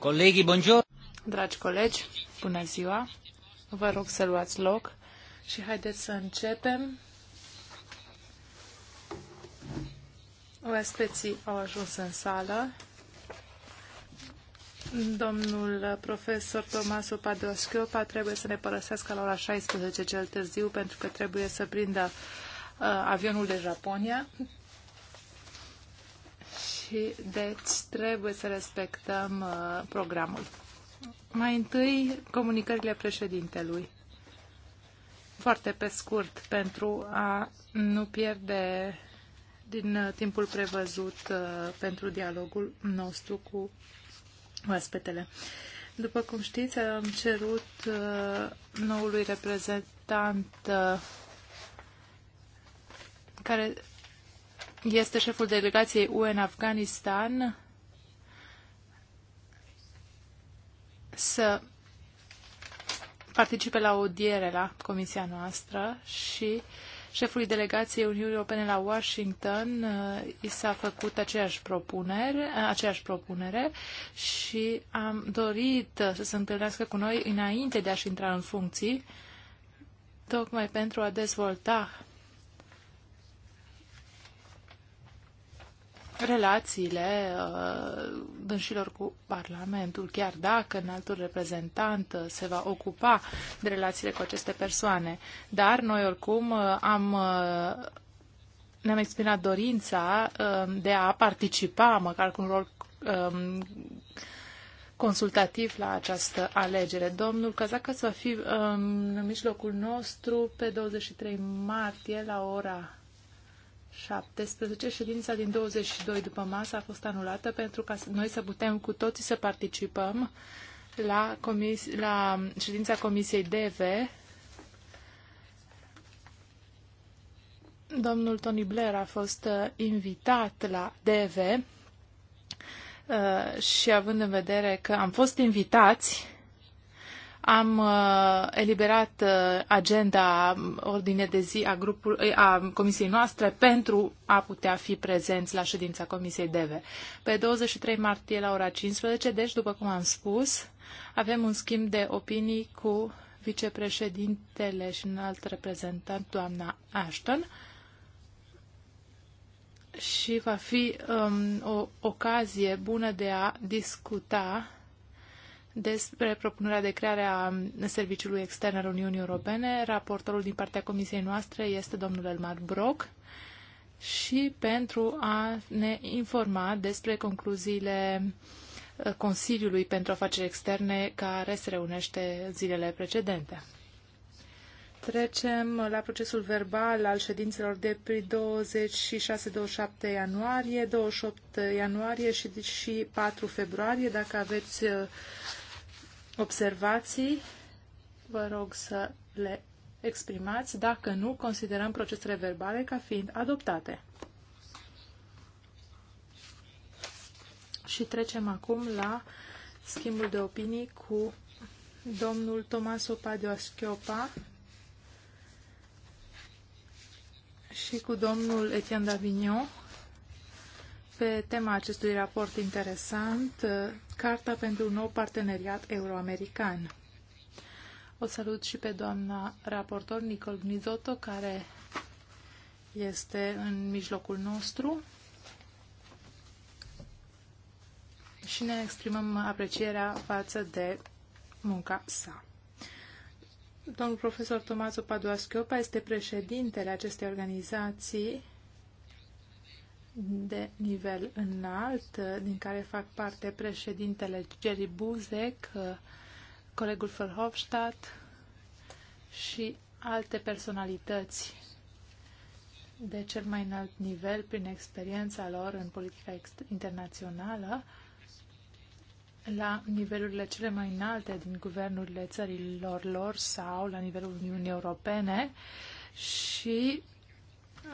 Colegii, bonjour! Dragi colegi, bună ziua! Vă rog să luați loc și haideți să începem. Oaspeții au ajuns în sală. Domnul profesor Tomaso Padoschiopa trebuie să ne părăsească la ora 16 cel târziu pentru că trebuie să prindă uh, avionul de Japonia și deci trebuie să respectăm uh, programul. Mai întâi, comunicările președintelui. Foarte pe scurt, pentru a nu pierde din uh, timpul prevăzut uh, pentru dialogul nostru cu oaspetele. După cum știți, am cerut uh, noului reprezentant uh, care este șeful delegației UN în Afganistan, să participe la audiere la comisia noastră și șefului delegației Uniunii Europene la Washington uh, i s-a făcut aceeași propunere, aceeași propunere și am dorit să se întâlnească cu noi înainte de a-și intra în funcții, tocmai pentru a dezvolta relațiile uh, dânșilor cu Parlamentul, chiar dacă înaltul reprezentant uh, se va ocupa de relațiile cu aceste persoane. Dar noi oricum uh, am uh, ne-am exprimat dorința uh, de a participa, măcar cu un rol um, consultativ la această alegere. Domnul Cazacă să fi um, în mijlocul nostru pe 23 martie la ora 17. Ședința din 22 după masă a fost anulată pentru ca noi să putem cu toții să participăm la, comis- la ședința Comisiei DV. Domnul Tony Blair a fost uh, invitat la DV uh, și având în vedere că am fost invitați, am uh, eliberat uh, agenda ordine de zi a, grupul, eh, a comisiei noastre pentru a putea fi prezenți la ședința comisiei DEVE. Pe 23 martie la ora 15, deci după cum am spus, avem un schimb de opinii cu vicepreședintele și un alt reprezentant, doamna Ashton, și va fi um, o ocazie bună de a discuta despre propunerea de creare a Serviciului Extern al Uniunii Europene. Raportorul din partea comisiei noastre este domnul Elmar Brock și pentru a ne informa despre concluziile uh, Consiliului pentru Afaceri Externe care se reunește zilele precedente. Trecem la procesul verbal al ședințelor de 26-27 ianuarie, 28 ianuarie și 4 februarie. Dacă aveți uh, observații, vă rog să le exprimați. Dacă nu, considerăm procesele verbale ca fiind adoptate. Și trecem acum la schimbul de opinii cu domnul Tomas Opadioaschiopa și cu domnul Etienne Davignon pe tema acestui raport interesant Carta pentru un nou parteneriat euroamerican. O salut și pe doamna raportor Nicol Gnizotto, care este în mijlocul nostru și ne exprimăm aprecierea față de munca sa. Domnul profesor Tomaso Paduaschiopa este președintele acestei organizații de nivel înalt, din care fac parte președintele Jerry Buzek, colegul Verhofstadt și alte personalități de cel mai înalt nivel prin experiența lor în politica internațională la nivelurile cele mai înalte din guvernurile țărilor lor sau la nivelul Uniunii Europene și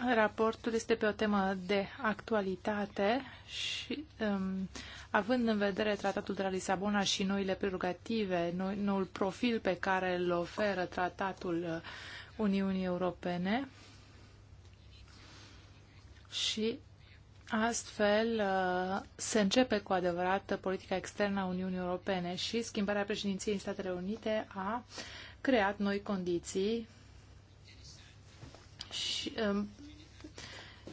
Raportul este pe o temă de actualitate și um, având în vedere tratatul de la Lisabona și noile prerogative, noi noul profil pe care îl oferă tratatul uh, Uniunii Europene și astfel uh, se începe cu adevărat politica externă a Uniunii Europene și schimbarea președinției în Statele Unite a creat noi condiții și, um,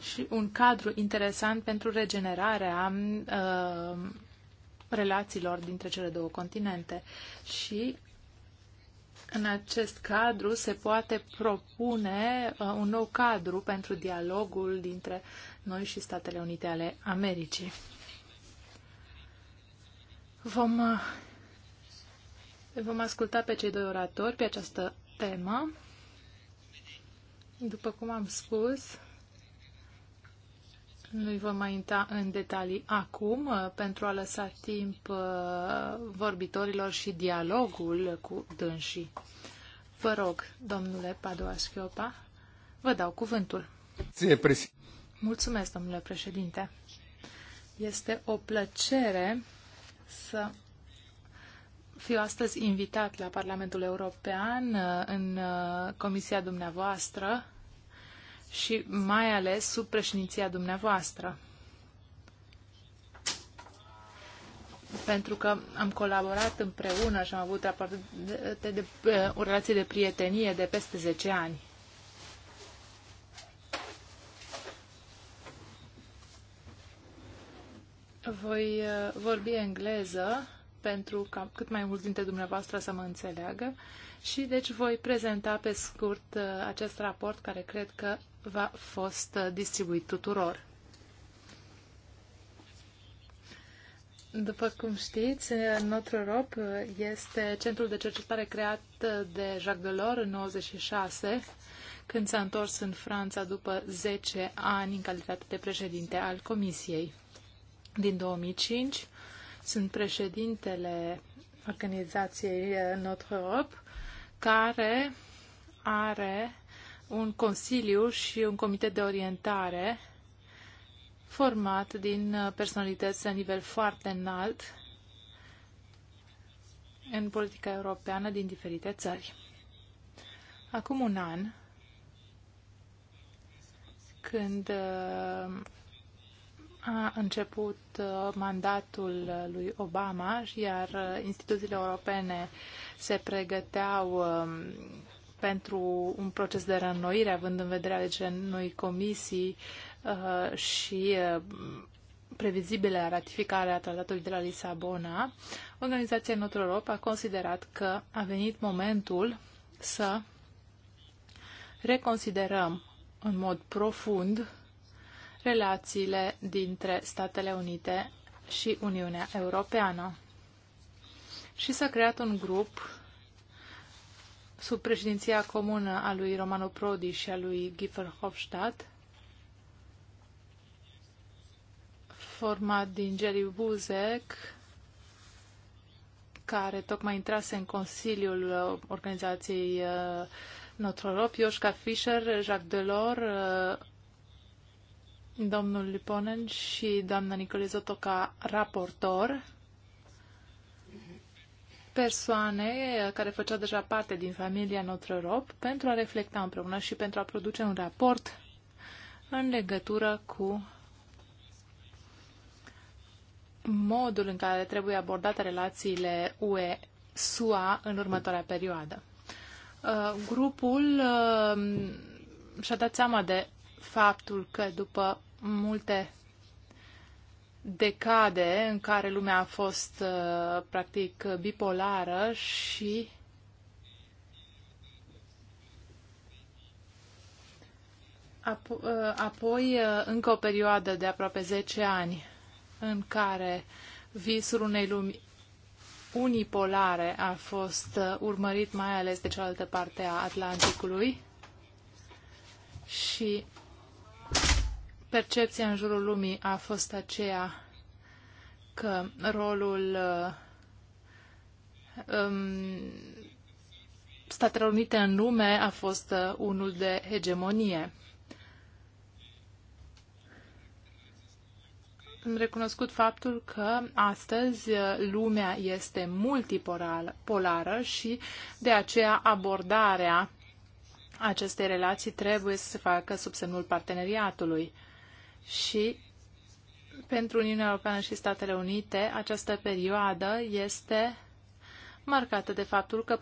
și un cadru interesant pentru regenerarea uh, relațiilor dintre cele două continente. Și în acest cadru se poate propune uh, un nou cadru pentru dialogul dintre noi și Statele Unite ale Americii. Vom, uh, vom asculta pe cei doi oratori pe această temă. După cum am spus, nu-i vom mai intra în detalii acum uh, pentru a lăsa timp uh, vorbitorilor și dialogul cu dânsii. Vă rog, domnule Padoaschiopa, vă dau cuvântul. Ție, presi... Mulțumesc, domnule președinte. Este o plăcere să fiu astăzi invitat la Parlamentul European uh, în comisia dumneavoastră și mai ales sub președinția dumneavoastră. Pentru că am colaborat împreună și am avut de, de, de, de, eh, o relație de prietenie de peste 10 ani. Voi eh, vorbi engleză pentru ca cât mai mulți dintre dumneavoastră să mă înțeleagă și deci voi prezenta pe scurt eh, acest raport care cred că v-a fost uh, distribuit tuturor. După cum știți, Notre Europe uh, este centrul de cercetare creat uh, de Jacques Delors în 96, când s-a întors în Franța după 10 ani în calitate de președinte al Comisiei. Din 2005 sunt președintele organizației Notre Europe, care are un consiliu și un comitet de orientare format din uh, personalități la nivel foarte înalt în politica europeană din diferite țări. Acum un an, când uh, a început uh, mandatul lui Obama, iar instituțiile europene se pregăteau um, pentru un proces de reînnoire, având în vedere alegerile noi comisii uh, și uh, previzibile a tratatului de la Lisabona, Organizația Notre Europe a considerat că a venit momentul să reconsiderăm în mod profund relațiile dintre Statele Unite și Uniunea Europeană și s-a creat un grup sub președinția comună a lui Romano Prodi și a lui Giffer Hofstadt, format din Jerry Buzek, care tocmai intrase în Consiliul uh, Organizației uh, Notre Europe, Ioșca Fischer, Jacques Delors, uh, domnul Liponen și doamna Nicolizoto raportor persoane care făceau deja parte din familia Notre Europe pentru a reflecta împreună și pentru a produce un raport în legătură cu modul în care trebuie abordate relațiile UE-SUA în următoarea perioadă. Uh, grupul uh, și-a dat seama de faptul că după multe decade în care lumea a fost uh, practic bipolară și uh, apoi uh, încă o perioadă de aproape 10 ani în care visul unei lumi unipolare a fost urmărit mai ales de cealaltă parte a Atlanticului și percepția în jurul lumii a fost aceea că rolul uh, um, Statele Unite în lume a fost uh, unul de hegemonie. Am recunoscut faptul că astăzi uh, lumea este multipolară și de aceea abordarea acestei relații trebuie să se facă sub semnul parteneriatului și pentru Uniunea Europeană și Statele Unite, această perioadă este marcată de faptul că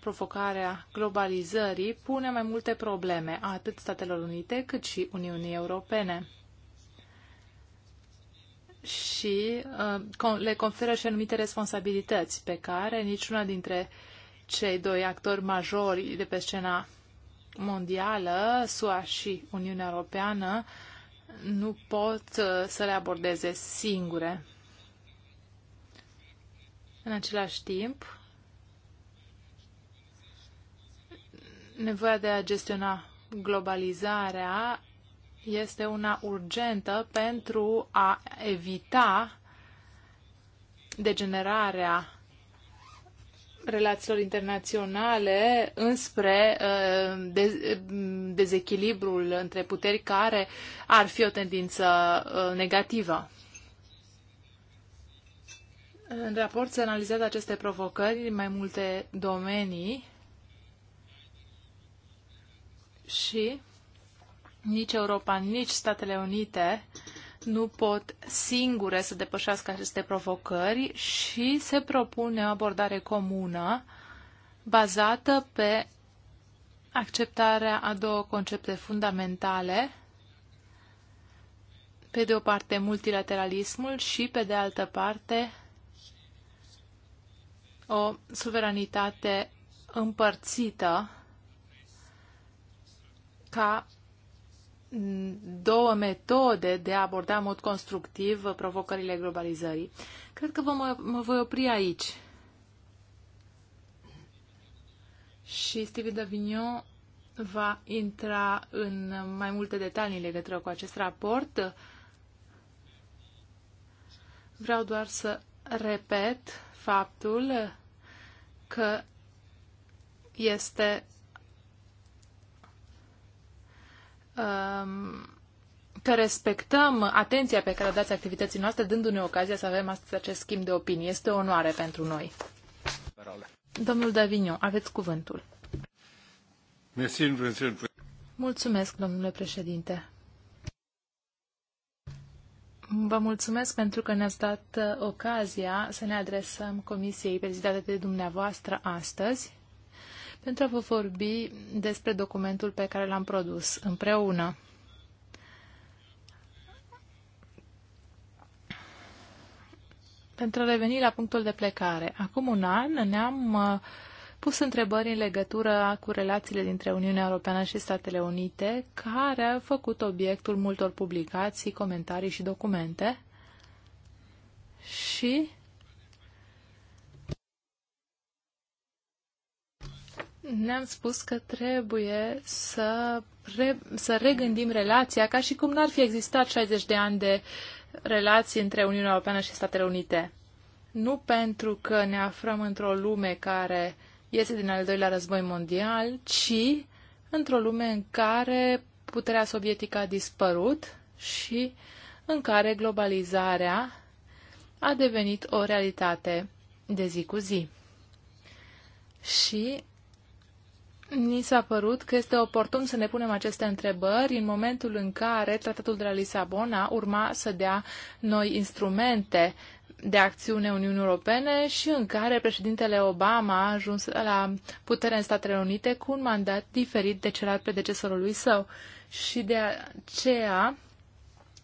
provocarea globalizării pune mai multe probleme atât Statelor Unite cât și Uniunii Europene și uh, le conferă și anumite responsabilități pe care niciuna dintre cei doi actori majori de pe scena mondială, SUA și Uniunea Europeană, nu pot uh, să le abordeze singure. În același timp, nevoia de a gestiona globalizarea este una urgentă pentru a evita degenerarea relațiilor internaționale înspre uh, de, mm, dezechilibrul între puteri care ar fi o tendință uh, negativă. În raport se analizează aceste provocări în mai multe domenii și nici Europa, nici Statele Unite uh, nu pot singure să depășească aceste provocări și se propune o abordare comună bazată pe acceptarea a două concepte fundamentale, pe de o parte multilateralismul și pe de altă parte o suveranitate împărțită ca două metode de a aborda în mod constructiv provocările globalizării. Cred că vă, mă, mă voi opri aici. Și Steve Davignon va intra în mai multe detalii în legătură cu acest raport. Vreau doar să repet faptul că este Um, că respectăm atenția pe care o dați activității noastre, dându-ne ocazia să avem astăzi acest schimb de opinii. Este o onoare pentru noi. Parole. Domnul Davignon, aveți cuvântul. Mulțumesc, domnule președinte. Vă mulțumesc pentru că ne-ați dat uh, ocazia să ne adresăm Comisiei prezidate de dumneavoastră astăzi pentru a vă vorbi despre documentul pe care l-am produs împreună. Pentru a reveni la punctul de plecare, acum un an ne-am uh, pus întrebări în legătură cu relațiile dintre Uniunea Europeană și Statele Unite, care au făcut obiectul multor publicații, comentarii și documente. Și ne-am spus că trebuie să, re, să regândim relația ca și cum n-ar fi existat 60 de ani de relații între Uniunea Europeană și Statele Unite. Nu pentru că ne aflăm într-o lume care iese din al doilea război mondial, ci într-o lume în care puterea sovietică a dispărut și în care globalizarea a devenit o realitate de zi cu zi. Și Ni s-a părut că este oportun să ne punem aceste întrebări în momentul în care Tratatul de la Lisabona urma să dea noi instrumente de acțiune Uniunii Europene și în care președintele Obama a ajuns la putere în Statele Unite cu un mandat diferit de cel al predecesorului său. Și de aceea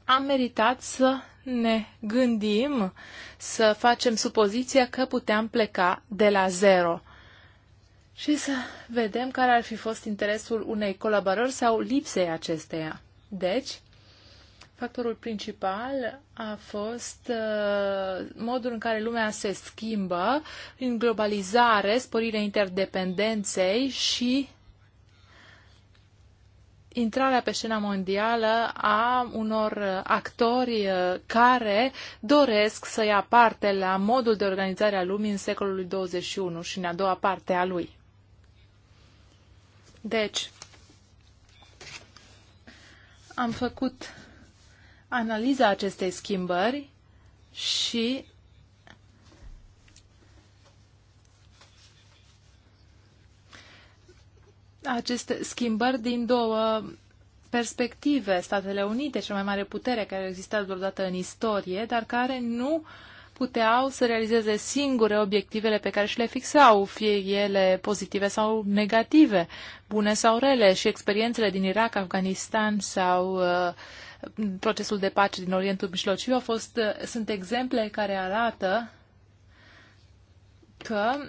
am meritat să ne gândim, să facem supoziția că puteam pleca de la zero și să vedem care ar fi fost interesul unei colaborări sau lipsei acesteia. Deci, factorul principal a fost uh, modul în care lumea se schimbă prin globalizare, sporirea interdependenței și intrarea pe scena mondială a unor actori uh, care doresc să ia parte la modul de organizare a lumii în secolul 21 și în a doua parte a lui. Deci, am făcut analiza acestei schimbări și aceste schimbări din două perspective. Statele Unite, cea mai mare putere care a existat vreodată în istorie, dar care nu uh, puteau să realizeze singure obiectivele pe care și le fixau, fie ele pozitive sau negative, bune sau rele, și experiențele din Irak, Afganistan sau uh, procesul de pace din Orientul Mijlociu au fost, uh, sunt exemple care arată că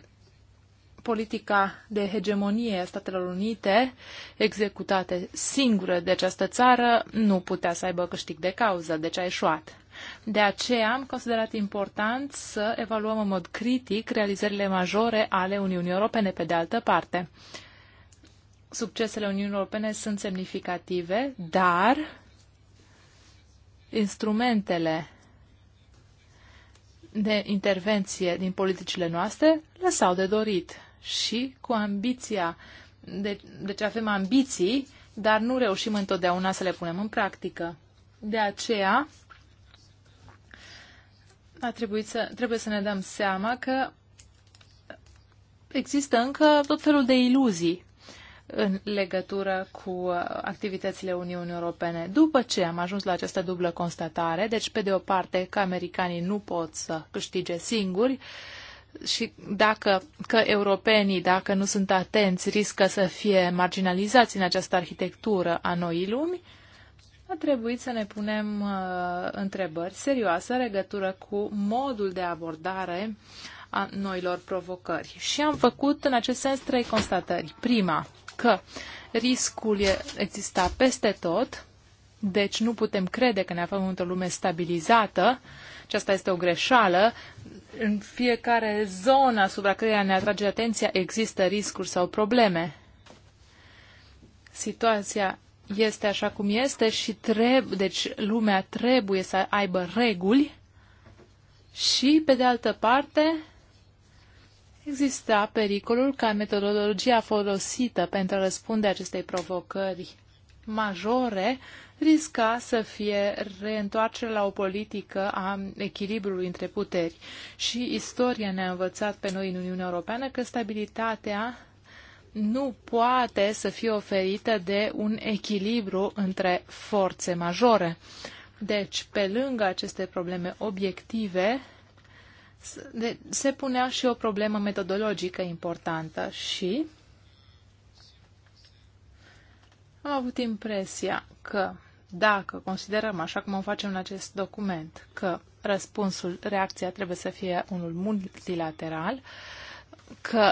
politica de hegemonie a Statelor Unite, executate singură de această țară, nu putea să aibă câștig de cauză, deci a eșuat. De aceea am considerat important să evaluăm în mod critic realizările majore ale Uniunii Europene, pe de altă parte. Succesele Uniunii Europene sunt semnificative, dar instrumentele de intervenție din politicile noastre lăsau de dorit și cu ambiția, de, deci avem ambiții, dar nu reușim întotdeauna să le punem în practică. De aceea a trebuit să, trebuie să ne dăm seama că există încă tot felul de iluzii în legătură cu uh, activitățile Uniunii Europene. După ce am ajuns la această dublă constatare, deci pe de o parte că americanii nu pot să câștige singuri și dacă că europenii, dacă nu sunt atenți, riscă să fie marginalizați în această arhitectură a noii lumi, a trebuit să ne punem uh, întrebări serioase în legătură cu modul de abordare a noilor provocări. Și am făcut în acest sens trei constatări. Prima, că riscul exista peste tot, deci nu putem crede că ne aflăm într-o lume stabilizată, și asta este o greșeală. În fiecare zonă asupra care ne atrage atenția există riscuri sau probleme. Situația este așa cum este și trebuie, deci lumea trebuie să aibă reguli și, pe de altă parte, exista pericolul ca metodologia folosită pentru a răspunde acestei provocări majore risca să fie reîntoarce la o politică a echilibrului între puteri. Și istoria ne-a învățat pe noi în Uniunea Europeană că stabilitatea nu poate să fie oferită de un echilibru între forțe majore. Deci, pe lângă aceste probleme obiective, se punea și o problemă metodologică importantă și am avut impresia că dacă considerăm, așa cum o facem în acest document, că răspunsul, reacția trebuie să fie unul multilateral, că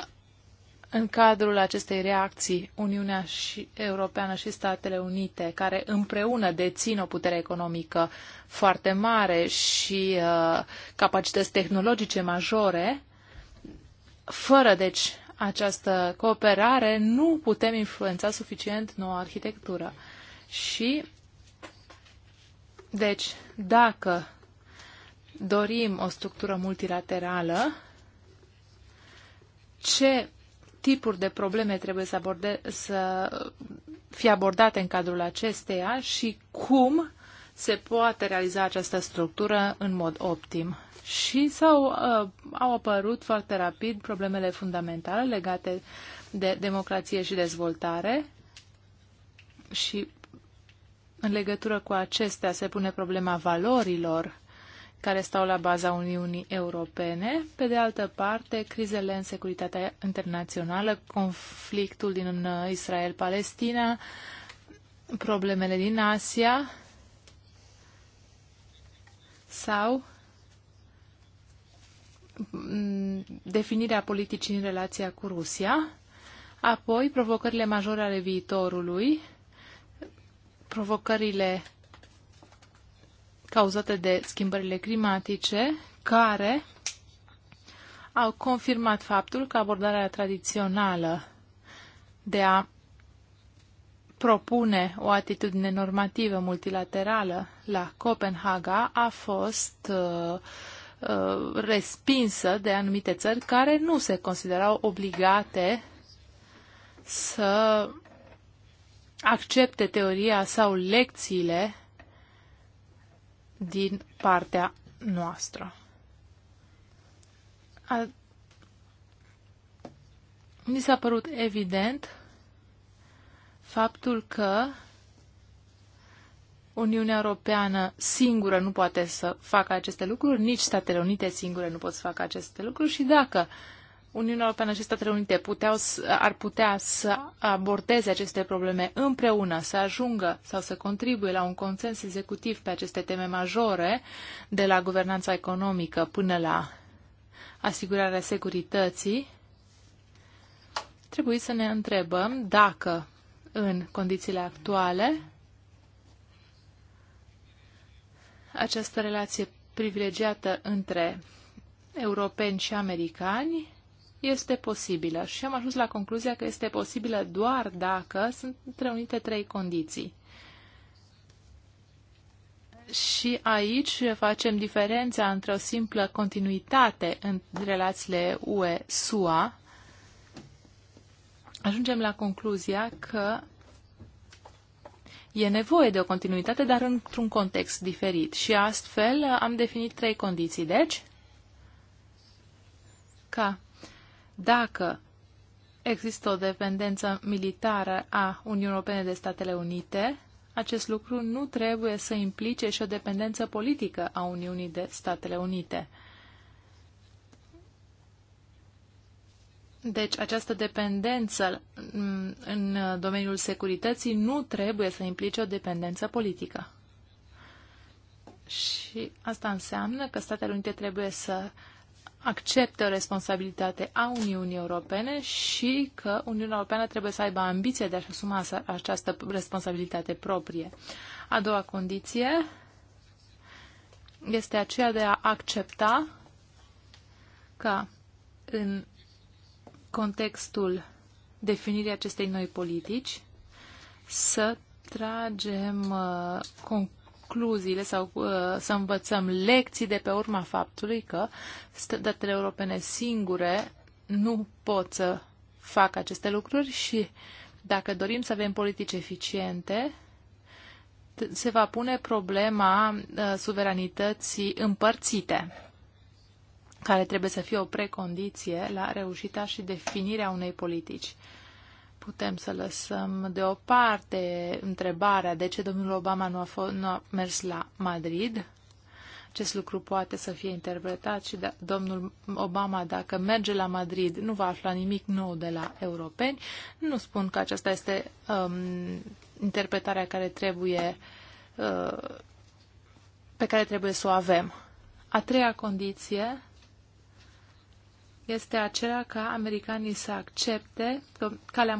în cadrul acestei reacții, Uniunea și Europeană și Statele Unite, care împreună dețin o putere economică foarte mare și uh, capacități tehnologice majore, fără deci această cooperare, nu putem influența suficient noua arhitectură. Și, deci, dacă dorim o structură multilaterală, ce tipuri de probleme trebuie să, aborde, să fie abordate în cadrul acesteia și cum se poate realiza această structură în mod optim. Și s-au, uh, au apărut foarte rapid problemele fundamentale legate de democrație și dezvoltare și în legătură cu acestea se pune problema valorilor care stau la baza Uniunii Europene, pe de altă parte crizele în securitatea internațională, conflictul din Israel-Palestina, problemele din Asia sau mm, definirea politicii în relația cu Rusia, apoi provocările majore ale viitorului, provocările cauzate de schimbările climatice, care au confirmat faptul că abordarea tradițională de a propune o atitudine normativă multilaterală la Copenhaga a fost uh, uh, respinsă de anumite țări care nu se considerau obligate să accepte teoria sau lecțiile din partea noastră. A... Mi s-a părut evident faptul că Uniunea Europeană singură nu poate să facă aceste lucruri, nici Statele Unite singure nu pot să facă aceste lucruri și dacă uh, Uniunea Europeană și Statele Unite puteau, ar putea să abordeze aceste probleme împreună, să ajungă sau să contribuie la un consens executiv pe aceste teme majore, de la guvernanța economică până la asigurarea securității, trebuie să ne întrebăm dacă în condițiile actuale această relație privilegiată între europeni și americani este posibilă și am ajuns la concluzia că este posibilă doar dacă sunt întreunite trei condiții. Și aici facem diferența între o simplă continuitate în relațiile UE-SUA. Ajungem la concluzia că e nevoie de o continuitate, dar într-un context diferit. Și astfel am definit trei condiții. Deci, ca dacă există o dependență militară a Uniunii Europene de Statele Unite, acest lucru nu trebuie să implice și o dependență politică a Uniunii de Statele Unite. Deci această dependență mm, în domeniul securității nu trebuie să implice o dependență politică. Și asta înseamnă că Statele Unite trebuie să acceptă responsabilitatea responsabilitate a Uniunii Europene și că Uniunea Europeană trebuie să aibă ambiție de a-și asuma această responsabilitate proprie. A doua condiție este aceea de a accepta ca în contextul definirii acestei noi politici să tragem uh, con concluziile sau uh, să învățăm lecții de pe urma faptului că statele europene singure nu pot să facă aceste lucruri și dacă dorim să avem politici eficiente, se va pune problema uh, suveranității împărțite, care trebuie să fie o precondiție la reușita și definirea unei politici putem să lăsăm deoparte întrebarea de ce domnul Obama nu a, fost, nu a mers la Madrid. Acest lucru poate să fie interpretat și da, domnul Obama, dacă merge la Madrid, nu va afla nimic nou de la europeni. Nu spun că aceasta este um, interpretarea care trebuie, uh, pe care trebuie să o avem. A treia condiție este aceea ca americanii să accepte că calea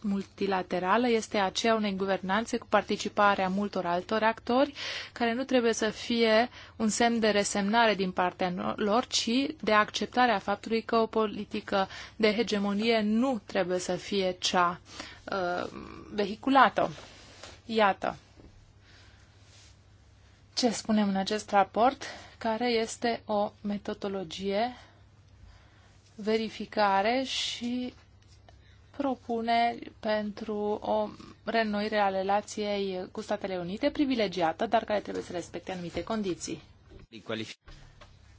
multilaterală este aceea unei guvernanțe cu participarea multor altor actori, care nu trebuie să fie un semn de resemnare din partea lor, ci de acceptarea faptului că o politică de hegemonie nu trebuie să fie cea uh, vehiculată. Iată ce spunem în acest raport, care este o metodologie verificare și propuneri pentru o reînnoire a relației cu Statele Unite, privilegiată, dar care trebuie să respecte anumite condiții.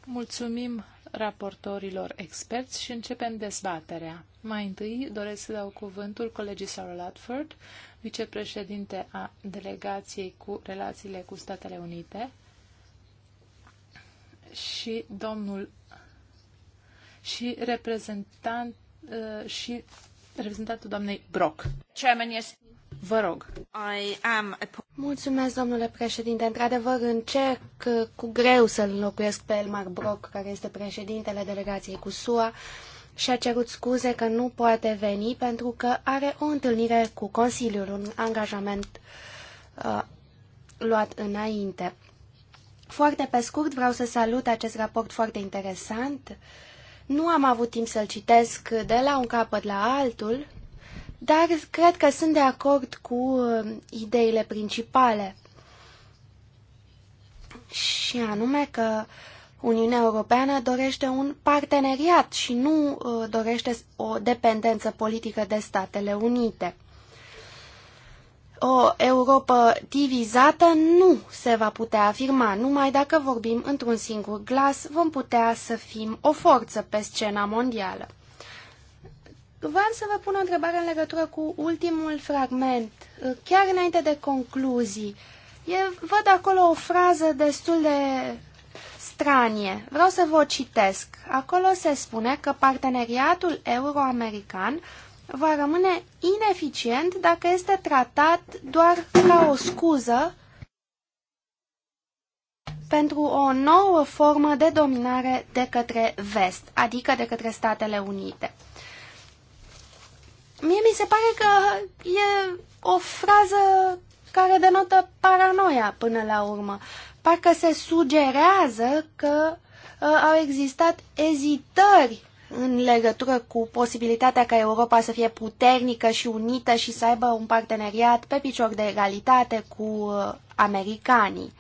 Mulțumim raportorilor experți și începem dezbaterea. Mai întâi doresc să dau cuvântul colegii Sarah Latford, vicepreședinte a delegației cu relațiile cu Statele Unite, și domnul și reprezentant uh, și reprezentantul doamnei Brock. Chairman, yes. Vă rog. I am a... Mulțumesc, domnule președinte. Într-adevăr, încerc uh, cu greu să-l înlocuiesc pe Elmar Brock, care este președintele delegației cu SUA și a cerut scuze că nu poate veni pentru că are o întâlnire cu Consiliul, un angajament uh, luat înainte. Foarte pe scurt vreau să salut acest raport foarte interesant. Uh, nu am avut timp să-l citesc de la un capăt la altul, dar cred că sunt de acord cu uh, ideile principale. Și anume că Uniunea Europeană dorește un parteneriat și nu uh, dorește o dependență politică de Statele Unite o Europa divizată nu se va putea afirma. Numai dacă vorbim într-un singur glas, vom putea să fim o forță pe scena mondială. Vreau să vă pun o întrebare în legătură cu ultimul fragment, chiar înainte de concluzii. E, văd acolo o frază destul de stranie. Vreau să vă o citesc. Acolo se spune că parteneriatul euro-american va rămâne ineficient dacă este tratat doar ca o scuză pentru o nouă formă de dominare de către vest, adică de către Statele Unite. Mie mi se pare că e o frază care denotă paranoia până la urmă. Parcă se sugerează că uh, au existat ezitări în legătură cu posibilitatea ca Europa să fie puternică și unită și să aibă un parteneriat pe picior de egalitate cu uh, americanii.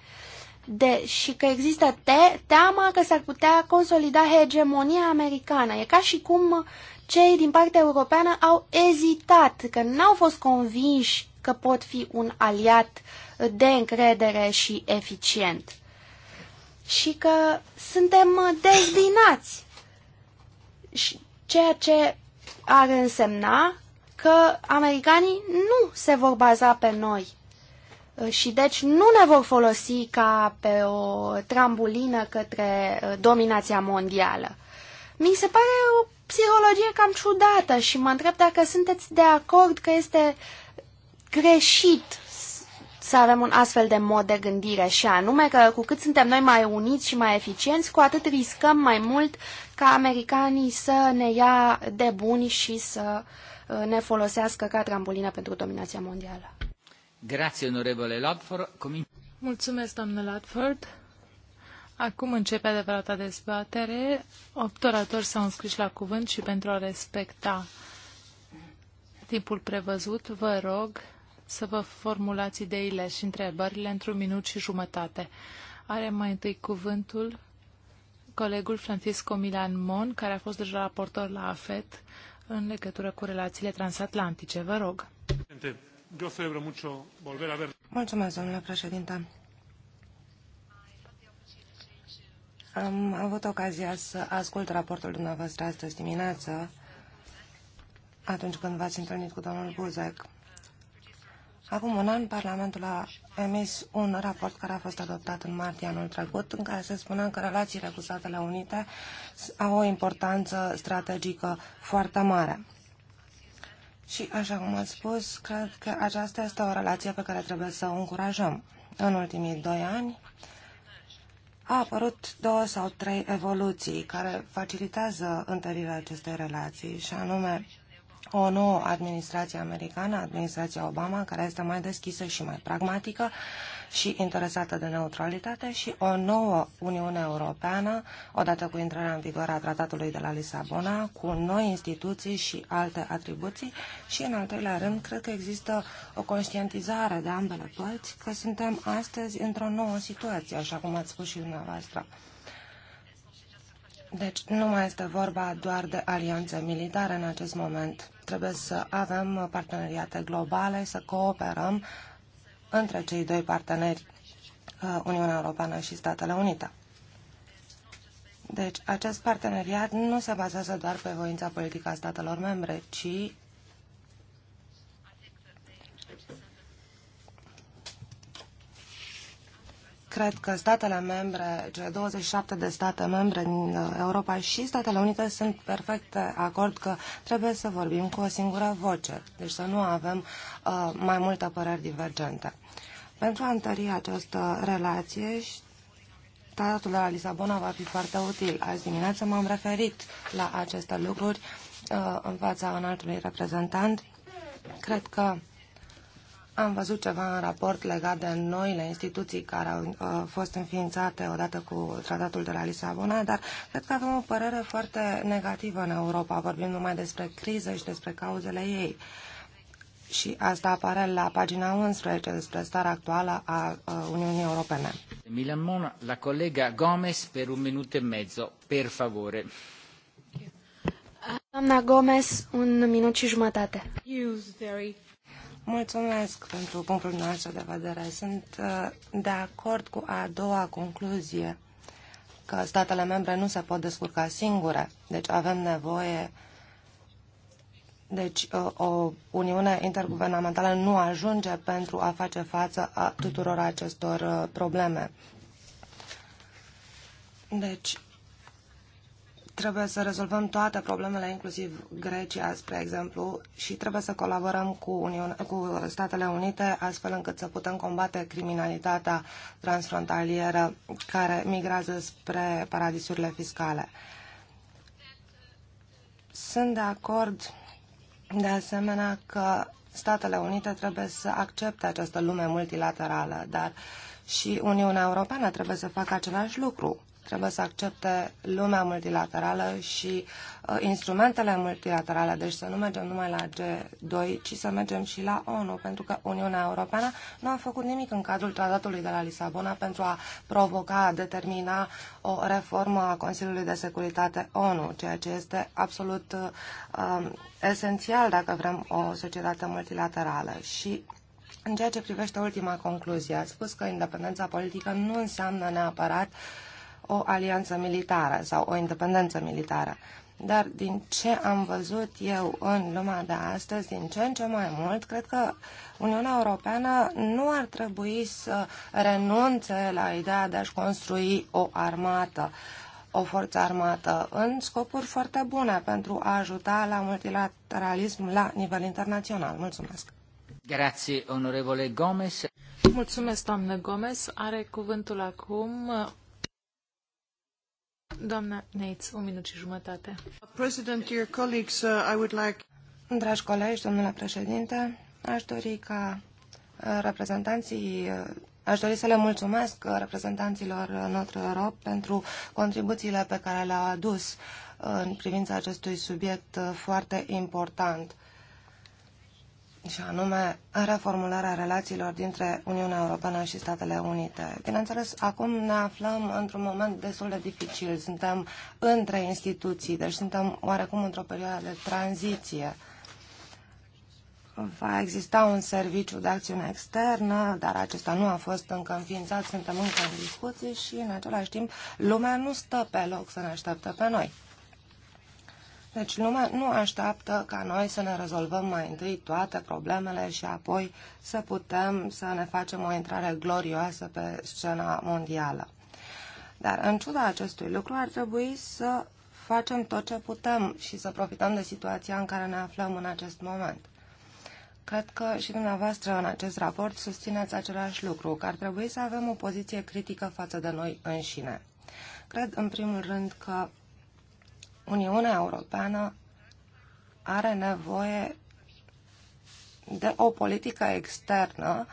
De, și că există te, teama că s-ar putea consolida hegemonia americană. E ca și cum cei din partea europeană au ezitat, că n-au fost convinși că pot fi un aliat de încredere și eficient. Și că suntem dezbinați și ceea ce ar însemna că americanii nu se vor baza pe noi uh, și deci nu ne vor folosi ca pe o trambulină către uh, dominația mondială. Mi se pare o psihologie cam ciudată și mă întreb dacă sunteți de acord că este greșit să avem un astfel de mod de gândire și anume că cu cât suntem noi mai uniți și mai eficienți, cu atât riscăm mai mult ca americanii să ne ia de buni și să uh, ne folosească ca trambulină pentru dominația mondială. Grazie, onorevole Ladford. Comin... Mulțumesc, doamnă Ladford. Acum începe adevărata dezbatere. Opt oratori s-au înscris la cuvânt și pentru a respecta timpul prevăzut, vă rog să vă formulați ideile și întrebările într-un minut și jumătate. Are mai întâi cuvântul colegul Francisco Milan Mon, care a fost deja raportor la AFET în legătură cu relațiile transatlantice. Vă rog. Mulțumesc, domnule președinte. Am avut ocazia să ascult raportul dumneavoastră astăzi dimineață, atunci când v-ați întâlnit cu domnul Buzek. Acum un an, Parlamentul a emis un raport care a fost adoptat în martie anul trecut, în care se spunea că relațiile cu Statele Unite au o importanță strategică foarte mare. Și, așa cum ați spus, cred că aceasta este o relație pe care trebuie să o încurajăm. În ultimii doi ani au apărut două sau trei evoluții care facilitează întărirea acestei relații, și anume o nouă administrație americană, administrația Obama, care este mai deschisă și mai pragmatică și interesată de neutralitate și o nouă Uniune Europeană, odată cu intrarea în vigoare a tratatului de la Lisabona, cu noi instituții și alte atribuții și, în al treilea rând, cred că există o conștientizare de ambele părți că suntem astăzi într-o nouă situație, așa cum ați spus și dumneavoastră. Deci nu mai este vorba doar de alianțe militare în acest moment. Trebuie să avem parteneriate globale, să cooperăm între cei doi parteneri, uh, Uniunea Europeană și Statele Unite. Deci, acest parteneriat nu se bazează doar pe voința politică a statelor membre, ci Cred că statele membre, cele 27 de state membre din uh, Europa și Statele Unite sunt perfect de acord că trebuie să vorbim cu o singură voce, deci să nu avem uh, mai multe păreri divergente. Pentru a întări această relație, tratatul de la Lisabona va fi foarte util. Azi dimineață m-am referit la aceste lucruri uh, în fața înaltului reprezentant. Cred că am văzut ceva în raport legat de noile instituții care au uh, fost înființate odată cu tratatul de la Lisabona, dar cred că avem o părere foarte negativă în Europa. Vorbim numai despre criză și despre cauzele ei. Și asta apare la pagina 11 despre starea actuală a uh, Uniunii Europene. Milan Mona, la colega Gomez, per un minut e mezzo, per favore. Doamna Gomez, un minut și jumătate. Mulțumesc pentru punctul noastră de vedere. Sunt uh, de acord cu a doua concluzie, că statele membre nu se pot descurca singure, deci avem nevoie deci uh, o uniune interguvernamentală nu ajunge pentru a face față a tuturor acestor uh, probleme. Deci trebuie să rezolvăm toate problemele, inclusiv Grecia, spre exemplu, și trebuie să colaborăm cu, Uniune, cu Statele Unite astfel încât să putem combate criminalitatea transfrontalieră care migrează spre paradisurile fiscale. Sunt de acord de asemenea că Statele Unite trebuie să accepte această lume multilaterală, dar și Uniunea Europeană trebuie să facă același lucru trebuie să accepte lumea multilaterală și uh, instrumentele multilaterale, deci să nu mergem numai la G2, ci să mergem și la ONU, pentru că Uniunea Europeană nu a făcut nimic în cadrul tratatului de la Lisabona pentru a provoca, a determina o reformă a Consiliului de Securitate ONU, ceea ce este absolut uh, esențial dacă vrem o societate multilaterală. Și în ceea ce privește ultima concluzie, a spus că independența politică nu înseamnă neapărat uh, o alianță militară sau o independență militară. Dar din ce am văzut eu în lumea de astăzi, din ce în ce mai mult, cred că Uniunea Europeană nu ar trebui să renunțe la ideea de a-și construi o armată o forță armată în scopuri foarte bune pentru a ajuta la multilateralism la nivel internațional. Mulțumesc! Grazie, onorevole Gomez. Mulțumesc, doamnă Gomez. Are cuvântul acum Doamna Neitz, un minut și jumătate. President, colleagues, uh, I would like... Dragi colegi, domnule președinte, aș dori ca uh, reprezentanții uh, Aș dori să le mulțumesc reprezentanților Notre Europe pentru contribuțiile pe care le-au adus în privința acestui subiect foarte important și anume reformularea relațiilor dintre Uniunea Europeană și Statele Unite. Bineînțeles, acum ne aflăm într-un moment destul de dificil. Suntem între instituții, deci suntem oarecum într-o perioadă de tranziție. Va exista un serviciu de acțiune externă, dar acesta nu a fost încă înființat, suntem încă în discuții și, în același timp, lumea nu stă pe loc să ne așteptă pe noi. Deci lumea nu așteaptă ca noi să ne rezolvăm mai întâi toate problemele și apoi să putem să ne facem o intrare glorioasă pe scena mondială. Dar în ciuda acestui lucru ar trebui să facem tot ce putem și să profităm de situația în care ne aflăm în acest moment. Cred că și dumneavoastră în acest raport susțineți același lucru, că ar trebui să avem o poziție critică față de noi înșine. Cred în primul rând că Uniunea Europeană are nevoie de o politică externă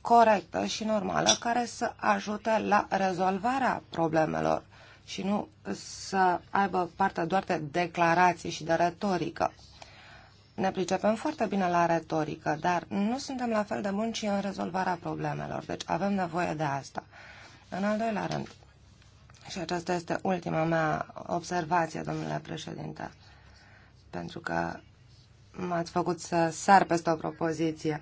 corectă și normală care să ajute la rezolvarea problemelor și nu să aibă parte doar de declarații și de retorică. Ne pricepem foarte bine la retorică, dar nu suntem la fel de buni și în rezolvarea problemelor, deci avem nevoie de asta. În al doilea rând, și aceasta este ultima mea observație, domnule președinte, pentru că m-ați făcut să sar peste o propoziție.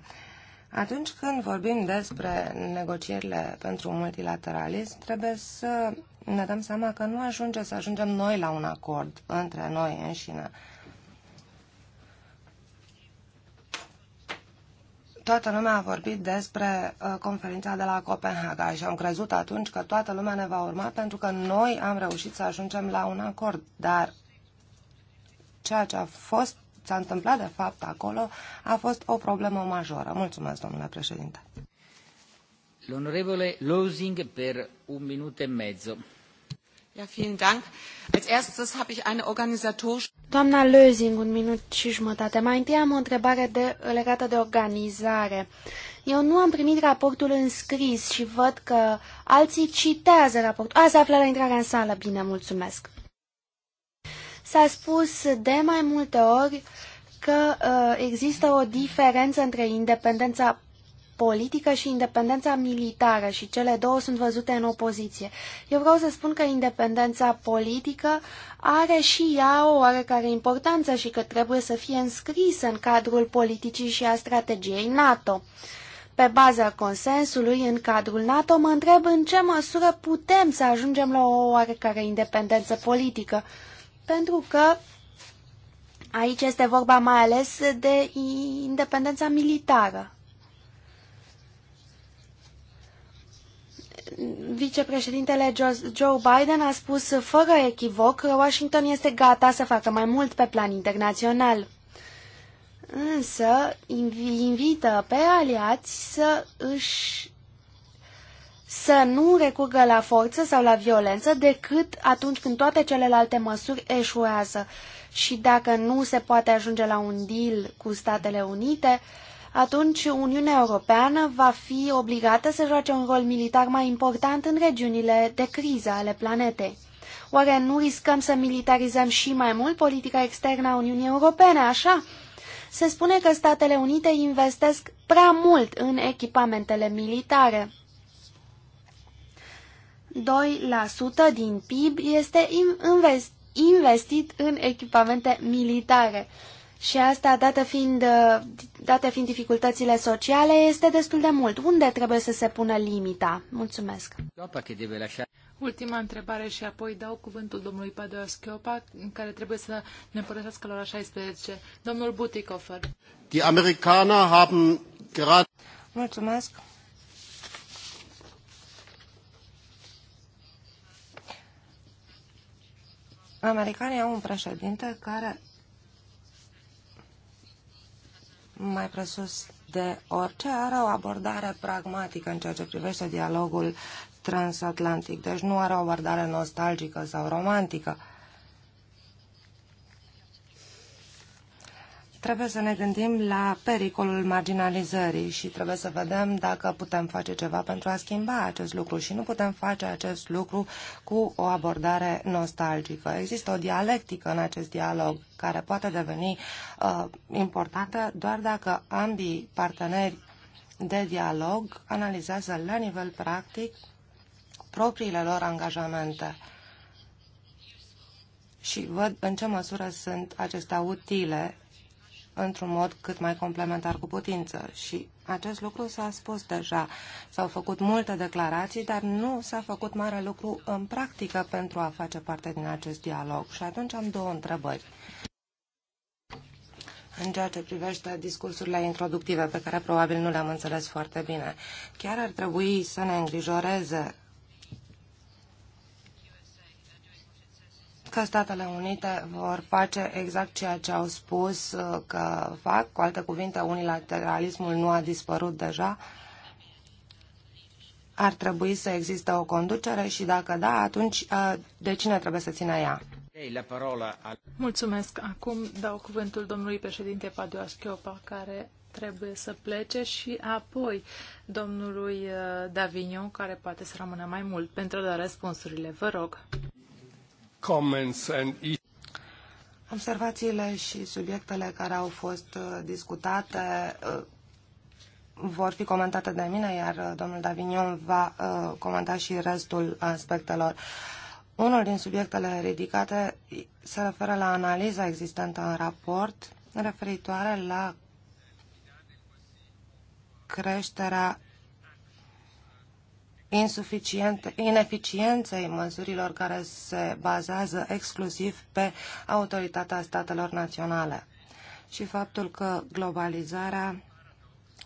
Atunci când vorbim despre negocierile pentru multilateralism, trebuie să ne dăm seama că nu ajunge să ajungem noi la un acord între noi înșine. toată lumea a vorbit despre uh, conferința de la Copenhaga și am crezut atunci că toată lumea ne va urma pentru că noi am reușit să ajungem la un acord, dar ceea ce a fost, s-a întâmplat de fapt acolo, a fost o problemă majoră. Mulțumesc, domnule președinte. L'onorevole Losing per un minut e mezzo. Doamna Lözing, un minut și jumătate. Mai întâi am o întrebare de, legată de organizare. Eu nu am primit raportul în scris și văd că alții citează raportul. A, se află la intrarea în sală. Bine, mulțumesc. S-a spus de mai multe ori că uh, există o diferență între independența politică și independența militară și cele două sunt văzute în opoziție. Eu vreau să spun că independența politică are și ea o oarecare importanță și că trebuie să fie înscrisă în cadrul politicii și a strategiei NATO. Pe baza consensului în cadrul NATO, mă întreb în ce măsură putem să ajungem la o oarecare independență politică, pentru că aici este vorba mai ales de independența militară. vicepreședintele Joe Biden a spus fără echivoc că Washington este gata să facă mai mult pe plan internațional. Însă invită pe aliați să își să nu recurgă la forță sau la violență decât atunci când toate celelalte măsuri eșuează. Și dacă nu se poate ajunge la un deal cu Statele Unite, uh, atunci Uniunea Europeană va fi obligată să joace un rol militar mai important în regiunile de criză ale planetei. Oare nu riscăm să militarizăm și mai mult politica externă a Uniunii Europene, așa? Se spune că Statele Unite investesc prea mult în echipamentele militare. 2% din PIB este investit investit în echipamente militare. Și asta, dată fiind, dată fiind dificultățile sociale, este destul de mult. Unde trebuie să se pună limita? Mulțumesc. Ultima întrebare și apoi dau cuvântul domnului Padoa Schiopa, care trebuie să ne părăsească la ora 16. Domnul Butikofer. Die Amerikaner haben gerade... Mulțumesc. Americanii au un președinte care mai presus de orice, are o abordare pragmatică în ceea ce privește dialogul transatlantic. Deci nu are o abordare nostalgică sau romantică. trebuie să ne gândim la pericolul marginalizării și trebuie să vedem dacă putem face ceva pentru a schimba acest lucru și nu putem face acest lucru cu o abordare nostalgică. Există o dialectică în acest dialog care poate deveni uh, importantă doar dacă ambii parteneri de dialog analizează la nivel practic propriile lor angajamente și văd în ce măsură sunt acestea utile într-un mod cât mai complementar cu putință. Și acest lucru s-a spus deja. S-au făcut multe declarații, dar nu s-a făcut mare lucru în practică pentru a face parte din acest dialog. Și atunci am două întrebări. În ceea ce privește discursurile introductive, pe care probabil nu le-am înțeles foarte bine, chiar ar trebui să ne îngrijoreze că Statele Unite vor face exact ceea ce au spus uh, că fac, cu alte cuvinte, unilateralismul nu a dispărut deja, ar trebui să existe o conducere și dacă da, atunci uh, de cine trebuie să țină ea? Mulțumesc. Acum dau cuvântul domnului președinte Padua Schiopa, care trebuie să plece și apoi domnului uh, Davignon, care poate să rămână mai mult pentru a da răspunsurile. Vă rog comments and Observațiile și subiectele care au fost uh, discutate uh, vor fi comentate de mine, iar uh, domnul Davignon va comenta și restul aspectelor. Unul din subiectele ridicate se referă la analiza existentă în raport referitoare la creșterea ineficienței măsurilor care se bazează exclusiv pe autoritatea statelor naționale și faptul că globalizarea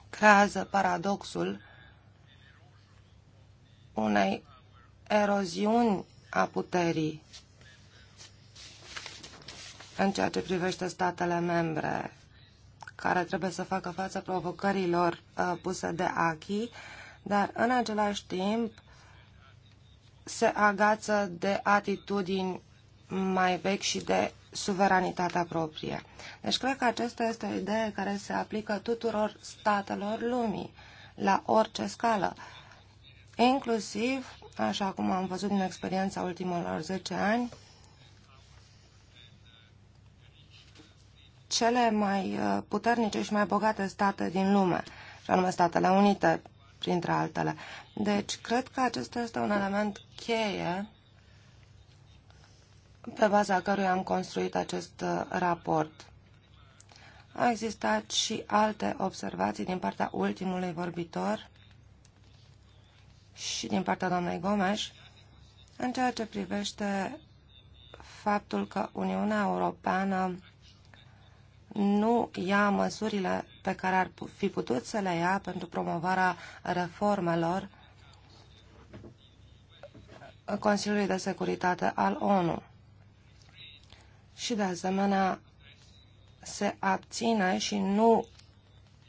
creează paradoxul unei eroziuni a puterii în ceea ce privește statele membre care trebuie să facă față provocărilor uh, puse de acquis, dar în același timp se agață de atitudini mai vechi și de suveranitatea proprie. Deci cred că acesta este o idee care se aplică tuturor statelor lumii, la orice scală, inclusiv, așa cum am văzut din experiența ultimelor 10 ani, cele mai uh, puternice și mai bogate state din lume, și anume Statele Unite, printre altele. Deci, cred că acesta este un element cheie pe baza căruia am construit acest uh, raport. Au existat și alte observații din partea ultimului vorbitor și din partea doamnei Gomes în ceea ce privește faptul că Uniunea Europeană nu ia măsurile pe care ar fi putut să le ia pentru promovarea reformelor Consiliului de Securitate al ONU. Și, de asemenea, se abține și nu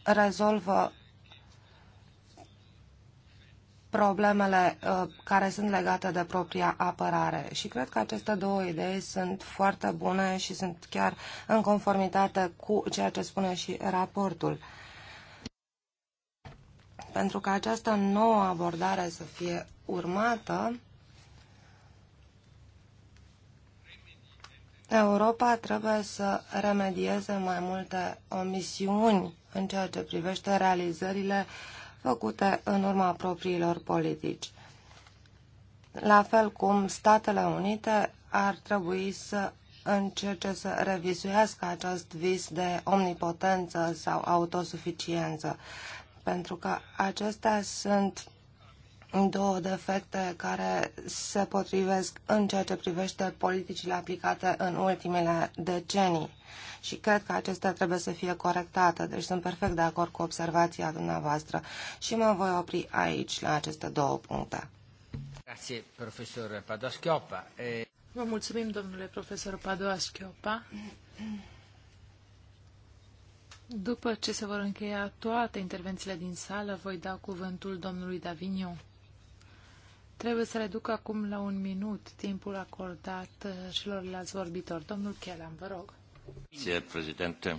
rezolvă problemele uh, care sunt legate de propria apărare. Și cred că aceste două idei sunt foarte bune și sunt chiar în conformitate cu ceea ce spune și raportul. Pentru că această nouă abordare să fie urmată, Europa trebuie să remedieze mai multe omisiuni în ceea ce privește realizările uh, făcute în urma propriilor politici. La fel cum Statele Unite ar trebui să încerce să revizuiască acest vis de omnipotență sau autosuficiență, pentru că acestea sunt două defecte care se potrivesc în ceea ce privește politicile aplicate în ultimele decenii. Și cred că acestea trebuie să fie corectate, deci sunt perfect de acord cu observația dumneavoastră și mă voi opri aici, la aceste două puncte. Grazie, profesor Vă mulțumim, domnule profesor Padoaschiopa. După ce se vor încheia toate intervențiile din sală, voi da cuvântul domnului Davignon. Trebuie să reduc acum la un minut timpul acordat uh, celorlalți vorbitori. Domnul Chelam, vă rog. Președinte,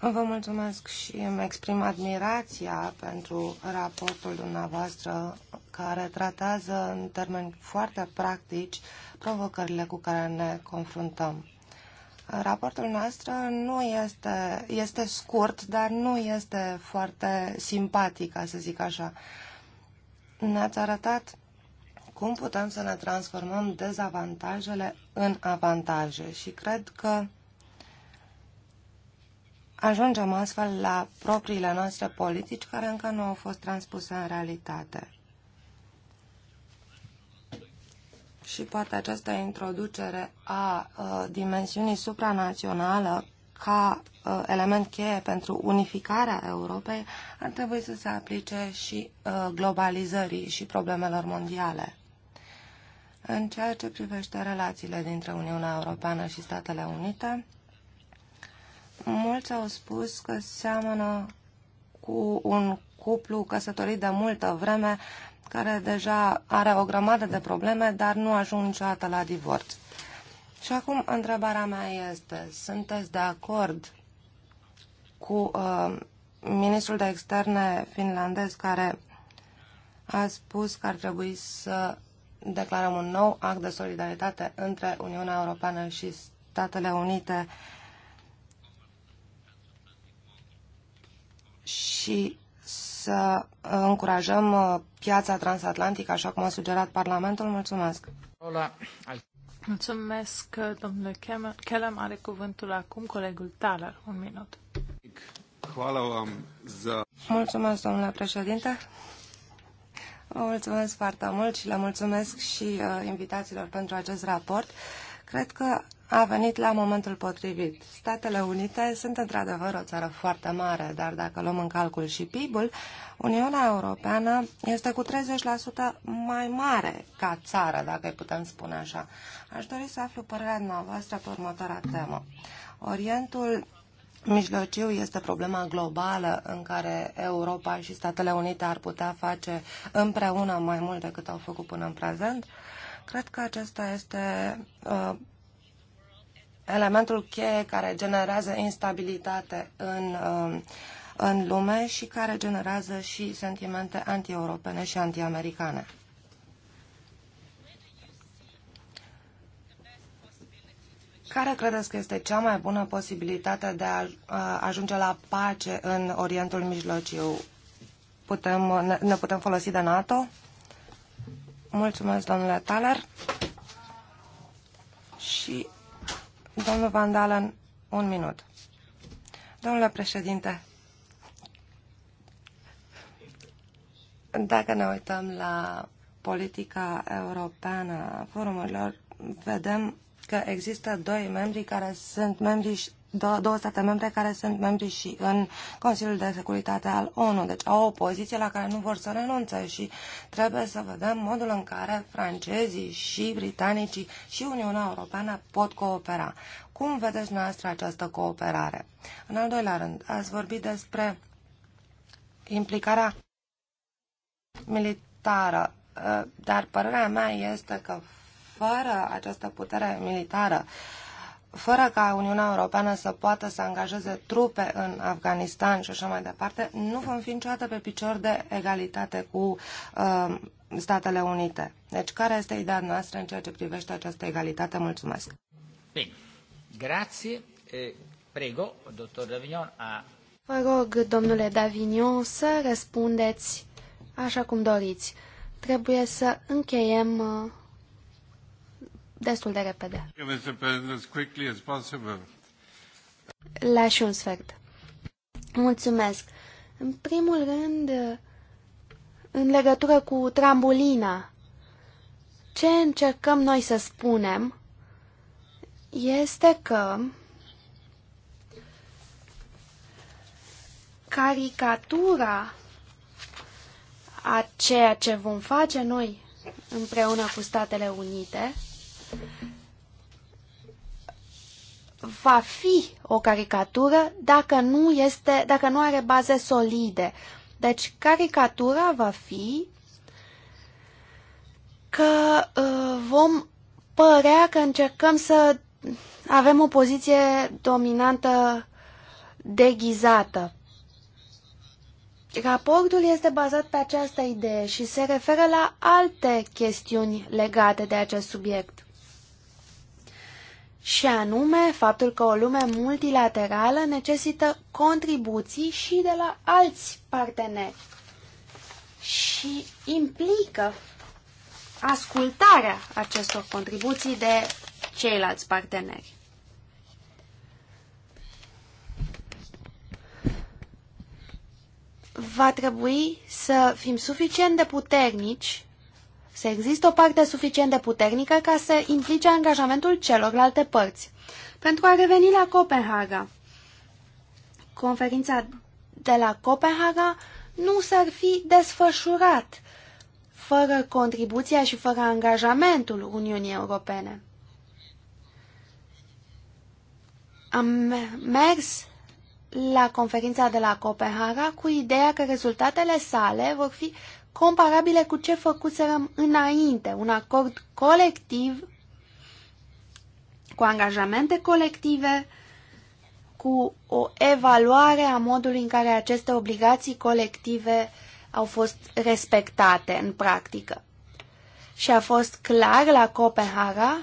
Vă mulțumesc și îmi exprim admirația pentru raportul dumneavoastră care tratează în termeni foarte practici provocările cu care ne confruntăm. Raportul nostru nu este, este scurt, dar nu este foarte simpatic, ca să zic așa. Ne-ați arătat cum putem să ne transformăm dezavantajele în avantaje și cred că ajungem astfel la propriile noastre politici care încă nu au fost transpuse în realitate. și poate această introducere a uh, dimensiunii supranaționale ca uh, element cheie pentru unificarea Europei ar trebui să se aplice și uh, globalizării și problemelor mondiale. În ceea ce privește relațiile dintre Uniunea Europeană și Statele Unite, mulți au spus că seamănă cu un cuplu căsătorit de multă vreme care deja are o grămadă de probleme, dar nu ajung niciodată la divorț. Și acum întrebarea mea este, sunteți de acord cu uh, ministrul de externe finlandez care a spus că ar trebui să declarăm un nou act de solidaritate între Uniunea Europeană și Statele Unite și să uh, încurajăm uh, piața transatlantică, așa cum a sugerat Parlamentul. Mulțumesc! Hola. Mulțumesc, domnule Kellam. Are cuvântul acum colegul Taler. Un minut. Mulțumesc, domnule președinte. Vă mulțumesc foarte mult și le mulțumesc și uh, invitațiilor pentru acest raport. Cred că a venit la momentul potrivit. Statele Unite sunt într-adevăr o țară foarte mare, dar dacă luăm în calcul și PIB-ul, Uniunea Europeană este cu 30% mai mare ca țară, dacă îi putem spune așa. Aș dori să aflu părerea dumneavoastră pe următoarea temă. Orientul mijlociu este problema globală în care Europa și Statele Unite ar putea face împreună mai mult decât au făcut până în prezent. Cred că acesta este uh, elementul cheie care generează instabilitate în, um, în lume și care generează și sentimente anti-europene și anti-americane, Care credeți că este cea mai bună posibilitate de a ajunge la pace în Orientul Mijlociu? Putem, ne, ne putem folosi de NATO? Mulțumesc, domnule Thaler. Și Domnul Van Dalen, un minut. Domnule președinte, dacă ne uităm la politica europeană a forumurilor, vedem că există doi membri care sunt membri două state membre care sunt membri și în Consiliul de Securitate al ONU. Deci au o poziție la care nu vor să renunțe și trebuie să vedem modul în care francezii și britanicii și Uniunea Europeană pot coopera. Cum vedeți noastră această cooperare? În al doilea rând, ați vorbit despre implicarea militară, eh, dar părerea mea este că fără această putere militară, uh, fără ca Uniunea Europeană să poată să angajeze trupe în Afganistan și așa mai departe, nu vom fi niciodată pe picior de egalitate cu uh, Statele Unite. Deci, care este ideea noastră în ceea ce privește această egalitate? Mulțumesc! Bine, grație. Prego, doctor Davignon, a... Vă rog, domnule Davignon, să răspundeți așa cum doriți. Trebuie să încheiem uh, destul de repede. La și un sfert. Mulțumesc. În primul rând, în legătură cu trambulina, ce încercăm noi să spunem este că caricatura a ceea ce vom face noi împreună cu Statele Unite va fi o caricatură dacă nu, este, dacă nu are baze solide. Deci, caricatura va fi că uh, vom părea că încercăm să avem o poziție dominantă deghizată. Raportul este bazat pe această idee și se referă la alte chestiuni legate de acest subiect și anume faptul că o lume multilaterală necesită contribuții și de la alți parteneri și implică ascultarea acestor contribuții de ceilalți parteneri. Va trebui să fim suficient de puternici să există o parte suficient de puternică ca să implice angajamentul celorlalte părți. Pentru a reveni la Copenhaga, conferința de la Copenhaga nu s-ar fi desfășurat fără contribuția și fără angajamentul Uniunii Europene. Am mers la conferința de la Copenhaga cu ideea că rezultatele sale vor fi comparabile cu ce făcuserăm înainte, un acord colectiv, cu angajamente colective, cu o evaluare a modului în care aceste obligații colective au fost respectate în practică. Și a fost clar la Copenhaga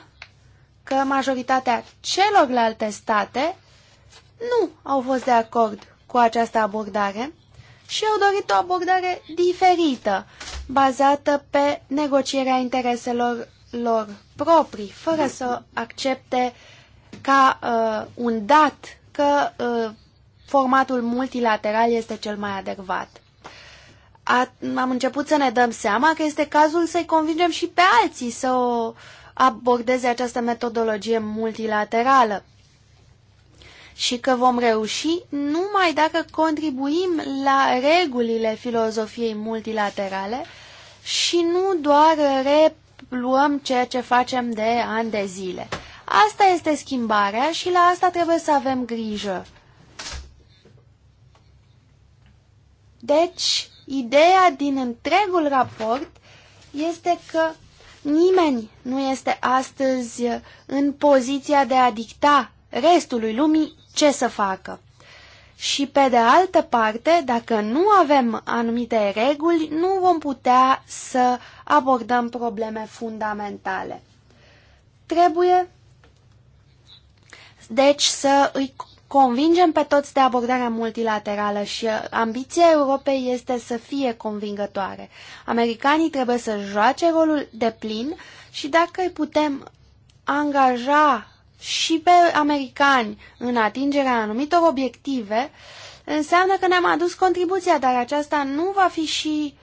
că majoritatea celorlalte state nu au fost de acord cu această abordare și au dorit o abordare diferită, bazată pe negocierea intereselor lor proprii, fără să accepte ca uh, un dat că uh, formatul multilateral este cel mai adecvat. A, am început să ne dăm seama că este cazul să-i convingem și pe alții să o abordeze această metodologie multilaterală și că vom reuși numai dacă contribuim la regulile filozofiei multilaterale și nu doar repluăm ceea ce facem de ani de zile. Asta este schimbarea și la asta trebuie să avem grijă. Deci, ideea din întregul raport este că nimeni nu este astăzi în poziția de a dicta restului lumii ce să facă. Și pe de altă parte, dacă nu avem anumite reguli, nu vom putea să abordăm probleme fundamentale. Trebuie, deci, să îi convingem pe toți de abordarea multilaterală și ambiția Europei este să fie convingătoare. Americanii trebuie să joace rolul de plin și dacă îi putem angaja și pe americani în atingerea anumitor obiective, înseamnă că ne-am adus contribuția, dar aceasta nu va fi și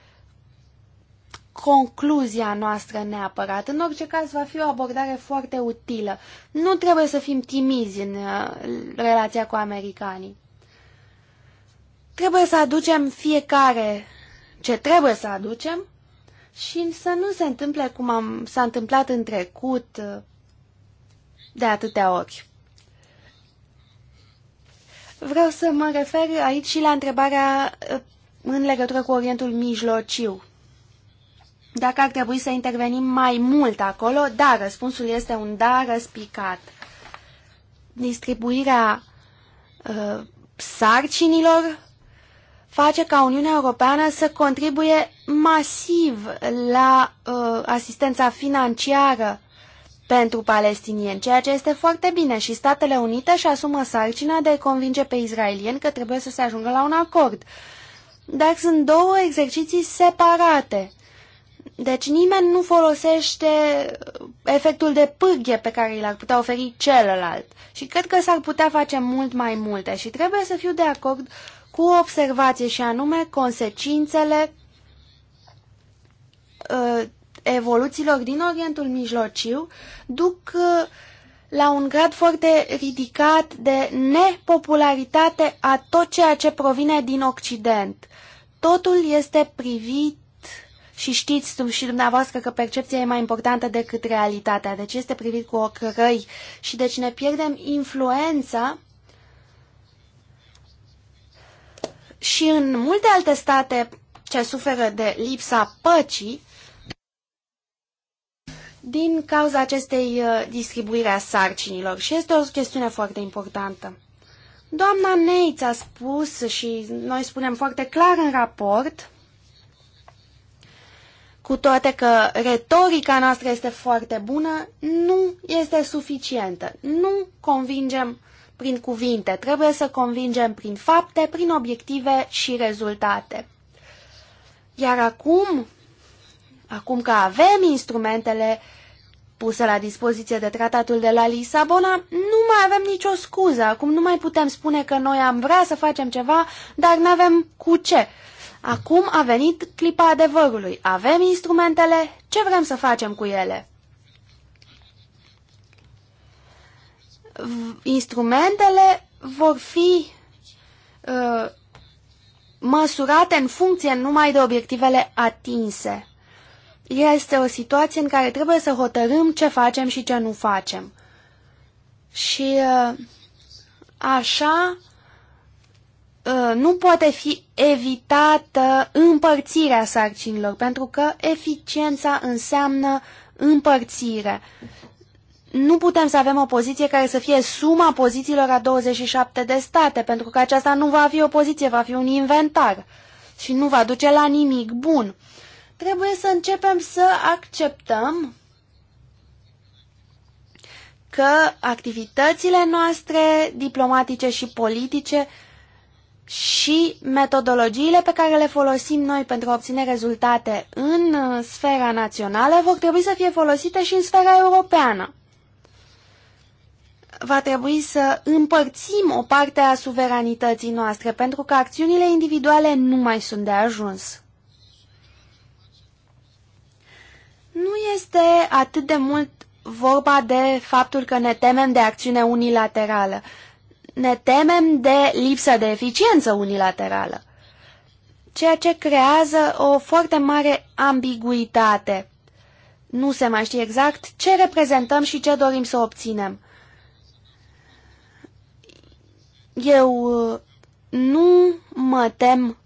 concluzia noastră neapărat. În orice caz, va fi o abordare foarte utilă. Nu trebuie să fim timizi în uh, relația cu americanii. Trebuie să aducem fiecare ce trebuie să aducem și să nu se întâmple cum s-a întâmplat în trecut, uh, de atâtea ori. Vreau să mă refer aici și la întrebarea uh, în legătură cu Orientul Mijlociu. Dacă ar trebui să intervenim mai mult acolo, da, răspunsul este un da răspicat. Distribuirea uh, sarcinilor face ca Uniunea Europeană să contribuie masiv la uh, asistența financiară pentru palestinieni, ceea ce este foarte bine și Statele Unite și asumă sarcina de a convinge pe israelieni că trebuie să se ajungă la un acord. Dar sunt două exerciții separate. Deci nimeni nu folosește efectul de pârghie pe care îl ar putea oferi celălalt. Și cred că s-ar putea face mult mai multe și trebuie să fiu de acord cu o observație și anume consecințele uh, evoluțiilor din Orientul Mijlociu duc uh, la un grad foarte ridicat de nepopularitate a tot ceea ce provine din Occident. Totul este privit și știți și dumneavoastră că percepția e mai importantă decât realitatea, deci este privit cu ocrăi și deci ne pierdem influența și în multe alte state ce suferă de lipsa păcii, din cauza acestei uh, distribuire a sarcinilor și este o chestiune foarte importantă. Doamna Neitz a spus și noi spunem foarte clar în raport, cu toate că retorica noastră este foarte bună, nu este suficientă. Nu convingem prin cuvinte, trebuie să convingem prin fapte, prin obiective și rezultate. Iar acum, Acum că avem instrumentele puse la dispoziție de tratatul de la Lisabona, nu mai avem nicio scuză. Acum nu mai putem spune că noi am vrea să facem ceva, dar nu avem cu ce. Acum a venit clipa adevărului. Avem instrumentele, ce vrem să facem cu ele? Instrumentele vor fi uh, măsurate în funcție numai de obiectivele atinse este o situație în care trebuie să hotărâm ce facem și ce nu facem. Și uh, așa uh, nu poate fi evitată împărțirea sarcinilor, pentru că eficiența înseamnă împărțire. Nu putem să avem o poziție care să fie suma pozițiilor a 27 de state, pentru că aceasta nu va fi o poziție, va fi un inventar și nu va duce la nimic bun. Uh, trebuie să începem să acceptăm că activitățile noastre diplomatice și politice și metodologiile pe care le folosim noi pentru a obține rezultate în uh, sfera națională vor trebui să fie folosite și în sfera europeană. Va trebui să împărțim o parte a suveranității noastre pentru că acțiunile individuale nu mai sunt de ajuns. Nu este atât de mult vorba de faptul că ne temem de acțiune unilaterală. Ne temem de lipsă de eficiență unilaterală, ceea ce creează o foarte mare ambiguitate. Nu se mai știe exact ce reprezentăm și ce dorim să obținem. Eu uh, nu mă tem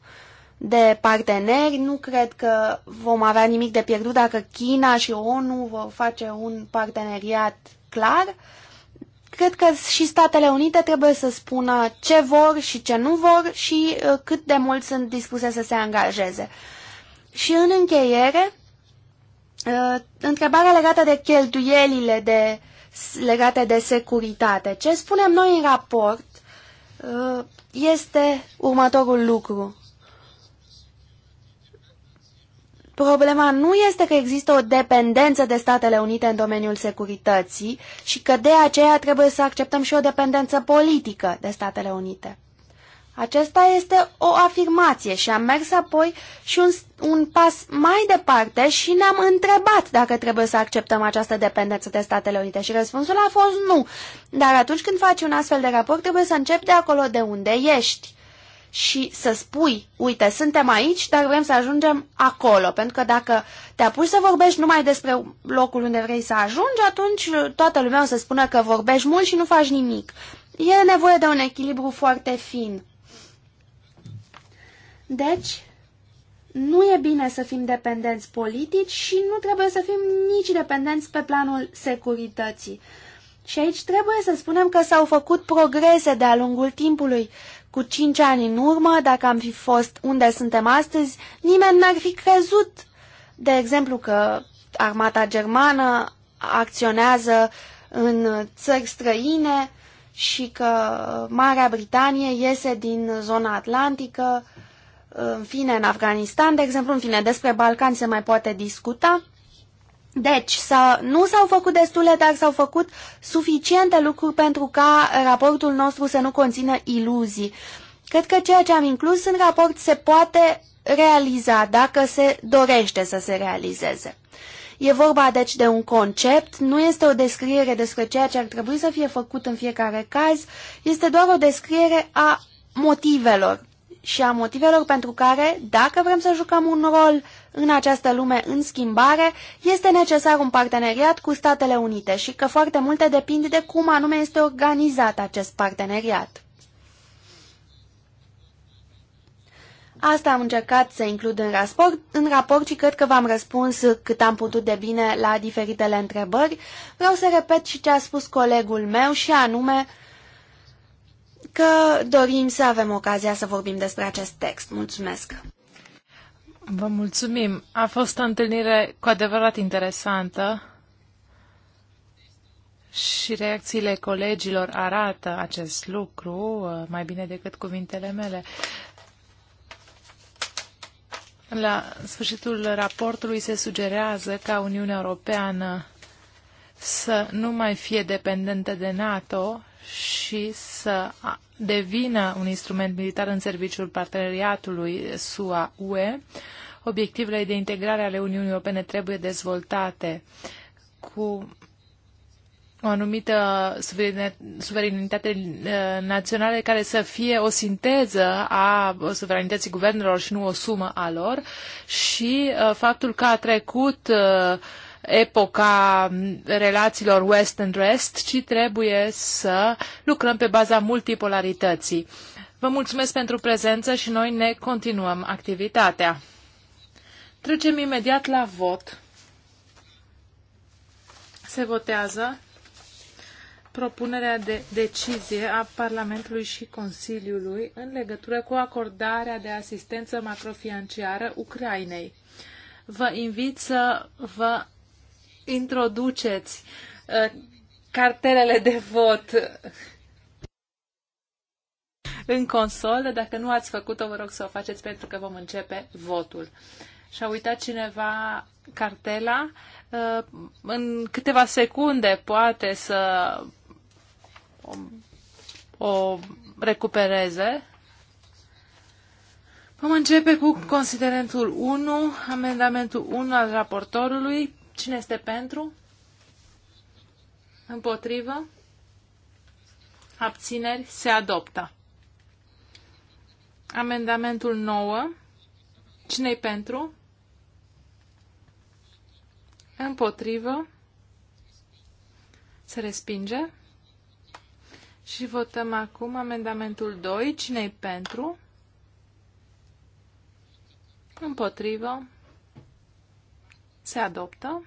de parteneri. Nu cred că vom avea nimic de pierdut dacă China și ONU vor face un parteneriat clar. Cred că și Statele Unite trebuie să spună ce vor și ce nu vor și uh, cât de mult sunt dispuse să se angajeze. Și în încheiere, uh, întrebarea legată de cheltuielile de, legate de securitate. Ce spunem noi în raport uh, este următorul lucru. Problema nu este că există o dependență de Statele Unite în domeniul securității și că de aceea trebuie să acceptăm și o dependență politică de Statele Unite. Acesta este o afirmație și am mers apoi și un, un pas mai departe și ne-am întrebat dacă trebuie să acceptăm această dependență de Statele Unite și răspunsul a fost nu. Dar atunci când faci un astfel de raport trebuie să începi de acolo de unde ești și să spui, uite, suntem aici, dar vrem să ajungem acolo. Pentru că dacă te apuci să vorbești numai despre locul unde vrei să ajungi, atunci toată lumea o să spună că vorbești mult și nu faci nimic. E nevoie de un echilibru foarte fin. Deci, nu e bine să fim dependenți politici și nu trebuie să fim nici dependenți pe planul securității. Și aici trebuie să spunem că s-au făcut progrese de-a lungul timpului cu cinci ani în urmă, dacă am fi fost unde suntem astăzi, nimeni n-ar fi crezut, de exemplu, că armata germană acționează în țări străine și că Marea Britanie iese din zona atlantică, în fine, în Afganistan, de exemplu, în fine, despre Balcani se mai poate discuta. Deci, nu s-au făcut destule, dar s-au făcut suficiente lucruri pentru ca raportul nostru să nu conțină iluzii. Cred că ceea ce am inclus în raport se poate realiza dacă se dorește să se realizeze. E vorba deci de un concept, nu este o descriere despre ceea ce ar trebui să fie făcut în fiecare caz, este doar o descriere a motivelor și a motivelor pentru care, dacă vrem să jucăm un rol în această lume în schimbare, este necesar un parteneriat cu Statele Unite și că foarte multe depinde de cum anume este organizat acest parteneriat. Asta am încercat să includ în raport, în raport și cred că v-am răspuns cât am putut de bine la diferitele întrebări. Vreau să repet și ce a spus colegul meu și anume că dorim să avem ocazia să vorbim despre acest text. Mulțumesc! Vă mulțumim. A fost o întâlnire cu adevărat interesantă și reacțiile colegilor arată acest lucru uh, mai bine decât cuvintele mele. La sfârșitul raportului se sugerează ca Uniunea Europeană să nu mai fie dependente de NATO și să devină un instrument militar în serviciul parteneriatului SUA-UE. Obiectivele de integrare ale Uniunii Europene trebuie dezvoltate cu o anumită suveranitate uh, națională care să fie o sinteză a suveranității guvernelor și nu o sumă a lor și uh, faptul că a trecut uh, epoca relațiilor West and West, ci trebuie să lucrăm pe baza multipolarității. Vă mulțumesc pentru prezență și noi ne continuăm activitatea. Trecem imediat la vot. Se votează propunerea de decizie a Parlamentului și Consiliului în legătură cu acordarea de asistență macrofinanciară Ucrainei. Vă invit să vă introduceți uh, cartelele de vot în consolă. Dacă nu ați făcut-o, vă rog să o faceți pentru că vom începe votul. Și-a uitat cineva cartela. Uh, în câteva secunde poate să o recupereze. Vom începe cu considerentul 1, amendamentul 1 al raportorului Cine este pentru? Împotrivă? Abțineri? Se adoptă. Amendamentul 9. cine pentru? Împotrivă? Se respinge. Și votăm acum amendamentul 2. cine pentru? Împotrivă? Se adoptă.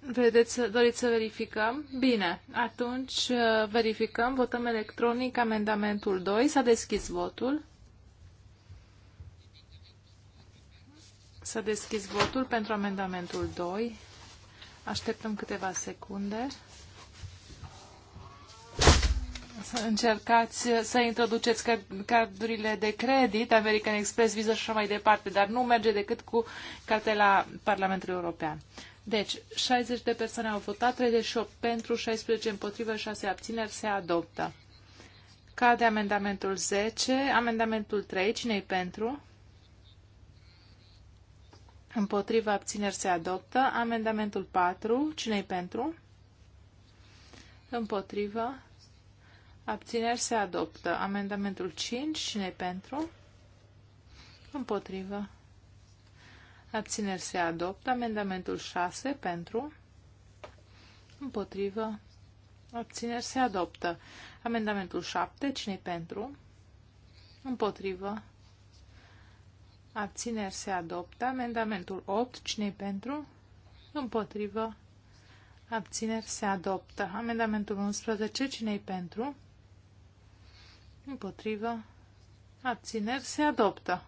Vedeți, doriți să verificăm? Bine, atunci uh, verificăm, votăm electronic amendamentul 2, s-a deschis votul. S-a deschis votul pentru amendamentul 2. Așteptăm câteva secunde să încercați să introduceți cardurile de credit, American Express, Visa și așa mai departe, dar nu merge decât cu cartela Parlamentului European. Deci, 60 de persoane au votat, 38 pentru, 16 împotrivă, 6 abțineri, se adoptă. Cade amendamentul 10, amendamentul 3, cine pentru? Împotrivă, abțineri, se adoptă. Amendamentul 4, cine pentru? Împotrivă, Abțineri se adoptă. Amendamentul 5. Cine pentru? Împotrivă. Abțineri se adoptă. Amendamentul 6. Pentru? Împotrivă. Abțineri se adoptă. Amendamentul 7. cine pentru? Împotrivă. Abțineri se adoptă. Amendamentul 8. cine pentru? Împotrivă. Abțineri se adoptă. Amendamentul 11. cine pentru? împotrivă, abțineri se adoptă.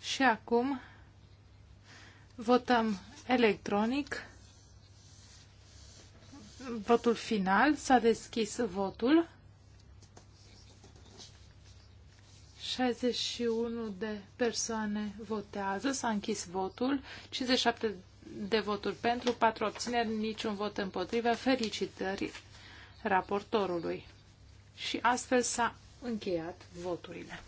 Și acum votăm electronic. Votul final. S-a deschis votul. 61 de persoane votează. S-a închis votul. 57 de voturi pentru, 4 obțineri, niciun vot împotriva. Felicitări raportorului. Și astfel s-a încheiat voturile.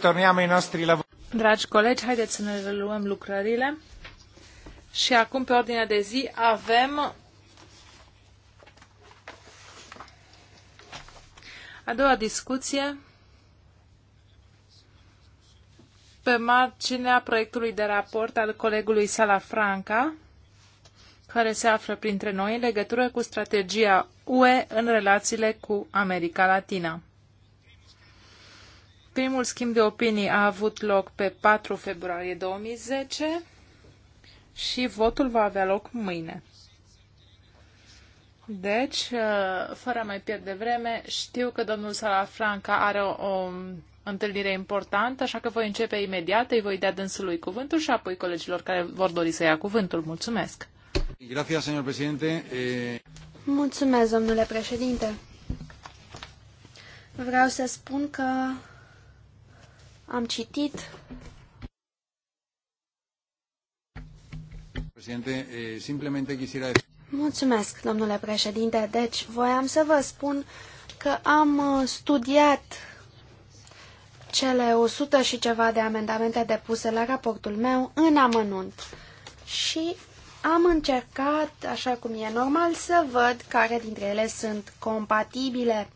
torniamo ai nostri lavori. Dragi colegi, haideți să ne reluăm lucrările. Și acum, pe ordinea de zi, avem a doua discuție pe marginea proiectului de raport al colegului Sala Franca, care se află printre noi în legătură cu strategia UE în relațiile cu America Latina. Primul schimb de opinii a avut loc pe 4 februarie 2010 și votul va avea loc mâine. Deci, uh, fără a mai pierde vreme, știu că domnul Salafranca are o, o întâlnire importantă, așa că voi începe imediat, îi voi dea dânsului cuvântul și apoi colegilor care vor dori să ia cuvântul. Mulțumesc! Gracias, señor presidente. Eh, Mulțumesc, domnule președinte! Vreau să spun că am citit. Președinte, eh, Mulțumesc, domnule președinte. Deci, voiam să vă spun că am uh, studiat cele 100 și ceva de amendamente depuse la raportul meu în amănunt și am încercat, așa cum e normal, să văd care dintre ele sunt compatibile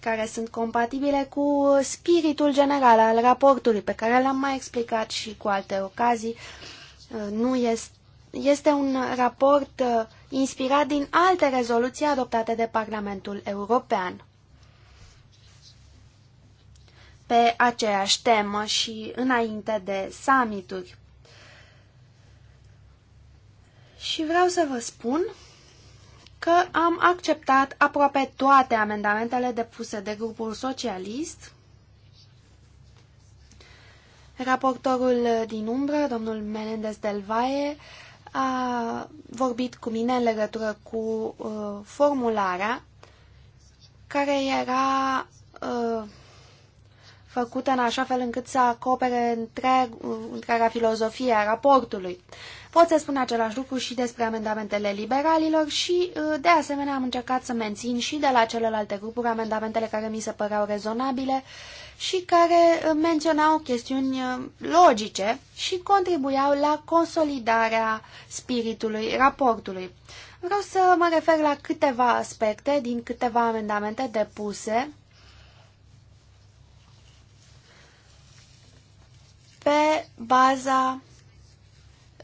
care sunt compatibile cu spiritul general al raportului, pe care l-am mai explicat și cu alte ocazii. Uh, nu este, este un raport uh, inspirat din alte rezoluții adoptate de Parlamentul European pe aceeași temă și înainte de summituri. Și vreau să vă spun că am acceptat aproape toate amendamentele depuse de grupul socialist. Raportorul din umbră, domnul Menendez del Valle, a vorbit cu mine în legătură cu uh, formularea care era uh, făcută în așa fel încât să acopere întreg, întreaga filozofie a raportului. Pot să spun același lucru și despre amendamentele liberalilor și, uh, de asemenea, am încercat să mențin și de la celelalte grupuri amendamentele care mi se păreau rezonabile și care uh, menționau chestiuni uh, logice și contribuiau la consolidarea spiritului raportului. Vreau să mă refer la câteva aspecte din câteva amendamente depuse pe baza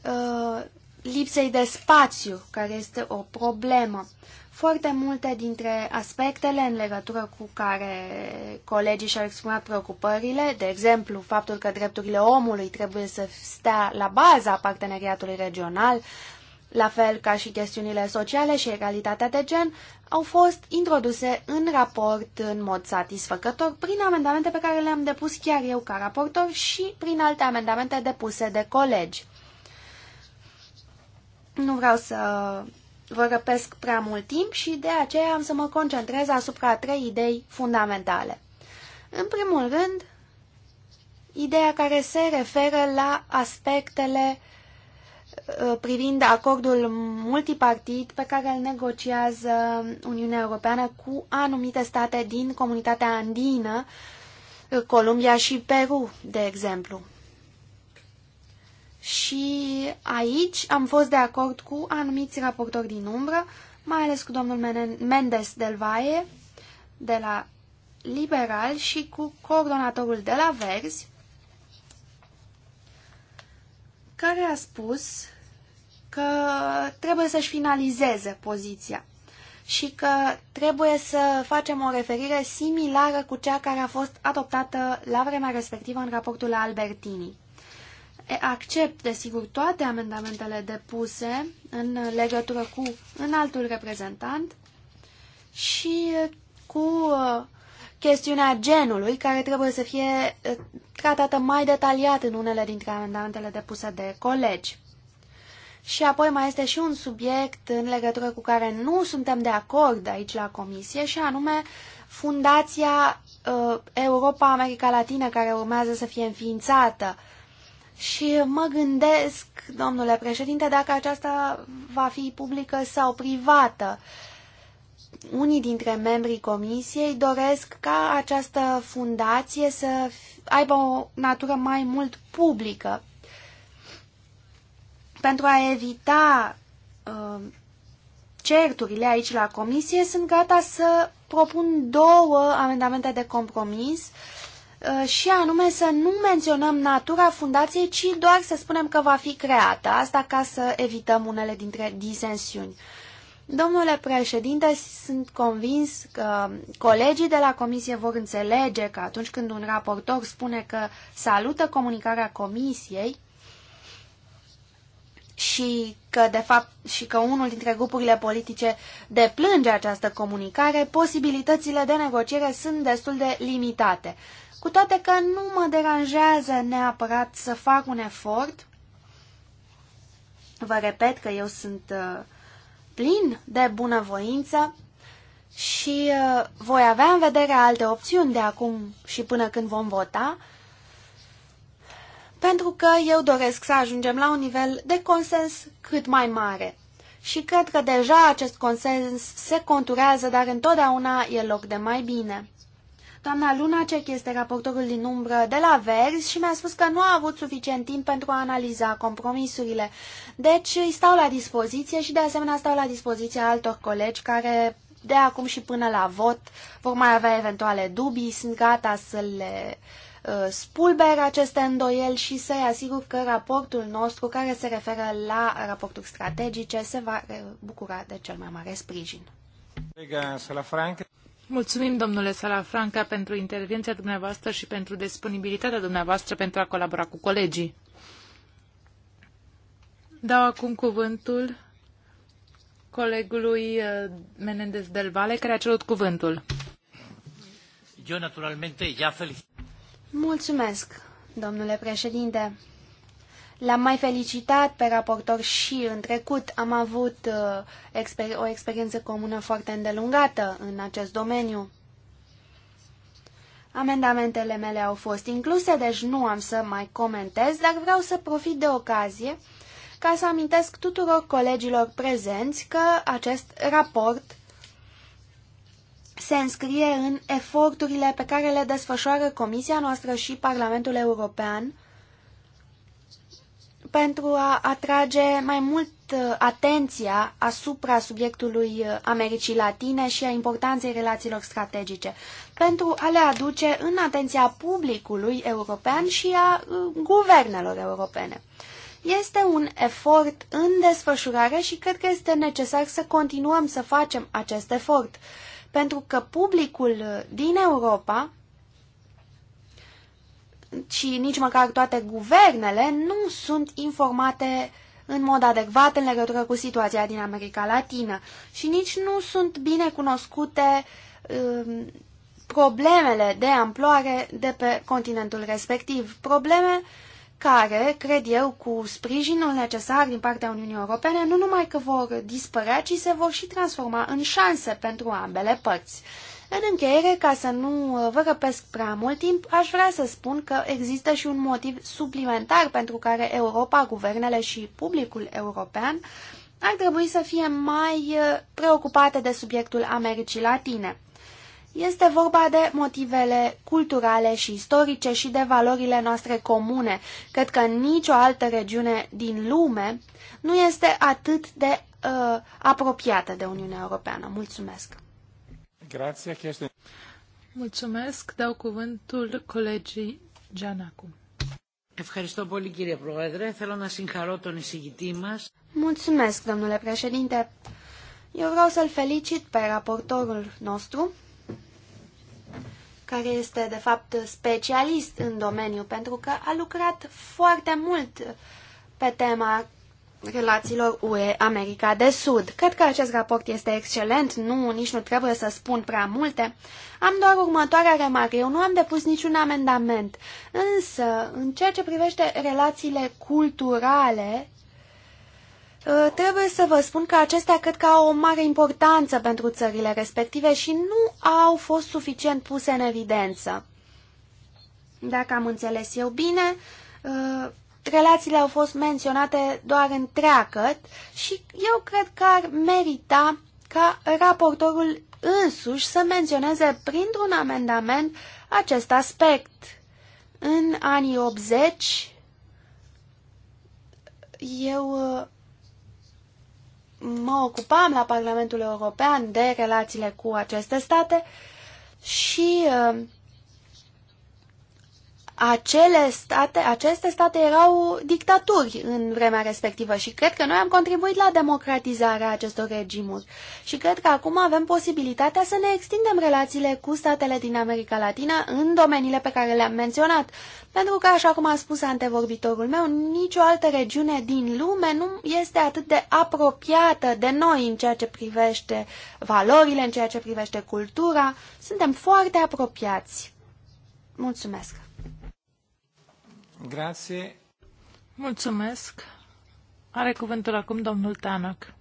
uh, lipsei de spațiu, care este o problemă. Foarte multe dintre aspectele în legătură cu care colegii și-au exprimat preocupările, de exemplu, faptul că drepturile omului trebuie să stea la baza parteneriatului regional, la fel ca și chestiunile sociale și egalitatea de gen, au fost introduse în raport în mod satisfăcător prin amendamente pe care le-am depus chiar eu ca raportor și prin alte amendamente depuse de colegi. Nu vreau să vă răpesc prea mult timp și de aceea am să mă concentrez asupra trei idei fundamentale. În primul rând, ideea care se referă la aspectele uh, Uh, privind acordul multipartit pe care îl negociază Uniunea Europeană cu anumite state din comunitatea andină, uh, Columbia și Peru, de exemplu. Și aici am fost de acord cu anumiți raportori din umbră, mai ales cu domnul Mendes del Valle de la Liberal și cu coordonatorul de la Verzi, care a spus că trebuie să-și finalizeze poziția și că trebuie să facem o referire similară cu cea care a fost adoptată la vremea respectivă în raportul la Albertini. Accept, desigur, toate amendamentele depuse în legătură cu înaltul reprezentant și cu uh, chestiunea genului, care trebuie să fie uh, tratată mai detaliat în unele dintre amendamentele depuse de colegi. Și apoi mai este și un subiect în legătură cu care nu suntem de acord aici la comisie și anume Fundația uh, Europa America Latină care urmează să fie înființată. Și mă gândesc, domnule președinte, dacă aceasta va fi publică sau privată. Unii dintre membrii comisiei doresc ca această fundație să aibă o natură mai mult publică pentru a evita uh, certurile aici la comisie, sunt gata să propun două amendamente de compromis uh, și anume să nu menționăm natura fundației, ci doar să spunem că va fi creată. Asta ca să evităm unele dintre disensiuni. Domnule președinte, sunt convins că colegii de la comisie vor înțelege că atunci când un raportor spune că salută comunicarea comisiei, și că, de fapt, și că unul dintre grupurile politice deplânge această comunicare, posibilitățile de negociere sunt destul de limitate. Cu toate că nu mă deranjează neapărat să fac un efort, vă repet că eu sunt uh, plin de bunăvoință și uh, voi avea în vedere alte opțiuni de acum și până când vom vota, pentru că eu doresc să ajungem la un nivel de consens cât mai mare. Și cred că deja acest consens se conturează, dar întotdeauna e loc de mai bine. Doamna Lunacek este raportorul din umbră de la Vers și mi-a spus că nu a avut suficient timp pentru a analiza compromisurile. Deci îi stau la dispoziție și de asemenea stau la dispoziția altor colegi care de acum și până la vot vor mai avea eventuale dubii, sunt gata să le uh, Uh, spulbere aceste îndoieli și să-i asigur că raportul nostru care se referă la raporturi strategice se va uh, bucura de cel mai mare sprijin. Mulțumim, domnule Salafranca, pentru intervenția dumneavoastră și pentru disponibilitatea dumneavoastră pentru a colabora cu colegii. Dau acum cuvântul colegului uh, Menendez del Valle care a cerut cuvântul. Eu, naturalmente, ia felicit. Mulțumesc, domnule președinte. L-am mai felicitat pe raportor și în trecut am avut uh, exper o experiență comună foarte îndelungată în acest domeniu. Amendamentele mele au fost incluse, deci nu am să mai comentez, dar vreau să profit de ocazie ca să amintesc tuturor colegilor prezenți că acest raport se înscrie în eforturile pe care le desfășoară Comisia noastră și Parlamentul European pentru a atrage mai mult uh, atenția asupra subiectului uh, Americii Latine și a importanței relațiilor strategice, pentru a le aduce în atenția publicului european și a uh, guvernelor europene. Este un efort în desfășurare și cred că este necesar să continuăm să facem acest efort pentru că publicul din Europa și nici măcar toate guvernele nu sunt informate în mod adecvat în legătură cu situația din America Latină și nici nu sunt bine cunoscute um, problemele de amploare de pe continentul respectiv, probleme uh, care, cred eu, cu sprijinul necesar din partea Uniunii Europene, nu numai că vor dispărea, ci se vor și transforma în șanse pentru ambele părți. În încheiere, ca să nu vă răpesc prea mult timp, aș vrea să spun că există și un motiv suplimentar pentru care Europa, guvernele și publicul european ar trebui să fie mai eh, preocupate de subiectul Americii Latine. Este vorba de motivele culturale și istorice și de valorile noastre comune. Cred că nicio altă regiune din lume nu este atât de uh, apropiată de Uniunea Europeană. Mulțumesc! Grazie, Mulțumesc! Dau cuvântul colegii Gianacu. Ευχαριστώ πολύ κύριε Πρόεδρε. Θέλω να συγχαρώ τον εισηγητή μας. Mulțumesc, domnule președinte. Eu vreau să-l felicit pe raportorul nostru care este de fapt specialist în domeniu, pentru că a lucrat foarte mult pe tema relațiilor UE-America de Sud. Cred că acest raport este excelent, nu, nici nu trebuie să spun prea multe. Am doar următoarea remarcă, eu nu am depus niciun amendament, însă, în ceea ce privește relațiile culturale, Uh, trebuie să vă spun că acestea cred că au o mare importanță pentru țările respective și nu au fost suficient puse în evidență. Dacă am înțeles eu bine, uh, relațiile au fost menționate doar în treacăt și eu cred că ar merita ca raportorul însuși să menționeze printr-un amendament acest aspect. În anii 80, eu uh, mă ocupam la Parlamentul European de relațiile cu aceste state și uh, acele state, aceste state erau dictaturi în vremea respectivă și cred că noi am contribuit la democratizarea acestor regimuri. Și cred că acum avem posibilitatea să ne extindem relațiile cu statele din America Latina în domeniile pe care le-am menționat. Pentru că, așa cum a spus antevorbitorul meu, nicio altă regiune din lume nu este atât de apropiată de noi în ceea ce privește valorile, în ceea ce privește cultura. Suntem foarte apropiați. Mulțumesc! Mulțumesc. Are cuvântul acum domnul Tanac.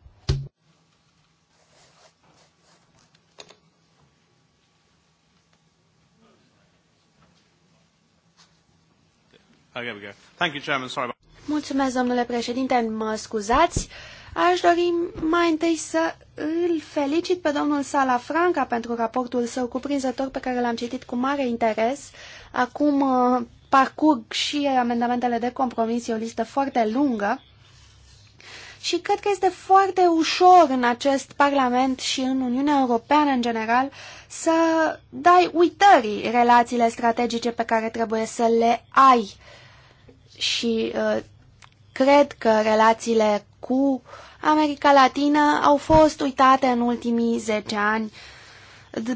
Mulțumesc, domnule președinte, mă scuzați. Aș dori mai întâi să îl felicit pe domnul Sala Franca pentru raportul său cuprinzător pe care l-am citit cu mare interes. Acum parcurg și amendamentele de compromis, e o listă foarte lungă și cred că este foarte ușor în acest Parlament și în Uniunea Europeană în general să dai uitării relațiile strategice pe care trebuie să le ai. Și uh, cred că relațiile cu America Latină au fost uitate în ultimii 10 ani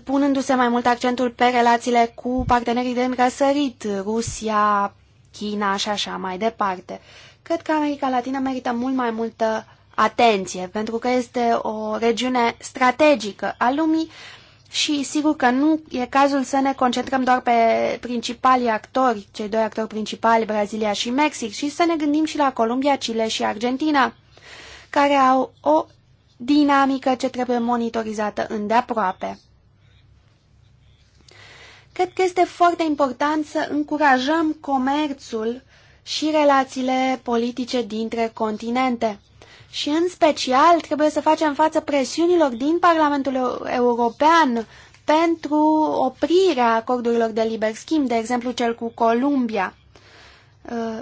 punându-se mai mult accentul pe relațiile cu partenerii de îngrăsărit, Rusia, China și așa mai departe. Cred că America Latină merită mult mai multă atenție, pentru că este o regiune strategică a lumii și sigur că nu e cazul să ne concentrăm doar pe principalii actori, cei doi actori principali, Brazilia și Mexic, și să ne gândim și la Columbia, Chile și Argentina, care au o dinamică ce trebuie monitorizată îndeaproape. Cred că este foarte important să încurajăm comerțul și relațiile politice dintre continente. Și în special trebuie să facem față presiunilor din Parlamentul European pentru oprirea acordurilor de liber schimb, de exemplu cel cu Columbia. Uh,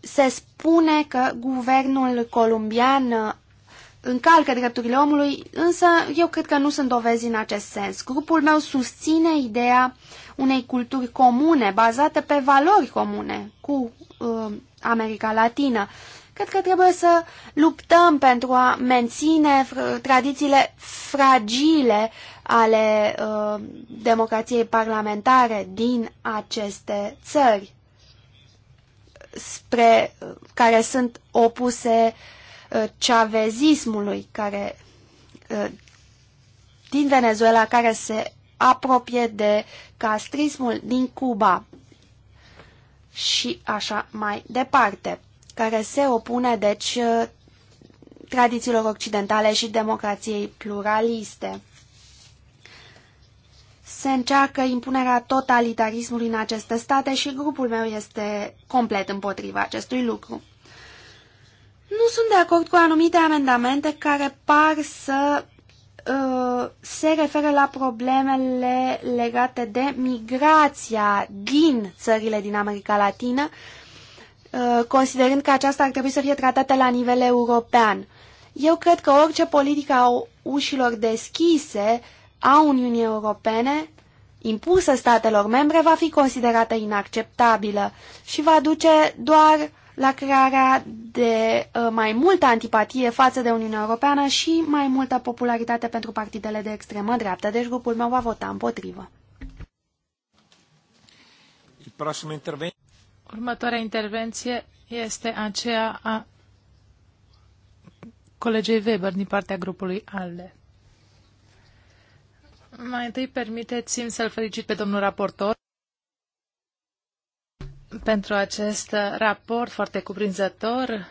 se spune că guvernul columbian uh, încalcă drepturile omului, însă eu cred că nu sunt dovezi în acest sens. Grupul meu susține ideea uh, unei culturi comune, bazate pe valori comune cu uh, America Latină. Cred că trebuie să luptăm pentru a menține tradițiile fragile ale uh, democrației parlamentare din aceste țări, spre, uh, care sunt opuse uh, chavezismului, care uh, din Venezuela care se apropie de castrismul din Cuba și așa mai departe, care se opune, deci, uh, tradițiilor occidentale și democrației pluraliste. Se încearcă impunerea totalitarismului în aceste state și grupul meu este complet împotriva acestui lucru. Nu sunt de acord cu anumite amendamente care par să Uh, se referă la problemele legate de migrația din țările din America Latină, uh, considerând că aceasta ar trebui să fie tratată la nivel european. Eu cred că orice politică a ușilor deschise a Uniunii Europene impusă statelor membre va fi considerată inacceptabilă și va duce doar uh, la crearea de uh, mai multă antipatie față de Uniunea Europeană și mai multă popularitate pentru partidele de extremă dreaptă, deci grupul meu va vota împotrivă. Următoarea intervenție este aceea a colegei Weber din partea grupului ALDE. Mai întâi permiteți-mi să-l felicit pe domnul raportor pentru acest raport foarte cuprinzător.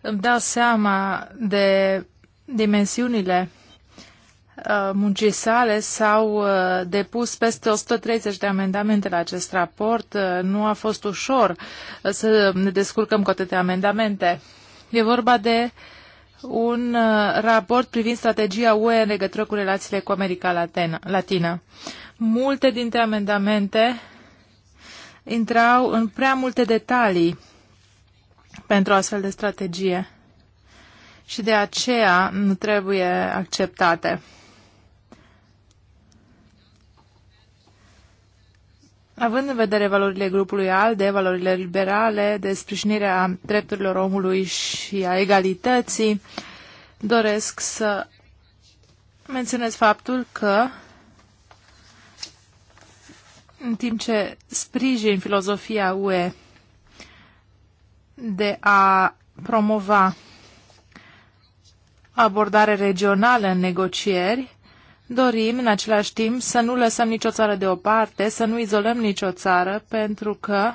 Îmi dau seama de dimensiunile uh, muncii sale s-au uh, depus peste 130 de amendamente la acest raport. Uh, nu a fost ușor să ne descurcăm cu atâtea amendamente. E vorba de un raport privind strategia UE în legătură cu relațiile cu America Latina. Multe dintre amendamente intrau în prea multe detalii pentru astfel de strategie și de aceea nu trebuie acceptate. Având în vedere valorile grupului ALDE, valorile liberale, de sprijinirea drepturilor omului și a egalității, doresc să menționez faptul că în timp ce sprijin filozofia UE de a promova abordare regională în negocieri, dorim în același timp să nu lăsăm nicio țară deoparte, să nu izolăm nicio țară, pentru că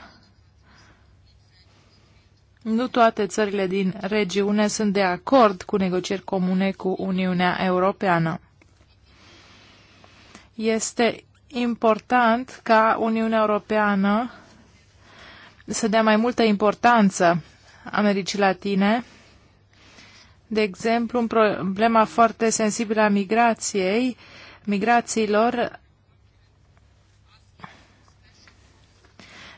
nu toate țările din regiune sunt de acord cu negocieri comune cu Uniunea Europeană. Este important ca Uniunea Europeană să dea mai multă importanță Americii Latine. De exemplu, un problema foarte sensibilă a migrației, migrațiilor,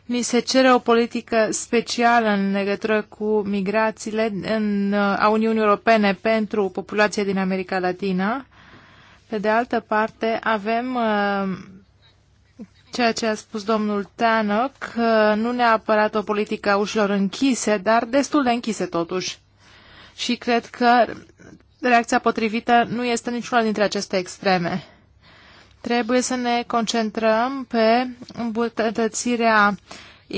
Ni se cere o politică specială în legătură cu migrațiile în, a Uniunii Europene pentru populația din America Latina. Pe de altă parte, avem uh, ceea ce a spus domnul Tanăc, nu neapărat o politică a ușilor închise, dar destul de închise totuși. Și cred că reacția potrivită nu este niciuna dintre aceste extreme. Trebuie să ne concentrăm pe îmbunătățirea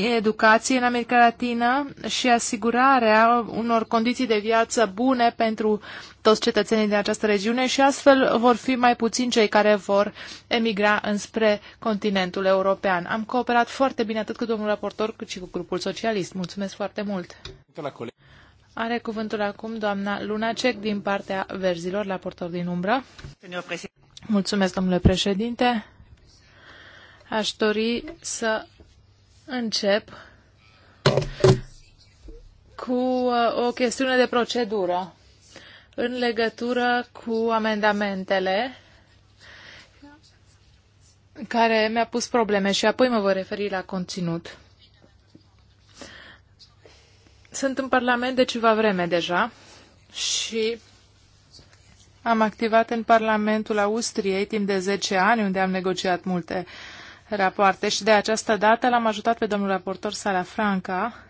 educație în America Latină și asigurarea unor condiții de viață bune pentru toți cetățenii din această regiune și astfel vor fi mai puțini cei care vor emigra înspre continentul european. Am cooperat foarte bine atât cu domnul raportor cât și cu grupul socialist. Mulțumesc foarte mult! Are cuvântul acum doamna Lunacek din partea verzilor, portor din umbră. Mulțumesc, domnule președinte. Aș dori să încep cu uh, o chestiune de procedură în legătură cu amendamentele care mi-a pus probleme și apoi mă voi referi la conținut. Sunt în Parlament de ceva vreme deja și am activat în Parlamentul Austriei timp de 10 ani, unde am negociat multe uh, rapoarte și de această dată l-am ajutat pe domnul raportor Sara Franca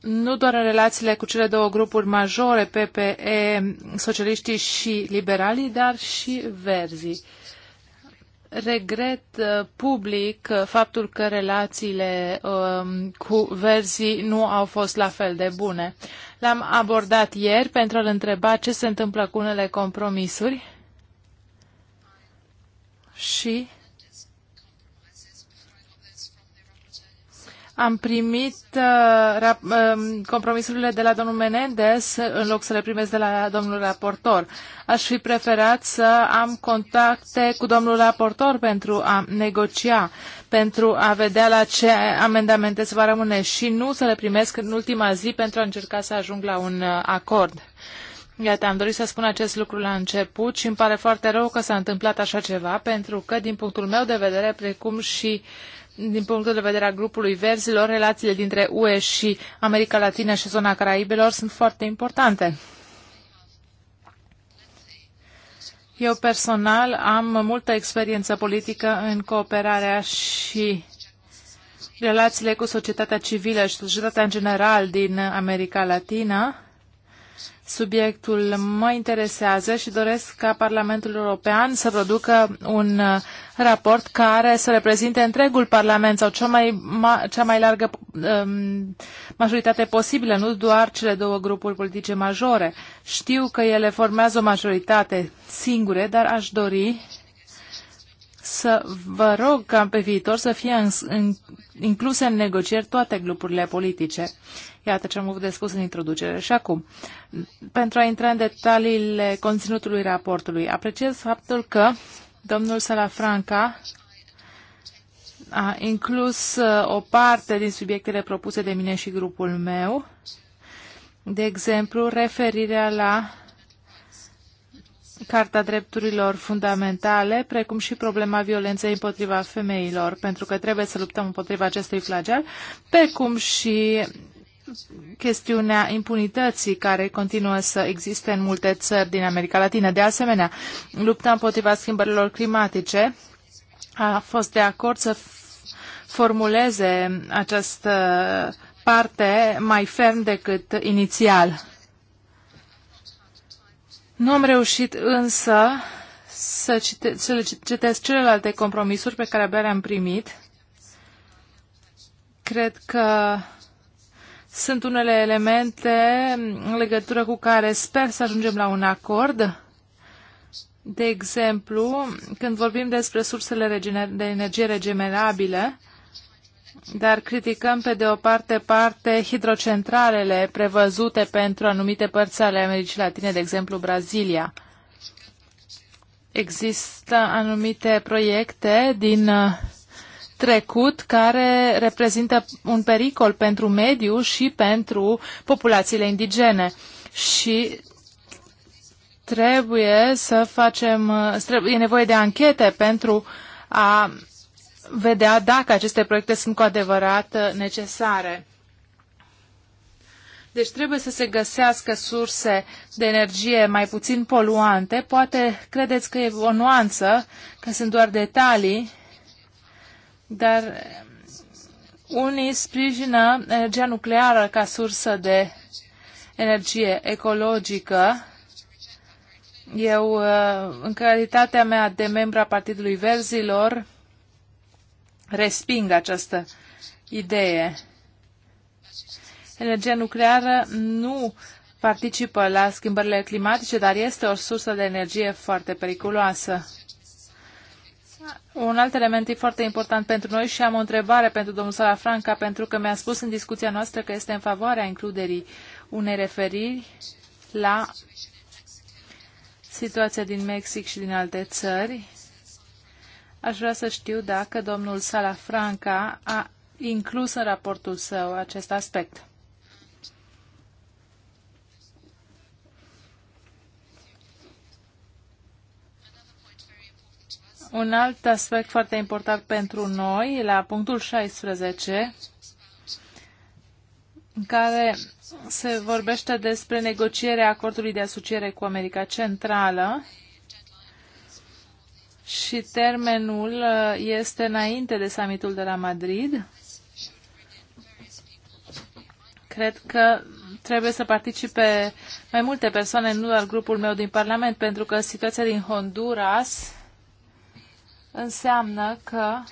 nu doar în relațiile cu cele două grupuri majore, PPE, socialiștii și liberalii, dar și verzii. Regret uh, public uh, faptul că relațiile um, cu verzii nu au fost la fel de bune. L-am abordat ieri pentru a-l întreba ce se întâmplă cu unele compromisuri și Am primit uh, rap, uh, compromisurile de la domnul Menendez în loc să le primesc de la domnul raportor. Aș fi preferat să am contacte cu domnul raportor pentru a negocia, pentru a vedea la ce amendamente se va rămâne și nu să le primesc în ultima zi pentru a încerca să ajung la un uh, acord. Iată, am dorit să spun acest lucru la început și îmi pare foarte rău că s-a întâmplat așa ceva, pentru că, din punctul meu de vedere, precum și din punctul de vedere al grupului verzilor, relațiile dintre UE și America Latină și zona Caraibelor sunt foarte importante. Eu personal am multă experiență politică în cooperarea și relațiile cu societatea civilă și societatea în general din America Latină Subiectul mă interesează și doresc ca Parlamentul European să producă un uh, raport care să reprezinte întregul Parlament sau cea mai, ma, cea mai largă um, majoritate posibilă, nu doar cele două grupuri politice majore. Știu că ele formează o majoritate singure, dar aș dori să vă rog ca pe viitor să fie în, în, incluse în negocieri toate grupurile politice. Iată ce am avut de spus în introducere. Și acum, pentru a intra în detaliile conținutului raportului, apreciez faptul că domnul Salafranca a inclus uh, o parte din subiectele propuse de mine și grupul meu, de exemplu, referirea la Carta Drepturilor Fundamentale, precum și problema violenței împotriva femeilor, pentru că trebuie să luptăm împotriva acestui flagel, precum și chestiunea impunității care continuă să existe în multe țări din America Latină. De asemenea, lupta împotriva schimbărilor climatice a fost de acord să formuleze această parte mai ferm decât inițial. Nu am reușit însă să, cite, să le citesc celelalte compromisuri pe care abia le-am primit. Cred că sunt unele elemente în legătură cu care sper să ajungem la un acord. De exemplu, când vorbim despre sursele de energie regenerabile, dar criticăm pe de o parte parte hidrocentralele prevăzute pentru anumite părți ale Americii Latine, de exemplu Brazilia. Există anumite proiecte din uh, trecut care reprezintă un pericol pentru mediu și pentru populațiile indigene. Și trebuie să facem, e nevoie de anchete pentru a vedea dacă aceste proiecte sunt cu adevărat necesare. Deci trebuie să se găsească surse de energie mai puțin poluante. Poate credeți că e o nuanță, că sunt doar detalii, dar unii sprijină energia nucleară ca sursă de energie ecologică. Eu, uh, în calitatea mea de membra Partidului Verzilor, resping această idee. Energia nucleară nu participă la schimbările climatice, dar este o sursă de energie foarte periculoasă. Un alt element foarte important pentru noi și am o întrebare pentru domnul Salafranca, pentru că mi-a spus în discuția noastră că este în favoarea includerii unei referiri la situația din Mexic și din alte țări. Aș vrea să știu dacă domnul Salafranca a inclus în raportul său acest aspect. Un alt aspect foarte important pentru noi, la punctul 16, în care se vorbește despre negocierea acordului de asociere cu America Centrală și termenul uh, este înainte de summitul de la Madrid. Cred că trebuie să participe mai multe persoane, nu doar grupul meu din Parlament, pentru că situația din Honduras înseamnă că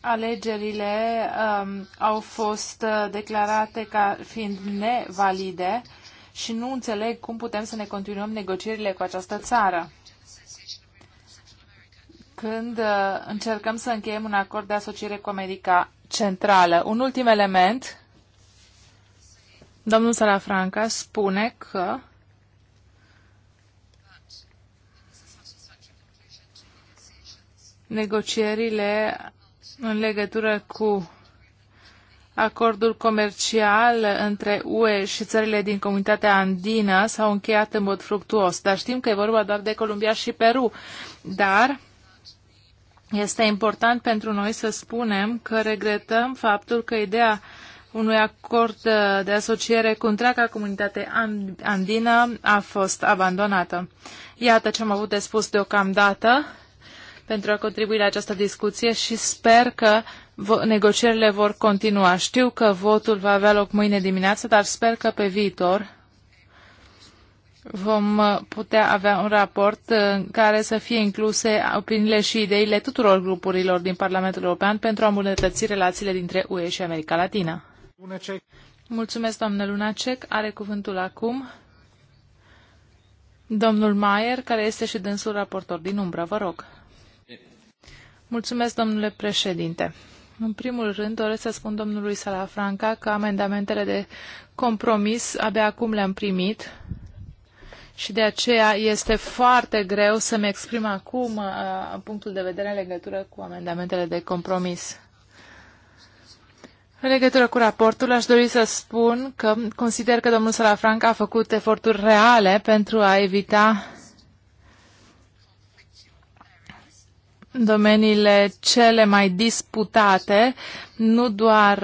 alegerile um, au fost uh, declarate ca fiind nevalide și nu înțeleg cum putem să ne continuăm negocierile cu această țară. Când uh, încercăm să încheiem un acord de asociere cu America Centrală. Un ultim element. Domnul Salafranca spune că negocierile în legătură cu acordul comercial între UE și țările din comunitatea andină s-au încheiat în mod fructuos, dar știm că e vorba doar de Columbia și Peru. Dar este important pentru noi să spunem că regretăm faptul că ideea unui acord de asociere cu întreaga comunitate andină a fost abandonată. Iată ce am avut de spus deocamdată pentru a contribui la această discuție și sper că negocierile vor continua. Știu că votul va avea loc mâine dimineață, dar sper că pe viitor vom putea avea un raport uh, în care să fie incluse opiniile și ideile tuturor grupurilor din Parlamentul European pentru a îmbunătăți relațiile dintre UE și America Latina. Lunacek. Mulțumesc, doamnă Lunacek. Are cuvântul acum domnul Maier, care este și dânsul raportor din umbră. Vă rog. Mulțumesc, domnule președinte. În primul rând, doresc să spun domnului Salafranca că amendamentele de compromis abia acum le-am primit și de aceea este foarte greu să-mi exprim acum uh, punctul de vedere în legătură cu amendamentele de compromis. În legătură cu raportul, aș dori să spun că consider că domnul Salafranca a făcut eforturi reale pentru a evita domeniile cele mai disputate, nu doar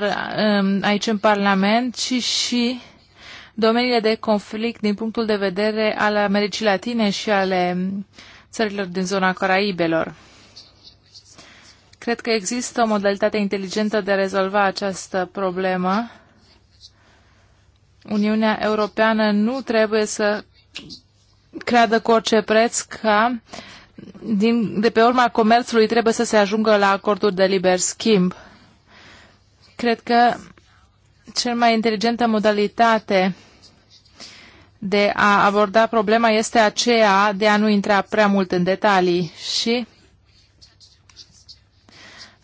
um, aici în Parlament, ci și domeniile de conflict din punctul de vedere al Americii Latine și ale țărilor din zona Caraibelor. Cred că există o modalitate inteligentă de a rezolva această problemă. Uniunea Europeană nu trebuie să creadă cu orice preț ca uh, din, de pe urma comerțului trebuie să se ajungă la acorduri de liber schimb. Cred că cel mai inteligentă modalitate de a aborda problema este aceea de a nu intra prea mult în detalii și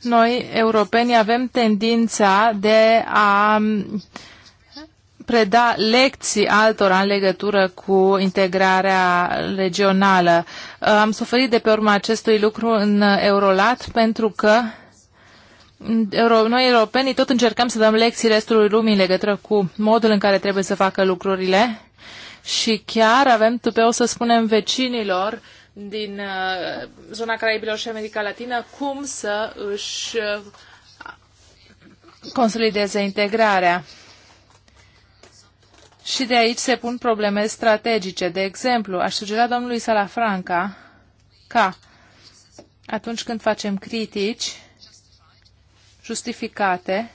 noi, europenii, avem tendința de a preda lecții altora în legătură cu integrarea regională. Uh, am suferit de pe urma acestui lucru în Eurolat pentru că noi europenii tot încercăm să dăm lecții restului lumii în legătură cu modul în care trebuie să facă lucrurile și chiar avem tupeu să spunem vecinilor din uh, zona Caraibilor și America Latină cum să își uh, consolideze integrarea. Și de aici se pun probleme strategice. De exemplu, aș sugera domnului Salafranca ca atunci când facem critici justificate,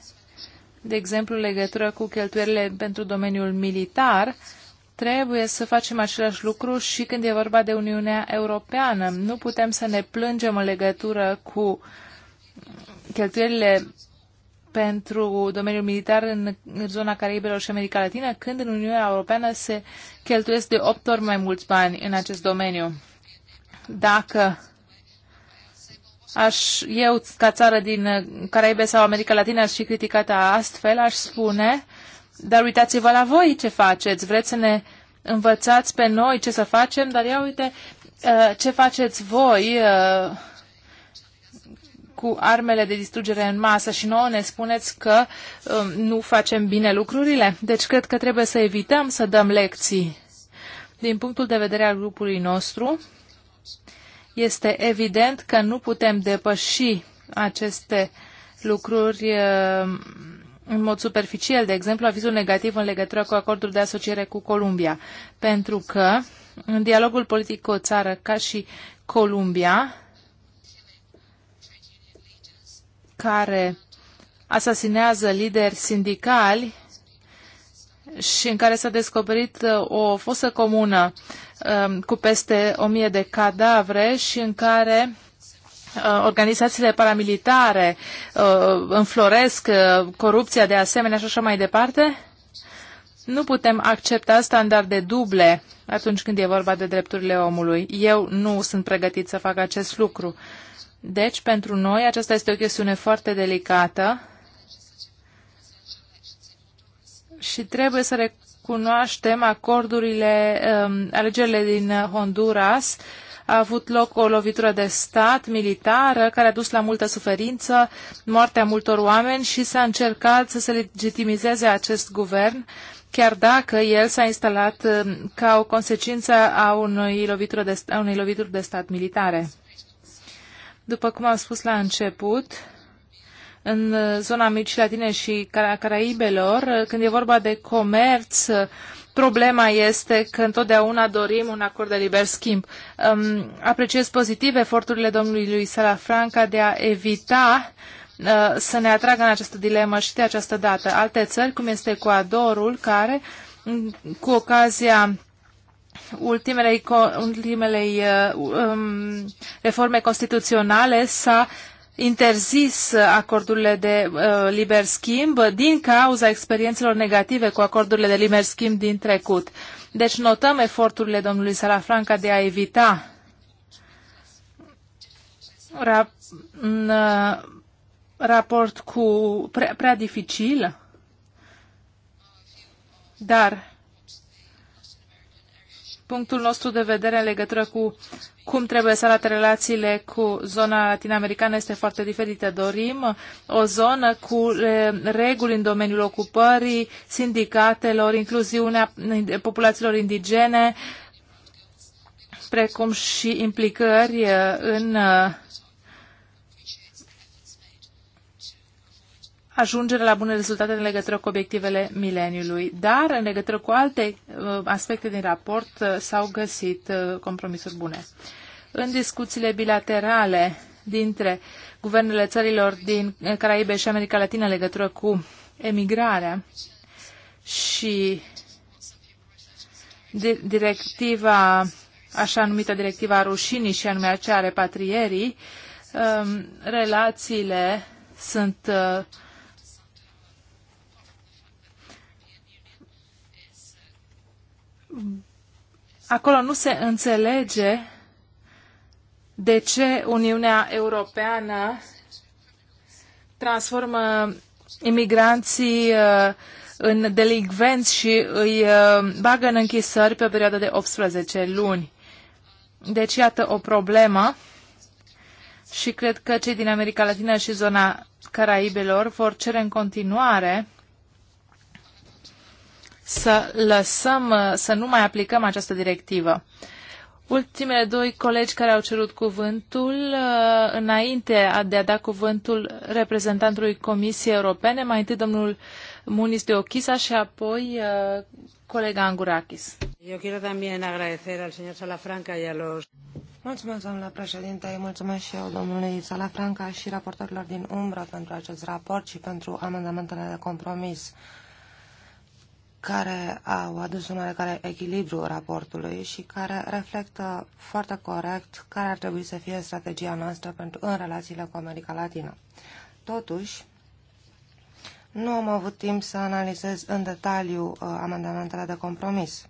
de exemplu legătură cu cheltuierile pentru domeniul militar, trebuie să facem același lucru și când e vorba de Uniunea Europeană. Nu putem să ne plângem în legătură cu cheltuielile pentru domeniul militar în zona Caraibelor și America Latină, când în Uniunea Europeană se cheltuiesc de 8 ori mai mulți bani în acest domeniu. Dacă aș, eu, ca țară din Caraibe sau America Latină, aș fi criticată astfel, aș spune, dar uitați-vă la voi ce faceți, vreți să ne învățați pe noi ce să facem, dar ia uite uh, ce faceți voi uh, cu armele de distrugere în masă și nouă ne spuneți că um, nu facem bine lucrurile. Deci cred că trebuie să evităm să dăm lecții. Din punctul de vedere al grupului nostru, este evident că nu putem depăși aceste lucruri um, în mod superficial, de exemplu, avizul negativ în legătură cu acordul de asociere cu Columbia, pentru că în dialogul politic cu o țară ca și Columbia, care asasinează lideri sindicali și în care s-a descoperit uh, o fosă comună um, cu peste o mie de cadavre și în care uh, organizațiile paramilitare uh, înfloresc corupția de asemenea și așa mai departe? Nu putem accepta standarde duble atunci când e vorba de drepturile omului. Eu nu sunt pregătit să fac acest lucru. Deci, pentru noi, aceasta este o chestiune foarte delicată și trebuie să recunoaștem acordurile, um, alegerile din Honduras. A avut loc o lovitură de stat militară care a dus la multă suferință, moartea multor oameni și s-a încercat să se legitimizeze acest guvern chiar dacă el s-a instalat um, ca o consecință a unei lovituri de, a unei lovituri de stat militare. După cum am spus la început, în zona Micii Latine și Caraibelor, când e vorba de comerț, problema este că întotdeauna dorim un acord de liber schimb. Um, apreciez pozitiv eforturile domnului lui Salafranca de a evita uh, să ne atragă în această dilemă și de această dată. Alte țări, cum este Ecuadorul, care mm, cu ocazia ultimele, ultimele uh, um, reforme constituționale s-a interzis acordurile de uh, liber schimb din cauza experiențelor negative cu acordurile de liber schimb din trecut. Deci notăm eforturile domnului Salafranca de a evita rap, un uh, raport cu prea, prea dificil, dar punctul nostru de vedere în legătură cu cum trebuie să arate relațiile cu zona latinamericană este foarte diferită. Dorim o zonă cu reguli în domeniul ocupării, sindicatelor, incluziunea populațiilor indigene, precum și implicări în ajungere la bune rezultate în legătură cu obiectivele mileniului, dar în legătură cu alte uh, aspecte din raport uh, s-au găsit uh, compromisuri bune. În discuțiile bilaterale dintre guvernele țărilor din Caraibe și America Latină în legătură cu emigrarea și directiva, așa numită directiva rușinii și anume aceea repatrierii, um, relațiile sunt acolo nu se înțelege de ce Uniunea Europeană transformă imigranții uh, în delinvenți și îi uh, bagă în închisări pe o perioadă de 18 luni. Deci, iată o problemă și cred că cei din America Latină și zona Caraibelor vor cere în continuare să lăsăm, uh, să nu mai aplicăm această directivă. Ultimele doi colegi care au cerut cuvântul, uh, înainte de a da cuvântul reprezentantului Comisiei Europene, mai întâi domnul Munis de Ochisa și apoi uh, colega Angurakis. Eu quiero también agradecer al señor Salafranca y a los... Mulțumesc, domnule președinte, mulțumesc și eu domnului Salafranca și raportorilor din umbră pentru acest raport și pentru amendamentele de compromis care au adus un oarecare echilibru raportului și care reflectă foarte corect care ar trebui să fie strategia noastră pentru, în relațiile cu America Latină. Totuși, nu am avut timp să analizez în detaliu uh, amendamentele de compromis.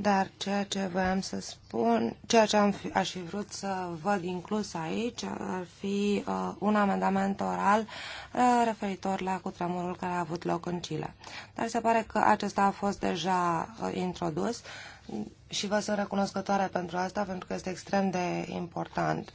Dar ceea ce voiam să spun, ceea ce am fi, aș fi vrut să văd inclus aici ar fi uh, un amendament oral uh, referitor la cutremurul care a avut loc în Chile. Dar se pare că acesta a fost deja uh, introdus și vă sunt recunoscătoare pentru asta, pentru că este extrem de important.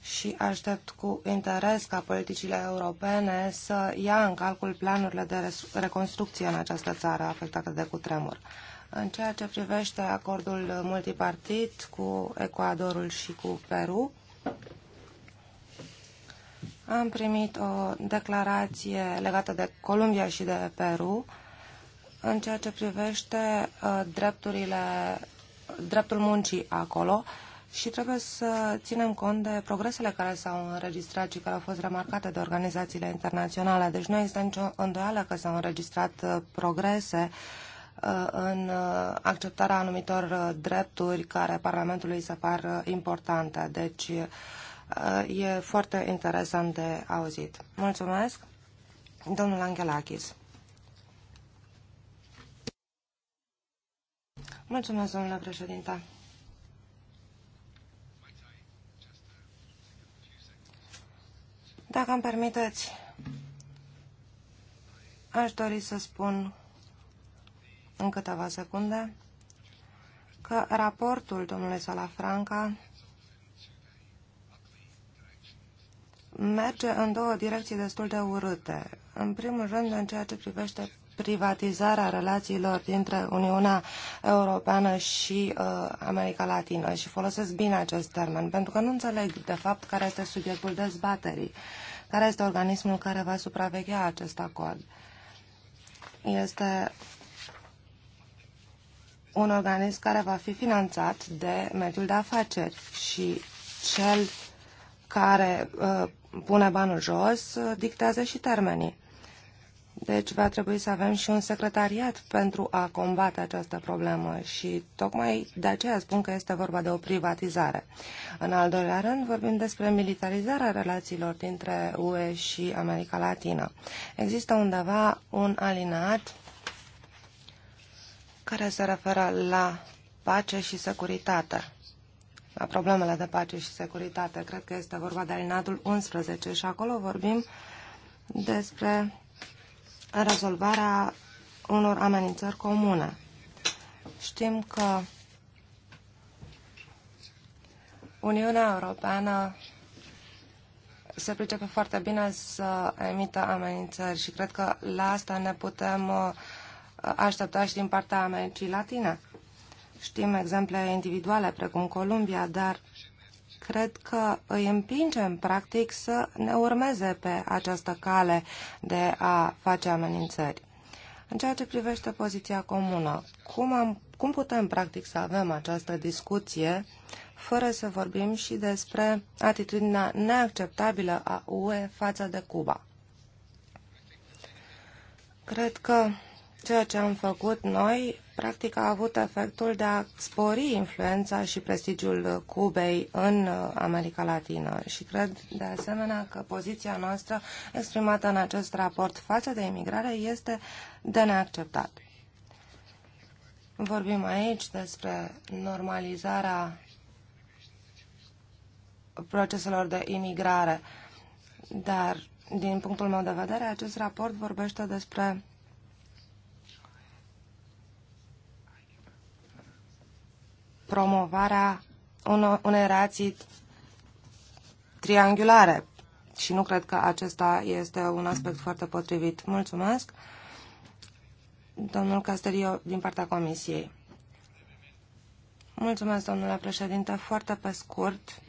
Și aștept cu interes ca politicile europene să ia în calcul planurile de reconstrucție în această țară afectată de cutremur. În ceea ce privește acordul multipartit cu Ecuadorul și cu Peru, am primit o declarație legată de Columbia și de Peru în ceea ce privește uh, drepturile, dreptul muncii acolo și trebuie să ținem cont de progresele care s-au înregistrat și care au fost remarcate de organizațiile internaționale. Deci nu există nicio îndoială că s-au înregistrat uh, progrese uh, Uh, în uh, acceptarea anumitor uh, drepturi care Parlamentului se par importante. Deci e foarte interesant de auzit. Mulțumesc, domnul Angelakis. Mulțumesc, domnule președinte. Dacă îmi permiteți, aș dori să spun în câteva secunde că raportul domnului Salafranca merge în două direcții destul de urâte. În primul rând, în ceea ce privește privatizarea relațiilor dintre Uniunea Europeană și uh, America Latină și folosesc bine acest termen, pentru că nu înțeleg, de fapt, care este subiectul dezbaterii, care este organismul care va supraveghea acest acord. Este un organism care va fi finanțat de mediul de afaceri și cel care uh, pune banul jos uh, dictează și termenii. Deci va trebui să avem și un secretariat pentru a combate această problemă și tocmai de aceea spun că este vorba de o privatizare. În al doilea rând vorbim despre militarizarea relațiilor dintre UE și America Latină. Există undeva un alinat care se referă la pace și securitate, la problemele de pace și securitate. Cred că este vorba de alinatul 11 și acolo vorbim despre rezolvarea unor amenințări comune. Știm că Uniunea Europeană se pricepe foarte bine să emită amenințări și cred că la asta ne putem uh, aștepta și din partea Americii Latine. Știm exemple individuale, precum Columbia, dar cred că îi împingem, practic, să ne urmeze pe această cale de a face amenințări. În ceea ce privește poziția comună, cum, am, cum putem, practic, să avem această discuție fără să vorbim și despre atitudinea neacceptabilă a UE față de Cuba? Cred că Ceea ce am făcut noi, practic, a avut efectul de a spori influența și prestigiul Cubei în uh, America Latină și cred, de asemenea, că poziția noastră exprimată în acest raport față de imigrare este de neacceptat. Vorbim aici despre normalizarea proceselor de imigrare, dar, din punctul meu de vedere, acest raport vorbește despre promovarea unei relații triangulare și nu cred că acesta este un aspect foarte potrivit. Mulțumesc, domnul Castelio, din partea Comisiei. Mulțumesc, domnule președinte. Foarte pe scurt,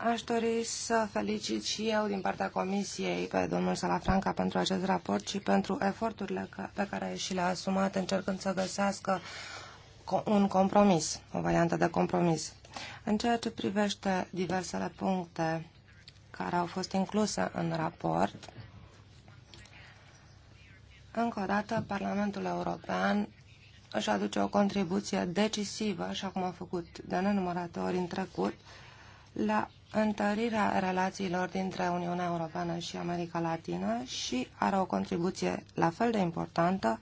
Aș dori să felicit și eu din partea Comisiei pe domnul Salafranca pentru acest raport și pentru eforturile pe care și le-a asumat încercând să găsească un compromis, o variantă de compromis. În ceea ce privește diversele puncte care au fost incluse în raport, încă o dată Parlamentul European își aduce o contribuție decisivă, așa cum a făcut de nenumărate ori în trecut, la întărirea relațiilor dintre Uniunea Europeană și America Latină și are o contribuție la fel de importantă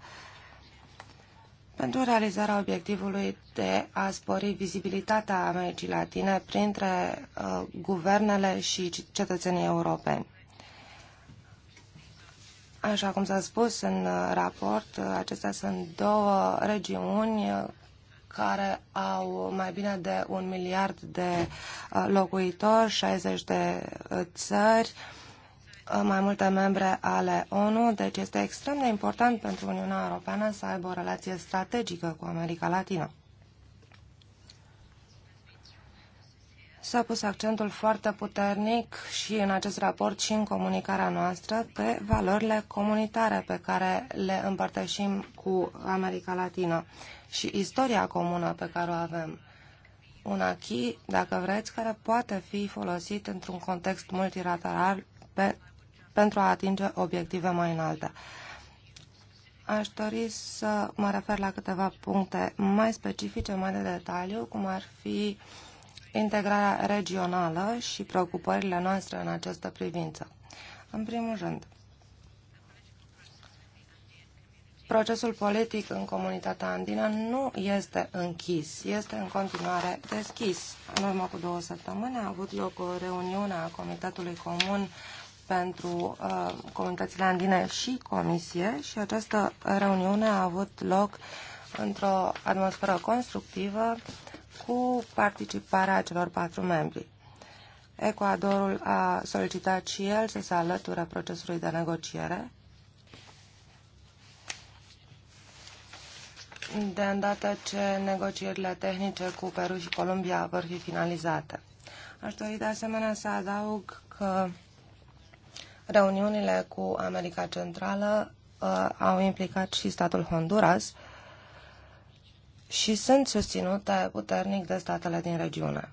pentru realizarea obiectivului de a spori vizibilitatea Americii Latine printre uh, guvernele și cetățenii europeni. Așa cum s-a spus în uh, raport, uh, acestea sunt două regiuni uh, care au mai bine de un miliard de uh, locuitori, 60 de uh, țări, uh, mai multe membre ale ONU, deci este extrem de important pentru Uniunea Europeană să aibă o relație strategică cu America Latină. S-a pus accentul foarte puternic și în acest raport și în comunicarea noastră pe valorile comunitare pe care le împărtășim cu America Latină și istoria comună pe care o avem. Un achi, dacă vreți, care poate fi folosit într-un context multilateral pe, pentru a atinge obiective mai înalte. Aș dori să mă refer la câteva puncte mai specifice, mai de detaliu, cum ar fi uh, integrarea regională și preocupările noastre în această privință. În primul rând, procesul politic în comunitatea andină nu este închis, este în continuare deschis. În urmă cu două săptămâni a avut loc o reuniune a Comitetului Comun pentru uh, comunitățile andine și comisie și această reuniune a avut loc într-o atmosferă constructivă cu participarea celor patru membri. Ecuadorul a solicitat și el să se alăture procesului de negociere. de îndată ce negocierile tehnice cu Peru și Columbia vor fi finalizate. Aș dori de asemenea să adaug că reuniunile cu America Centrală uh, au implicat și statul Honduras, și sunt susținute puternic de statele din regiune.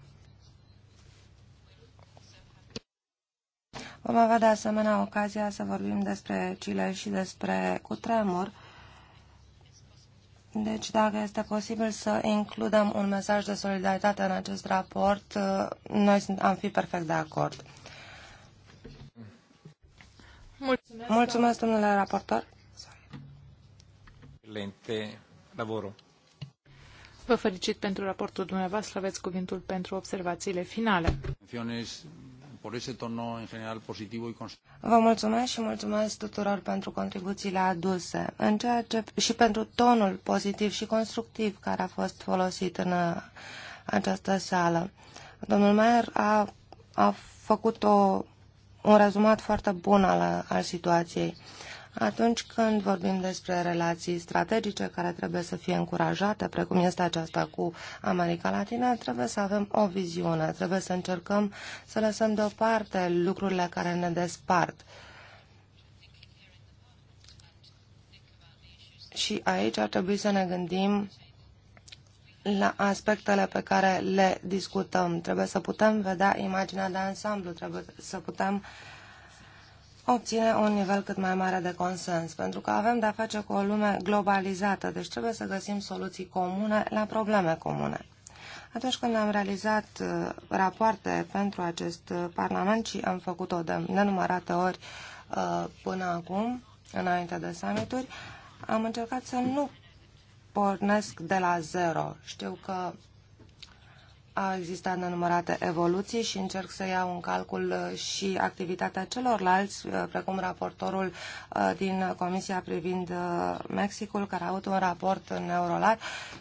Vom avea de asemenea ocazia să vorbim despre Chile și despre cutremur. Deci, dacă este posibil să includem un mesaj de solidaritate în acest raport, noi am fi perfect de acord. Mulțumesc, Mulțumesc domnule raportor. Lente, lavoro. Vă felicit pentru raportul dumneavoastră. Aveți cuvintul pentru observațiile finale. Vă mulțumesc și mulțumesc tuturor pentru contribuțiile aduse în ceea ce, și pentru tonul pozitiv și constructiv care a fost folosit în uh, această sală. Domnul Maier a, a făcut o, un rezumat foarte bun al, al situației. Atunci când vorbim despre relații strategice care trebuie să fie încurajate, precum este aceasta cu America Latina, trebuie să avem o viziune, trebuie să încercăm să lăsăm deoparte lucrurile care ne despart. Și aici ar trebui să ne gândim la aspectele pe care le discutăm. Trebuie să putem vedea imaginea de ansamblu, trebuie să putem uh, obține un nivel cât mai mare de consens, pentru că avem de-a face cu o lume globalizată, deci trebuie să găsim soluții comune la probleme comune. Atunci când am realizat uh, rapoarte pentru acest uh, Parlament și am făcut-o de nenumărate ori uh, până acum, înainte de summituri, am încercat să nu pornesc de la zero. Știu că a existat nenumărate evoluții și încerc să iau în calcul uh, și activitatea celorlalți, uh, precum raportorul uh, din Comisia privind Mexicul, care a avut un raport în Eurolat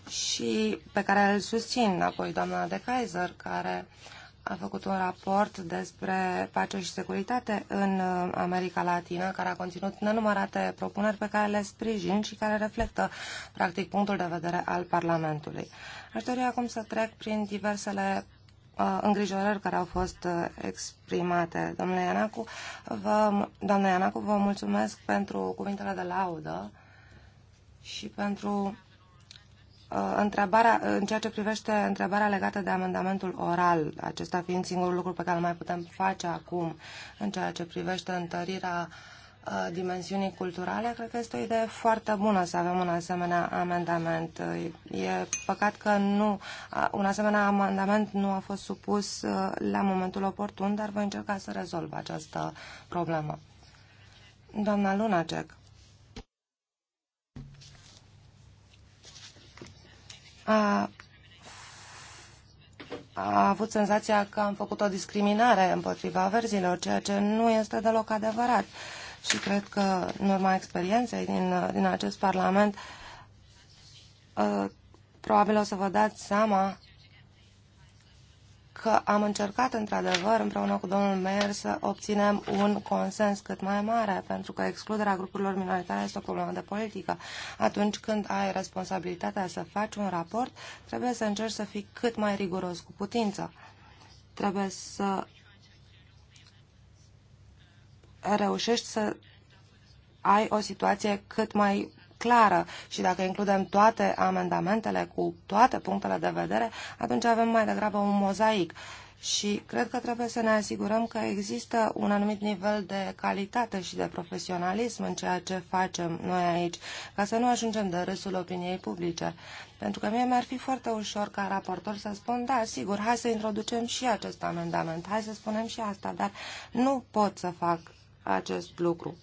și pe care îl susțin apoi doamna de Kaiser, care uh, a făcut un raport despre pace și securitate în uh, America Latina, care a conținut nenumărate propuneri pe care le sprijin și care reflectă, practic, punctul de vedere al Parlamentului. Aș dori acum să trec prin diversele uh, îngrijorări care au fost uh, exprimate. Domnule Ianacu, vă, doamne Ianacu, vă mulțumesc pentru cuvintele de laudă și pentru Uh, întrebarea, uh, în ceea ce privește întrebarea legată de amendamentul oral, acesta fiind singurul lucru pe care îl mai putem face acum în ceea ce privește întărirea uh, dimensiunii culturale, cred că este o idee foarte bună să avem un asemenea amendament. E păcat că nu, un asemenea amendament nu a fost supus la momentul oportun, dar voi încerca să rezolv această problemă. Doamna Lunacek. a, a avut senzația că am făcut o discriminare împotriva verzilor, ceea ce nu este deloc adevărat. Și cred că, în urma experienței din, din acest Parlament, a, probabil o să vă dați seama că am încercat într-adevăr împreună cu domnul Meier să obținem un consens cât mai mare, pentru că excluderea grupurilor minoritare este o problemă de politică. Atunci când ai responsabilitatea să faci un raport, trebuie să încerci să fii cât mai riguros cu putință. Trebuie să reușești să ai o situație cât mai clară și dacă includem toate amendamentele cu toate punctele de vedere, atunci avem mai degrabă un mozaic. Și cred că trebuie să ne asigurăm că există un anumit nivel de calitate și de profesionalism în ceea ce facem noi aici, ca să nu ajungem de râsul opiniei publice. Pentru că mie mi-ar fi foarte ușor ca raportor să spun, da, sigur, hai să introducem și acest amendament, hai să spunem și asta, dar nu pot să fac acest lucru.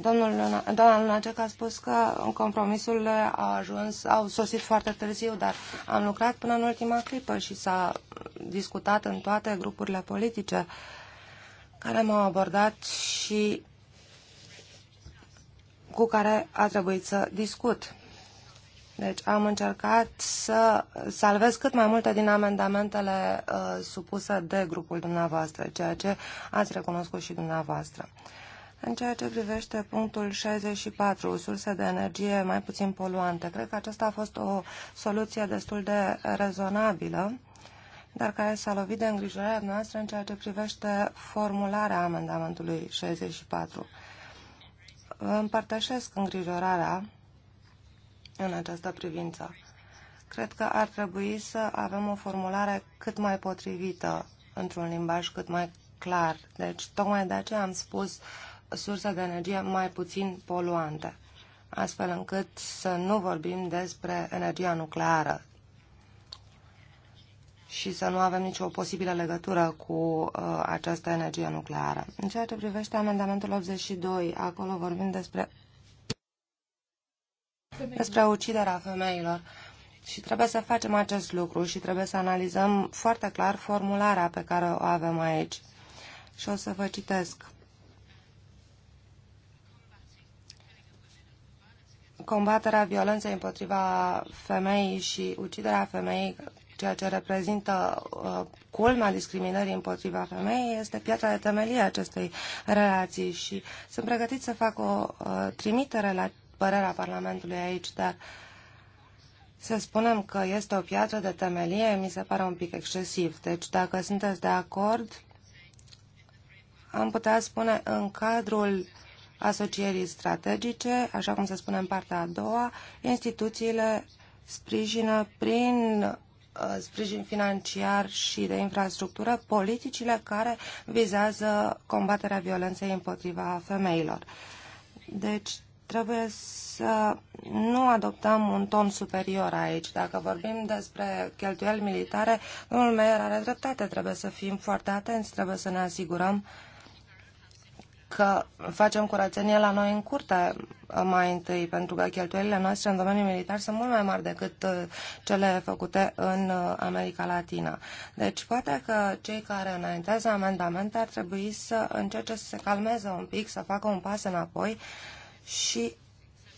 Domnul Luna, doamna Lunacek a spus că compromisul a ajuns, au sosit foarte târziu, dar am lucrat până în ultima clipă și s-a discutat în toate grupurile politice care m-au abordat și cu care a trebuit să discut. Deci am încercat să salvez cât mai multe din amendamentele uh, supuse de grupul dumneavoastră, ceea ce ați recunoscut și dumneavoastră. Uh, în ceea ce privește punctul 64, surse de energie mai puțin poluante, cred că aceasta a fost o soluție destul de rezonabilă, dar care s-a lovit de îngrijorarea noastră în ceea ce privește formularea amendamentului 64. Vă împărtășesc îngrijorarea în această privință. Cred că ar trebui să avem o formulare cât mai potrivită într-un limbaj cât mai clar. Deci, tocmai de aceea am spus uh, sursa de energie mai puțin poluantă, astfel încât să nu vorbim despre energia nucleară și să nu avem nicio posibilă legătură cu uh, această energie nucleară. În ceea ce privește amendamentul 82, acolo vorbim despre, despre uciderea femeilor. Și trebuie să facem acest lucru și trebuie să analizăm foarte clar formularea pe care o avem aici. Și o să vă citesc. combaterea violenței împotriva femeii și uciderea femeii, ceea ce reprezintă uh, culmea discriminării împotriva femeii, este piatra de temelie a acestei relații și sunt pregătit să fac o uh, trimitere la părerea Parlamentului aici, dar să spunem că este o piatră de temelie, mi se pare un pic excesiv. Deci, dacă sunteți de acord, am putea spune în cadrul asocierii strategice, așa cum se spune în partea a doua, instituțiile sprijină prin uh, sprijin financiar și de infrastructură politicile care vizează combaterea violenței împotriva femeilor. Deci trebuie să nu adoptăm un ton superior aici. Dacă vorbim despre cheltuieli militare, domnul Meier are dreptate. Trebuie să fim foarte atenți, trebuie să ne asigurăm uh, că facem curățenie la noi în curte uh, mai întâi, pentru că cheltuielile noastre în domeniul militar sunt mult mai mari decât uh, cele făcute în uh, America Latina. Deci poate că cei care înaintează amendamente ar trebui să încerce să se calmeze un pic, să facă un pas înapoi și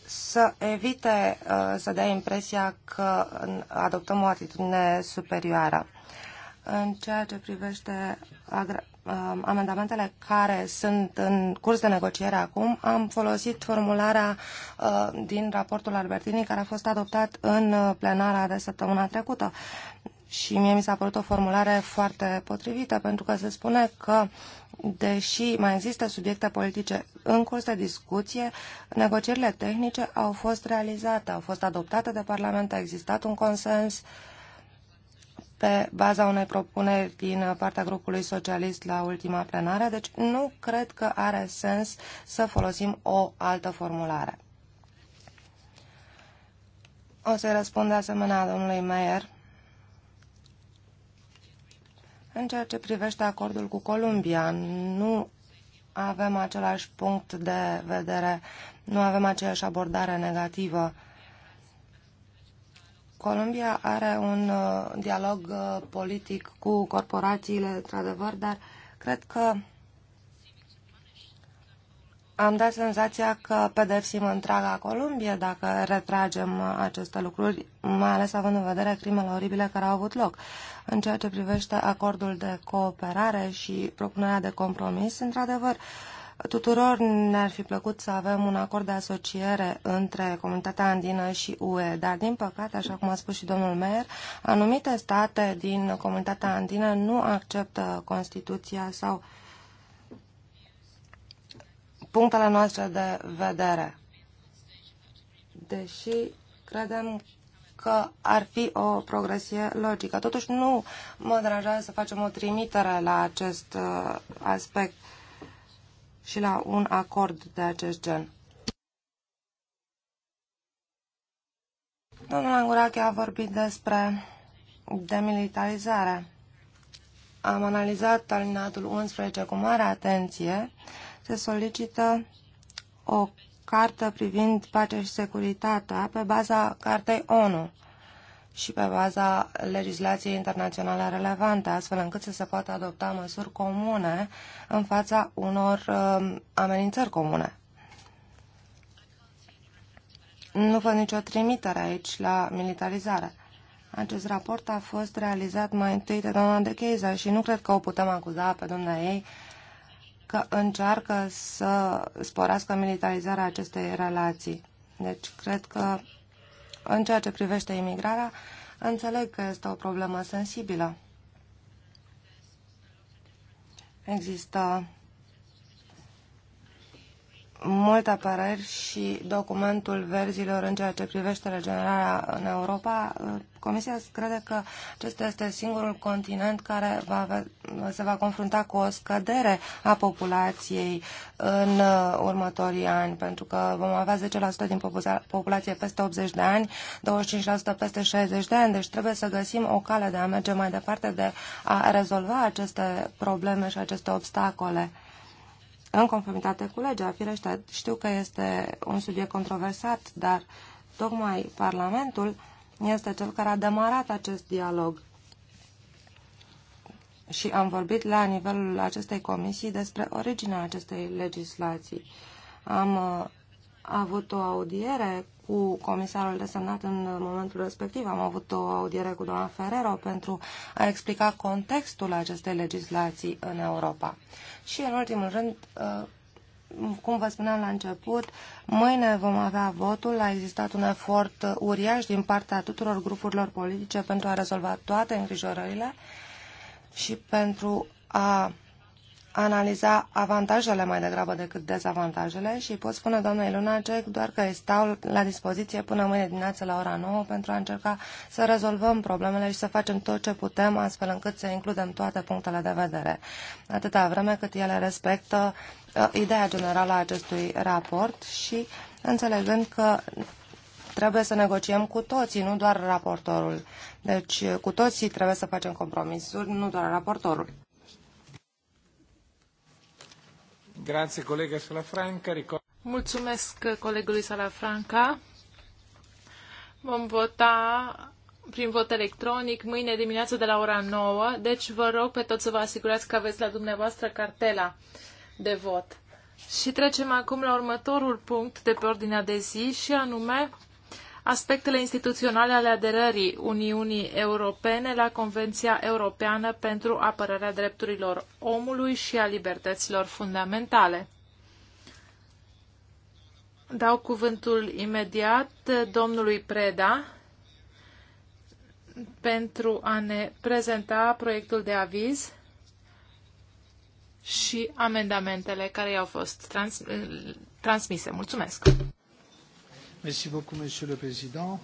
să evite să dea impresia că adoptăm o atitudine superioară în ceea ce privește um, amendamentele care sunt în curs de negociere acum, am folosit formularea uh, din raportul Albertini care a fost adoptat în uh, plenara de săptămâna trecută. Și mie mi s-a părut o formulare foarte potrivită, pentru că se spune că, deși mai există subiecte politice în curs de discuție, negocierile tehnice au fost realizate, au fost adoptate de Parlament, a existat un consens uh, pe baza unei propuneri din partea grupului socialist la ultima plenară, deci nu cred că are sens să folosim o altă formulare. O să-i răspund de asemenea domnului Mayer în ceea ce privește acordul cu Columbia. Nu avem același punct de vedere, nu avem aceeași abordare negativă Columbia are un uh, dialog uh, politic cu corporațiile, într-adevăr, dar cred că am dat senzația că pedepsim întreaga Columbia dacă retragem uh, aceste lucruri, mai ales având în vedere crimele oribile care au avut loc. În ceea ce privește acordul de cooperare și propunerea de compromis, într-adevăr, uh, Tuturor ne-ar fi plăcut să avem un acord de asociere între comunitatea andină și UE, dar din păcate, așa cum a spus și domnul Meier, anumite state din comunitatea andină nu acceptă Constituția sau punctele noastre de vedere. Deși credem că ar fi o progresie logică. Totuși nu mă deranjează să facem o trimitere la acest uh, aspect și la un acord de acest gen. Domnul Angurache a vorbit despre demilitarizare. Am analizat alineatul 11 cu mare atenție. Se solicită o carte privind pacea și securitatea pe baza cartei ONU și pe baza legislației internaționale relevante, astfel încât să se poată adopta măsuri comune în fața unor um, amenințări comune. Nu văd nicio trimitere aici la militarizare. Acest raport a fost realizat mai întâi de doamna de Cheiza și nu cred că o putem acuza pe doamna ei că încearcă să sporească militarizarea acestei relații. Deci cred că în ceea ce privește imigrarea, înțeleg că este o problemă sensibilă. Există mult apărări și documentul verzilor în ceea ce privește regenerarea în Europa, Comisia crede că acesta este singurul continent care va, se va confrunta cu o scădere a populației în uh, următorii ani, pentru că vom avea 10% din populație peste 80 de ani, 25% peste 60 de ani, deci trebuie să găsim o cale de a merge mai departe, de a rezolva aceste probleme și aceste obstacole în conformitate cu legea. Firește, știu că este un subiect controversat, dar tocmai Parlamentul este cel care a demarat acest dialog. Și am vorbit la nivelul acestei comisii despre originea acestei legislații. Am uh, avut o audiere cu comisarul de senat în momentul respectiv. Am avut o audiere cu doamna Ferrero pentru a explica contextul acestei legislații în Europa. Și, în ultimul rând, uh, cum vă spuneam la început, mâine vom avea votul. A existat un efort uriaș din partea tuturor grupurilor politice pentru a rezolva toate îngrijorările și pentru a analiza avantajele mai degrabă decât dezavantajele și pot spune doamnei Lunacek doar că îi stau la dispoziție până mâine dimineață la ora 9 pentru a încerca să rezolvăm problemele și să facem tot ce putem astfel încât să includem toate punctele de vedere. Atâta vreme cât ele respectă uh, ideea generală a acestui raport și înțelegând că trebuie să negociem cu toții, nu doar raportorul. Deci cu toții trebuie să facem compromisuri, nu doar raportorul. Grazie, colega Salafranca. Mulțumesc colegului Salafranca. Vom vota prin vot electronic mâine dimineață de la ora 9, deci vă rog pe toți să vă asigurați că aveți la dumneavoastră cartela de vot. Și trecem acum la următorul punct de pe ordinea de zi și anume aspectele instituționale ale aderării Uniunii Europene la Convenția Europeană pentru apărarea drepturilor omului și a libertăților fundamentale. Dau cuvântul imediat domnului Preda pentru a ne prezenta proiectul de aviz și amendamentele care i-au fost trans transmise. Mulțumesc! Merci beaucoup, Monsieur le Président.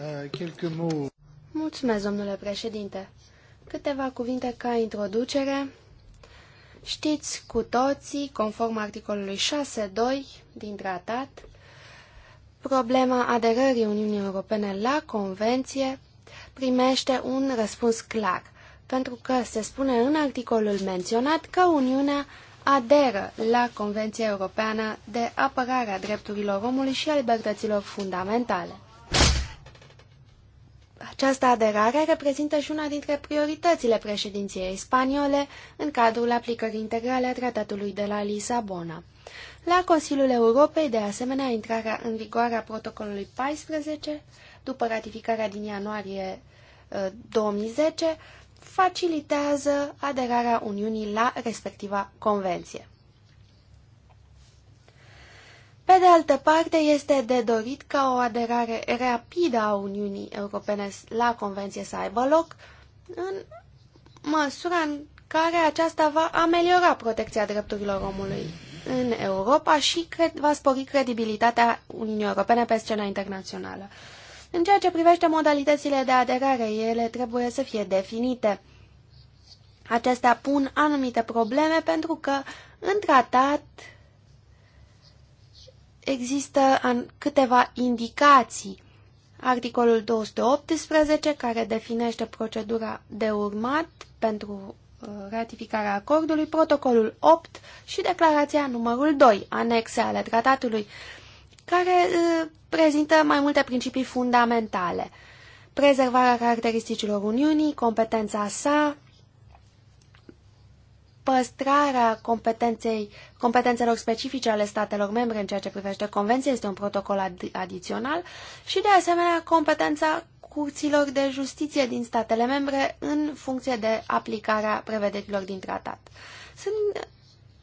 Euh, quelques mots. Mulțumesc, domnule președinte. Câteva cuvinte ca introducere. Știți cu toții, conform articolului 6.2 din tratat, problema aderării Uniunii Europene la Convenție primește un răspuns clar, pentru că se spune în articolul menționat că Uniunea aderă la Convenția Europeană de Apărare a Drepturilor Omului și a Libertăților Fundamentale. Această aderare reprezintă și una dintre prioritățile președinției spaniole în cadrul aplicării integrale a Tratatului de la Lisabona. La Consiliul Europei, de asemenea, intrarea în vigoare a protocolului 14, după ratificarea din ianuarie 2010, uh, facilitează aderarea Uniunii la respectiva convenție. Pe de altă parte, este de dorit ca o aderare rapidă a Uniunii Europene la convenție să aibă loc, în măsura în care aceasta va ameliora protecția drepturilor omului în Europa și cred, va spori credibilitatea Uniunii Europene pe scena internațională. În ceea ce privește modalitățile de aderare, ele trebuie să fie definite. Acestea pun anumite probleme pentru că în tratat există câteva indicații. Articolul 218, care definește procedura de urmat pentru uh, ratificarea acordului, protocolul 8 și declarația numărul 2, anexe ale tratatului care uh, prezintă mai multe principii fundamentale. Prezervarea caracteristicilor Uniunii, competența sa, păstrarea competenței, competențelor specifice ale statelor membre în ceea ce privește convenția este un protocol ad adițional și, de asemenea, competența curților de justiție din statele membre în funcție de aplicarea prevederilor din tratat. Sunt,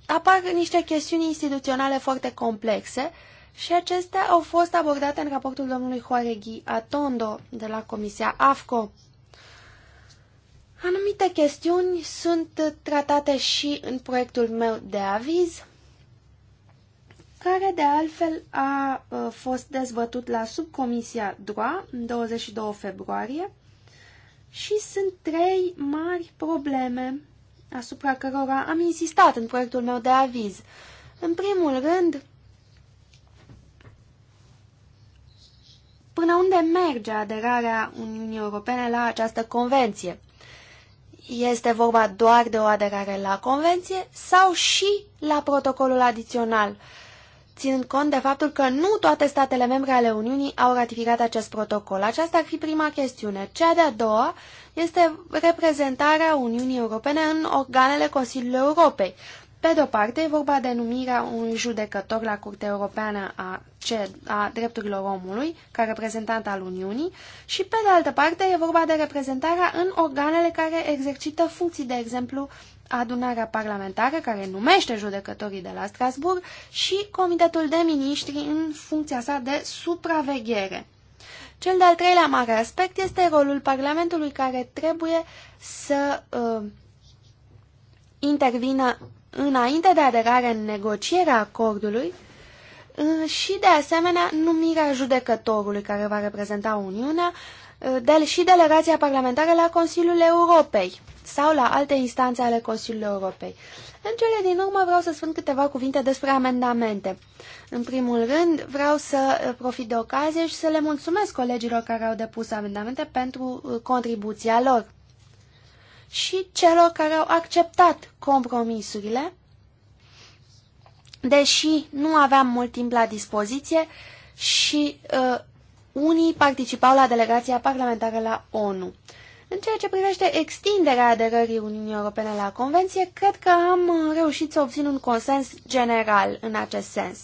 apar niște chestiuni instituționale foarte complexe și acestea au fost abordate în raportul domnului Hoareghi Atondo de la Comisia AFCO. Anumite chestiuni sunt tratate și în proiectul meu de aviz, care de altfel a uh, fost dezbătut la subcomisia DROA 22 februarie și sunt trei mari probleme asupra cărora am insistat în proiectul meu de aviz. În primul rând, până unde merge aderarea Uniunii Europene la această convenție. Este vorba doar de o aderare la convenție sau și la protocolul adițional, ținând cont de faptul că nu toate statele membre ale Uniunii au ratificat acest protocol. Aceasta ar fi prima chestiune. Cea de-a doua este reprezentarea Uniunii Europene în organele Consiliului Europei. Pe de-o parte, e vorba de numirea unui judecător la Curtea Europeană a a drepturilor omului, ca reprezentant al Uniunii, și pe de altă parte e vorba de reprezentarea în organele care exercită funcții, de exemplu, adunarea parlamentară care numește judecătorii de la Strasburg și Comitetul de Ministri în funcția sa de supraveghere. Cel de-al treilea mare aspect este rolul Parlamentului care trebuie să uh, intervină înainte de aderare în negocierea acordului Uh, și, de asemenea, numirea judecătorului care va reprezenta Uniunea uh, și delegația parlamentară la Consiliul Europei sau la alte instanțe ale Consiliului Europei. În cele din urmă vreau să spun câteva cuvinte despre amendamente. În primul rând, vreau să uh, profit de ocazie și să le mulțumesc colegilor care au depus amendamente pentru contribuția lor și celor care au acceptat compromisurile deși nu aveam mult timp la dispoziție și uh, unii participau la delegația parlamentară la ONU. În ceea ce privește extinderea aderării Uniunii Europene la Convenție, cred că am uh, reușit să obțin un consens general în acest sens.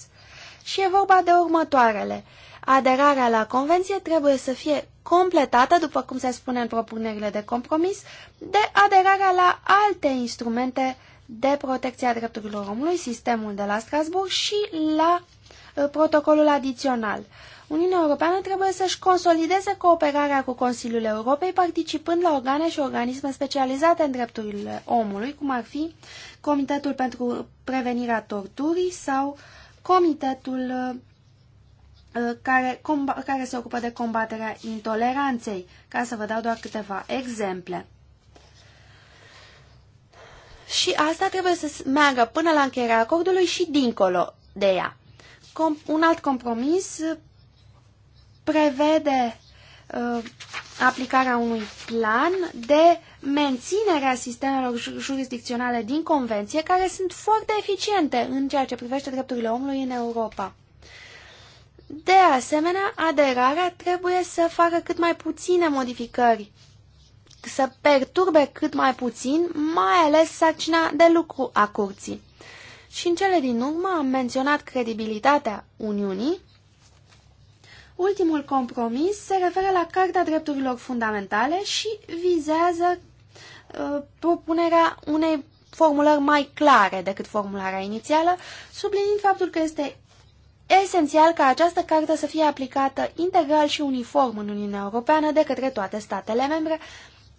Și e vorba de următoarele. Aderarea la Convenție trebuie să fie completată, după cum se spune în propunerile de compromis, de aderarea la alte instrumente uh, de protecție a drepturilor omului, sistemul de la Strasburg și la uh, protocolul adițional. Uniunea Europeană trebuie să-și consolideze cooperarea cu Consiliul Europei, participând la organe și organisme specializate în drepturile omului, cum ar fi Comitetul pentru Prevenirea Torturii sau Comitetul uh, care, care se ocupă de combaterea intoleranței, ca să vă dau doar câteva exemple și asta trebuie să meargă până la încheierea acordului și dincolo de ea. Com un alt compromis prevede uh, aplicarea unui plan de menținere a sistemelor jurisdicționale din convenție, care sunt foarte eficiente în ceea ce privește drepturile omului în Europa. De asemenea, aderarea trebuie să facă cât mai puține modificări să perturbe cât mai puțin, mai ales sarcina de lucru a curții. Și în cele din urmă am menționat credibilitatea Uniunii. Ultimul compromis se referă la Carta Drepturilor Fundamentale și vizează uh, propunerea unei formulări mai clare decât formularea inițială, subliniind faptul că este esențial ca această carte să fie aplicată integral și uniform în Uniunea Europeană de către toate statele membre,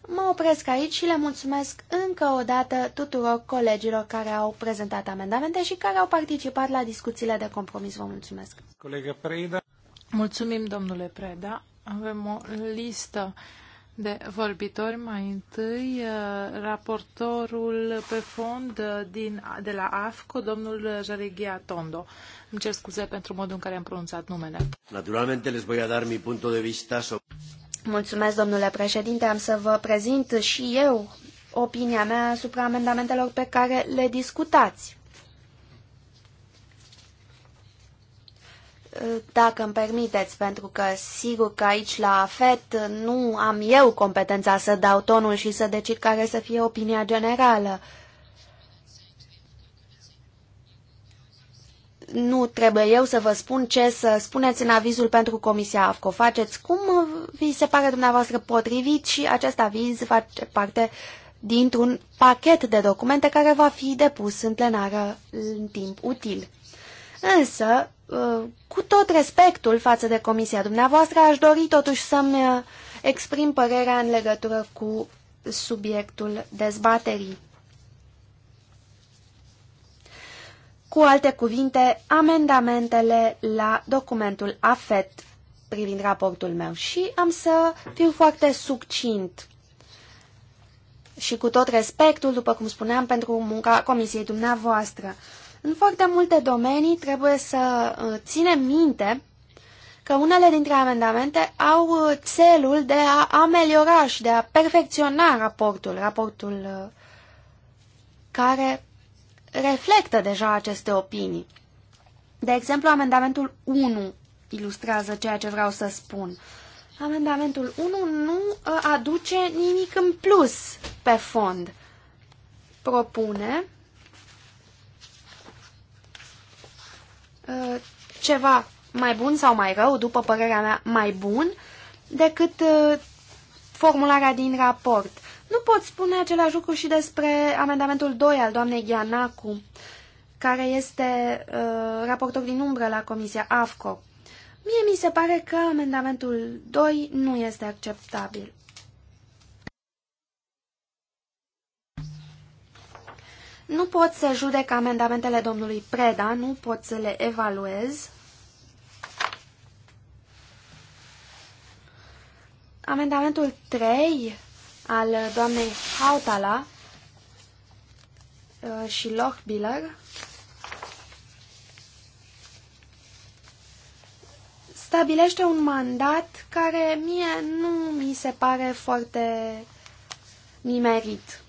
Mă opresc aici și le mulțumesc încă o dată tuturor colegilor care au prezentat amendamente și care au participat la discuțiile de compromis. Vă mulțumesc. Colegă Preda. Mulțumim, domnule Preda. Avem o listă de vorbitori. Mai întâi, uh, raportorul pe fond uh, din, de la AFCO, domnul Jareghia Tondo. Îmi cer scuze pentru modul în care am pronunțat numele. Naturalmente, les voy a dar mi punto de vista sobre... Mulțumesc, domnule președinte. Am să vă prezint și eu opinia mea asupra amendamentelor pe care le discutați. Dacă îmi permiteți, pentru că sigur că aici la AFET nu am eu competența să dau tonul și să decid care să fie opinia generală. Uh, nu trebuie eu să vă spun ce să spuneți în avizul pentru Comisia AFCO. Faceți cum vi se pare dumneavoastră potrivit și acest aviz face parte dintr-un pachet de documente care va fi depus în plenară în timp util. Însă, cu tot respectul față de comisia dumneavoastră, aș dori totuși să-mi uh, exprim părerea în legătură cu subiectul dezbaterii. Cu alte cuvinte, amendamentele la documentul AFET privind raportul meu și am să fiu foarte succint și cu tot respectul, după cum spuneam, pentru munca comisiei dumneavoastră. În foarte multe domenii trebuie să uh, ținem minte că unele dintre amendamente au celul uh, de a ameliora și de a perfecționa raportul, raportul uh, care reflectă deja aceste opinii. De exemplu, amendamentul 1 ilustrează ceea ce vreau să spun. Amendamentul 1 nu uh, aduce nimic în plus pe fond. Propune uh, ceva mai bun sau mai rău, după părerea mea, mai bun decât uh, formularea din raport. Nu pot spune același lucru și despre amendamentul 2 al doamnei Ghianacu, care este uh, raportor din umbră la Comisia AFCO. Mie mi se pare că amendamentul 2 nu este acceptabil. Nu pot să judec amendamentele domnului Preda, nu pot să le evaluez. Amendamentul 3 al doamnei Hautala uh, și Lochbiller stabilește un mandat care mie nu mi se pare foarte nimerit.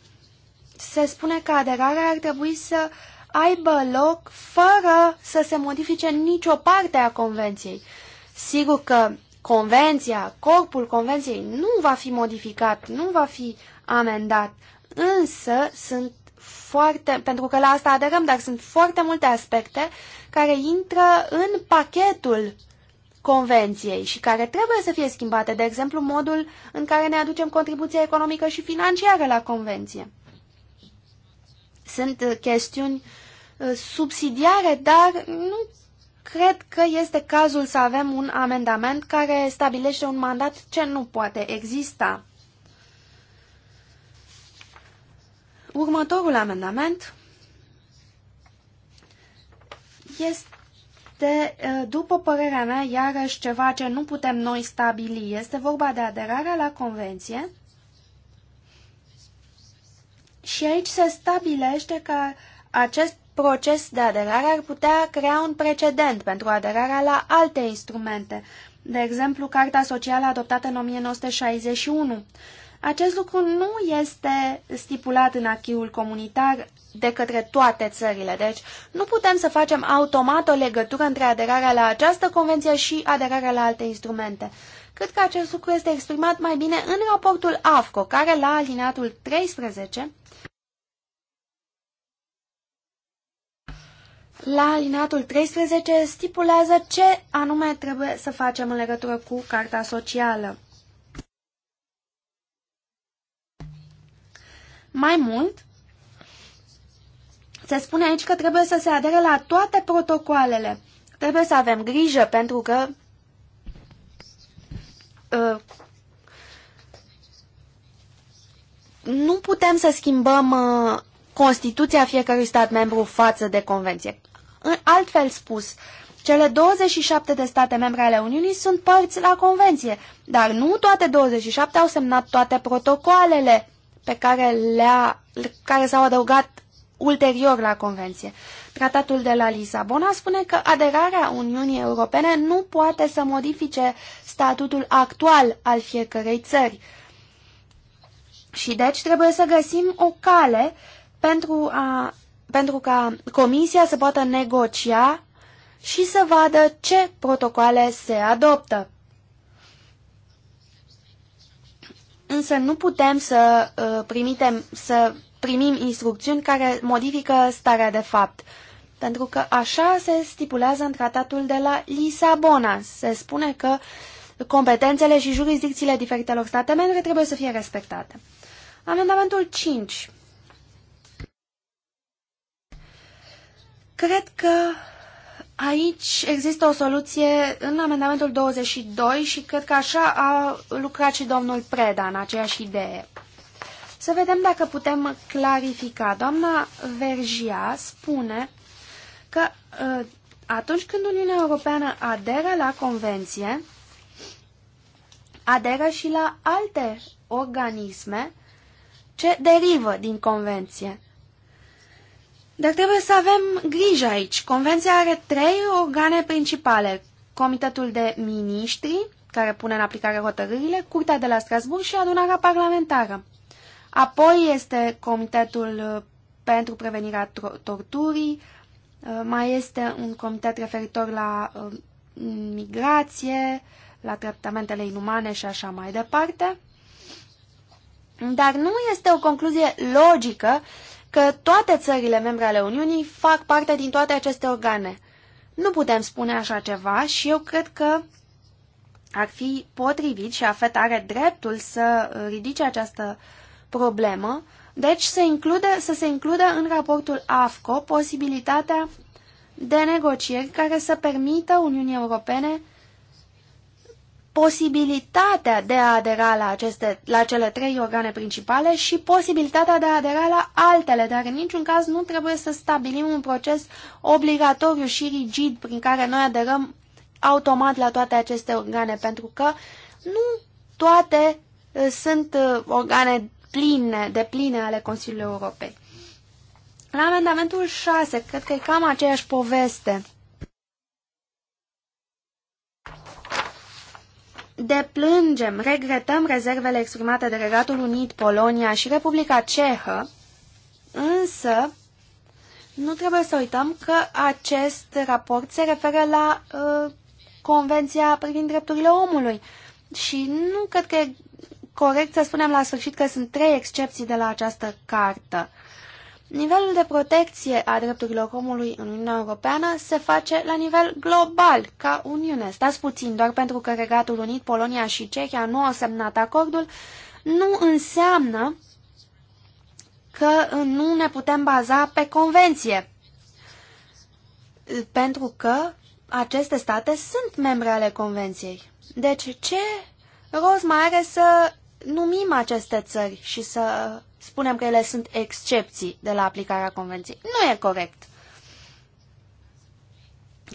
Se spune că aderarea ar trebui să aibă loc fără să se modifice nicio parte a convenției. Sigur că Convenția, corpul convenției nu va fi modificat, nu va fi amendat, însă sunt foarte, pentru că la asta aderăm, dar sunt foarte multe aspecte care intră în pachetul convenției și care trebuie să fie schimbate, de exemplu modul în care ne aducem contribuția economică și financiară la convenție. Sunt uh, chestiuni uh, subsidiare, dar nu cred că este cazul să avem un amendament care stabilește un mandat ce nu poate exista. Următorul amendament este, după părerea mea, iarăși ceva ce nu putem noi stabili. Este vorba de aderarea la convenție și aici se stabilește că acest proces de aderare ar putea crea un precedent pentru aderarea la alte instrumente, de exemplu Carta Socială adoptată în 1961. Acest lucru nu este stipulat în achiul comunitar de către toate țările, deci nu putem să facem automat o legătură între aderarea la această convenție și aderarea la alte instrumente. Cred că acest lucru este exprimat mai bine în raportul AFCO, care la alineatul 13 la alineatul 13 stipulează ce anume trebuie să facem în legătură cu Carta Socială. Mai mult, se spune aici că trebuie să se adere la toate protocoalele. Trebuie să avem grijă pentru că uh, nu putem să schimbăm uh, Constituția fiecărui stat membru față de convenție. Altfel spus, cele 27 de state membre ale Uniunii sunt părți la convenție, dar nu toate 27 au semnat toate protocoalele pe care, le-a, care s-au adăugat ulterior la convenție. Tratatul de la Lisabona spune că aderarea Uniunii Europene nu poate să modifice statutul actual al fiecărei țări. Și deci trebuie să găsim o cale pentru a pentru ca Comisia să poată negocia și să vadă ce protocoale se adoptă. Însă nu putem să, uh, primitem, să primim instrucțiuni care modifică starea de fapt, pentru că așa se stipulează în tratatul de la Lisabona. Se spune că competențele și jurisdicțiile diferitelor state membre trebuie să fie respectate. Amendamentul 5 Cred că aici există o soluție în amendamentul 22 și cred că așa a lucrat și domnul Preda în aceeași idee. Să vedem dacă putem clarifica. Doamna Vergia spune că ă, atunci când Uniunea Europeană aderă la convenție, aderă și la alte organisme ce derivă din convenție. Dar trebuie să avem grijă aici. Convenția are trei organe principale. Comitetul de miniștri, care pune în aplicare hotărârile, Curtea de la Strasburg și adunarea parlamentară. Apoi este Comitetul uh, pentru prevenirea torturii, uh, mai este un comitet referitor la uh, migrație, la tratamentele inumane și așa mai departe. Dar nu este o concluzie logică că toate țările membre ale Uniunii fac parte din toate aceste organe. Nu putem spune așa ceva și eu cred că ar fi potrivit și AFET are dreptul să ridice această problemă, deci să, include, să se includă în raportul AFCO posibilitatea de negocieri care să permită Uniunii Europene posibilitatea de a adera la, aceste, la cele trei organe principale și posibilitatea de a adera la altele, dar în niciun caz nu trebuie să stabilim un proces obligatoriu și rigid prin care noi aderăm automat la toate aceste organe, pentru că nu toate uh, sunt uh, organe pline, de pline ale Consiliului Europei. La amendamentul 6, cred că e cam aceeași poveste. Deplângem, regretăm rezervele exprimate de Regatul Unit, Polonia și Republica Cehă, însă nu trebuie să uităm că acest raport se referă la uh, Convenția privind drepturile omului și nu cred că e corect să spunem la sfârșit că sunt trei excepții de la această cartă. Nivelul de protecție a drepturilor omului în Uniunea Europeană se face la nivel global, ca Uniune. Stați puțin, doar pentru că Regatul Unit, Polonia și Cehia nu au semnat acordul, nu înseamnă că nu ne putem baza pe convenție. Pentru că aceste state sunt membre ale convenției. Deci ce rost mai are să numim aceste țări și să spunem că ele sunt excepții de la aplicarea convenției. Nu e corect.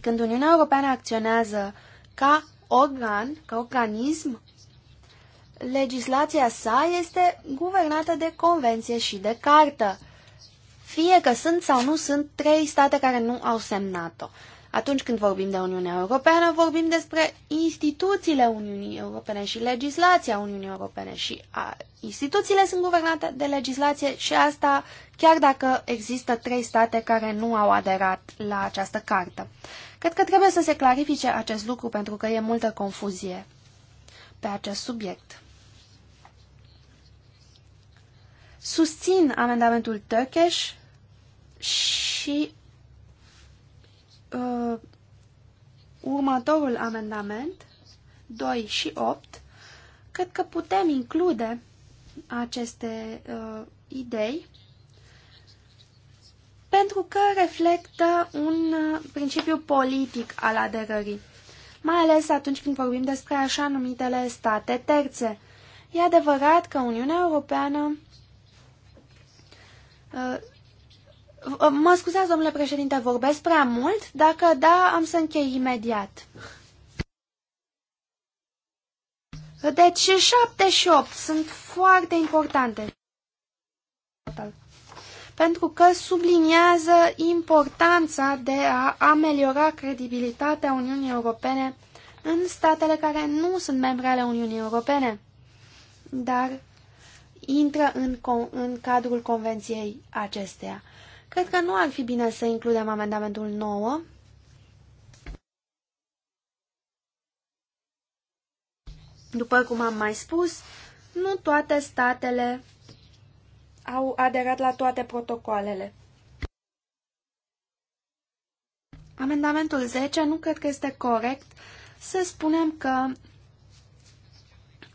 Când Uniunea Europeană acționează ca organ, ca organism, legislația sa este guvernată de convenție și de cartă, fie că sunt sau nu sunt trei state care nu au semnat-o. Atunci când vorbim de Uniunea Europeană, vorbim despre instituțiile Uniunii Europene și legislația Uniunii Europene și a, instituțiile sunt guvernate de legislație și asta chiar dacă există trei state care nu au aderat la această cartă. Cred că trebuie să se clarifice acest lucru pentru că e multă confuzie pe acest subiect. Susțin amendamentul Turkish și uh, următorul amendament, 2 și 8, cred că putem include aceste uh, idei pentru că reflectă un uh, principiu politic al aderării, mai ales atunci când vorbim despre așa numitele state terțe. E adevărat că Uniunea Europeană uh, Mă scuzați, domnule președinte, vorbesc prea mult? Dacă da, am să închei imediat. Deci 7 și 8 sunt foarte importante. Pentru că subliniază importanța de a ameliora credibilitatea Uniunii Europene în statele care nu sunt membre ale Uniunii Europene, dar intră în, în cadrul convenției acesteia. Cred că nu ar fi bine să includem amendamentul 9. După cum am mai spus, nu toate statele au aderat la toate protocoalele. Amendamentul 10 nu cred că este corect să spunem că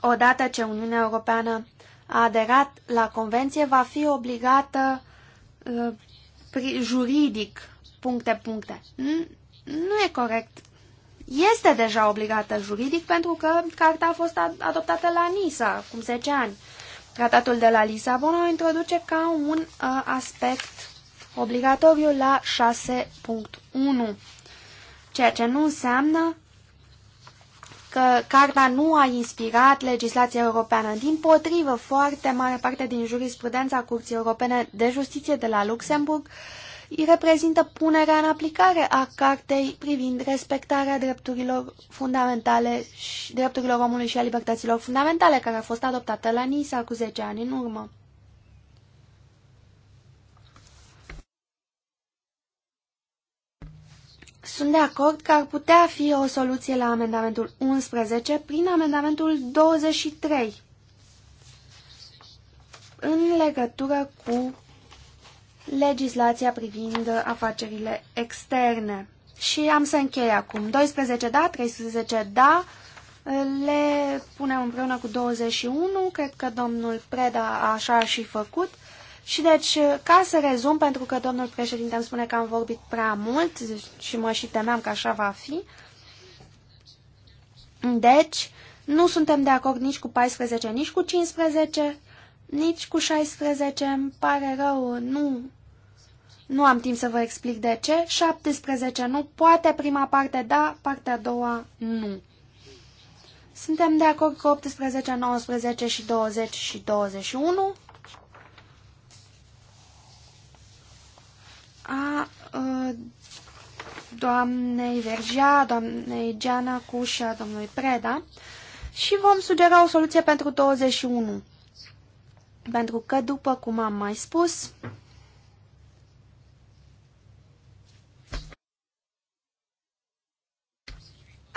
odată ce Uniunea Europeană a aderat la convenție, va fi obligată uh, juridic puncte, puncte. Nu e corect. Este deja obligată juridic pentru că carta a fost adoptată la Nisa acum 10 ani. Tratatul de la Lisabona o introduce ca un uh, aspect obligatoriu la 6.1, ceea ce nu înseamnă că Carta nu a inspirat legislația europeană. Din potrivă, foarte mare parte din jurisprudența Curții Europene de Justiție de la Luxemburg îi reprezintă punerea în aplicare a cartei privind respectarea drepturilor fundamentale și drepturilor omului și a libertăților fundamentale, care a fost adoptată la Nisa cu 10 ani în urmă. Sunt de acord că ar putea fi o soluție la amendamentul 11 prin amendamentul 23 în legătură cu legislația privind afacerile externe. Și am să închei acum. 12 da, 13 da, le punem împreună cu 21. Cred că domnul Preda așa a și făcut. Și deci, ca să rezum, pentru că domnul președinte îmi spune că am vorbit prea mult și mă și temeam că așa va fi, deci, nu suntem de acord nici cu 14, nici cu 15, nici cu 16, îmi pare rău, nu, nu am timp să vă explic de ce. 17 nu, poate prima parte da, partea a doua nu. Suntem de acord cu 18, 19 și 20 și 21. a doamnei Vergea, doamnei Geana a domnului Preda și vom sugera o soluție pentru 21. Pentru că, după cum am mai spus,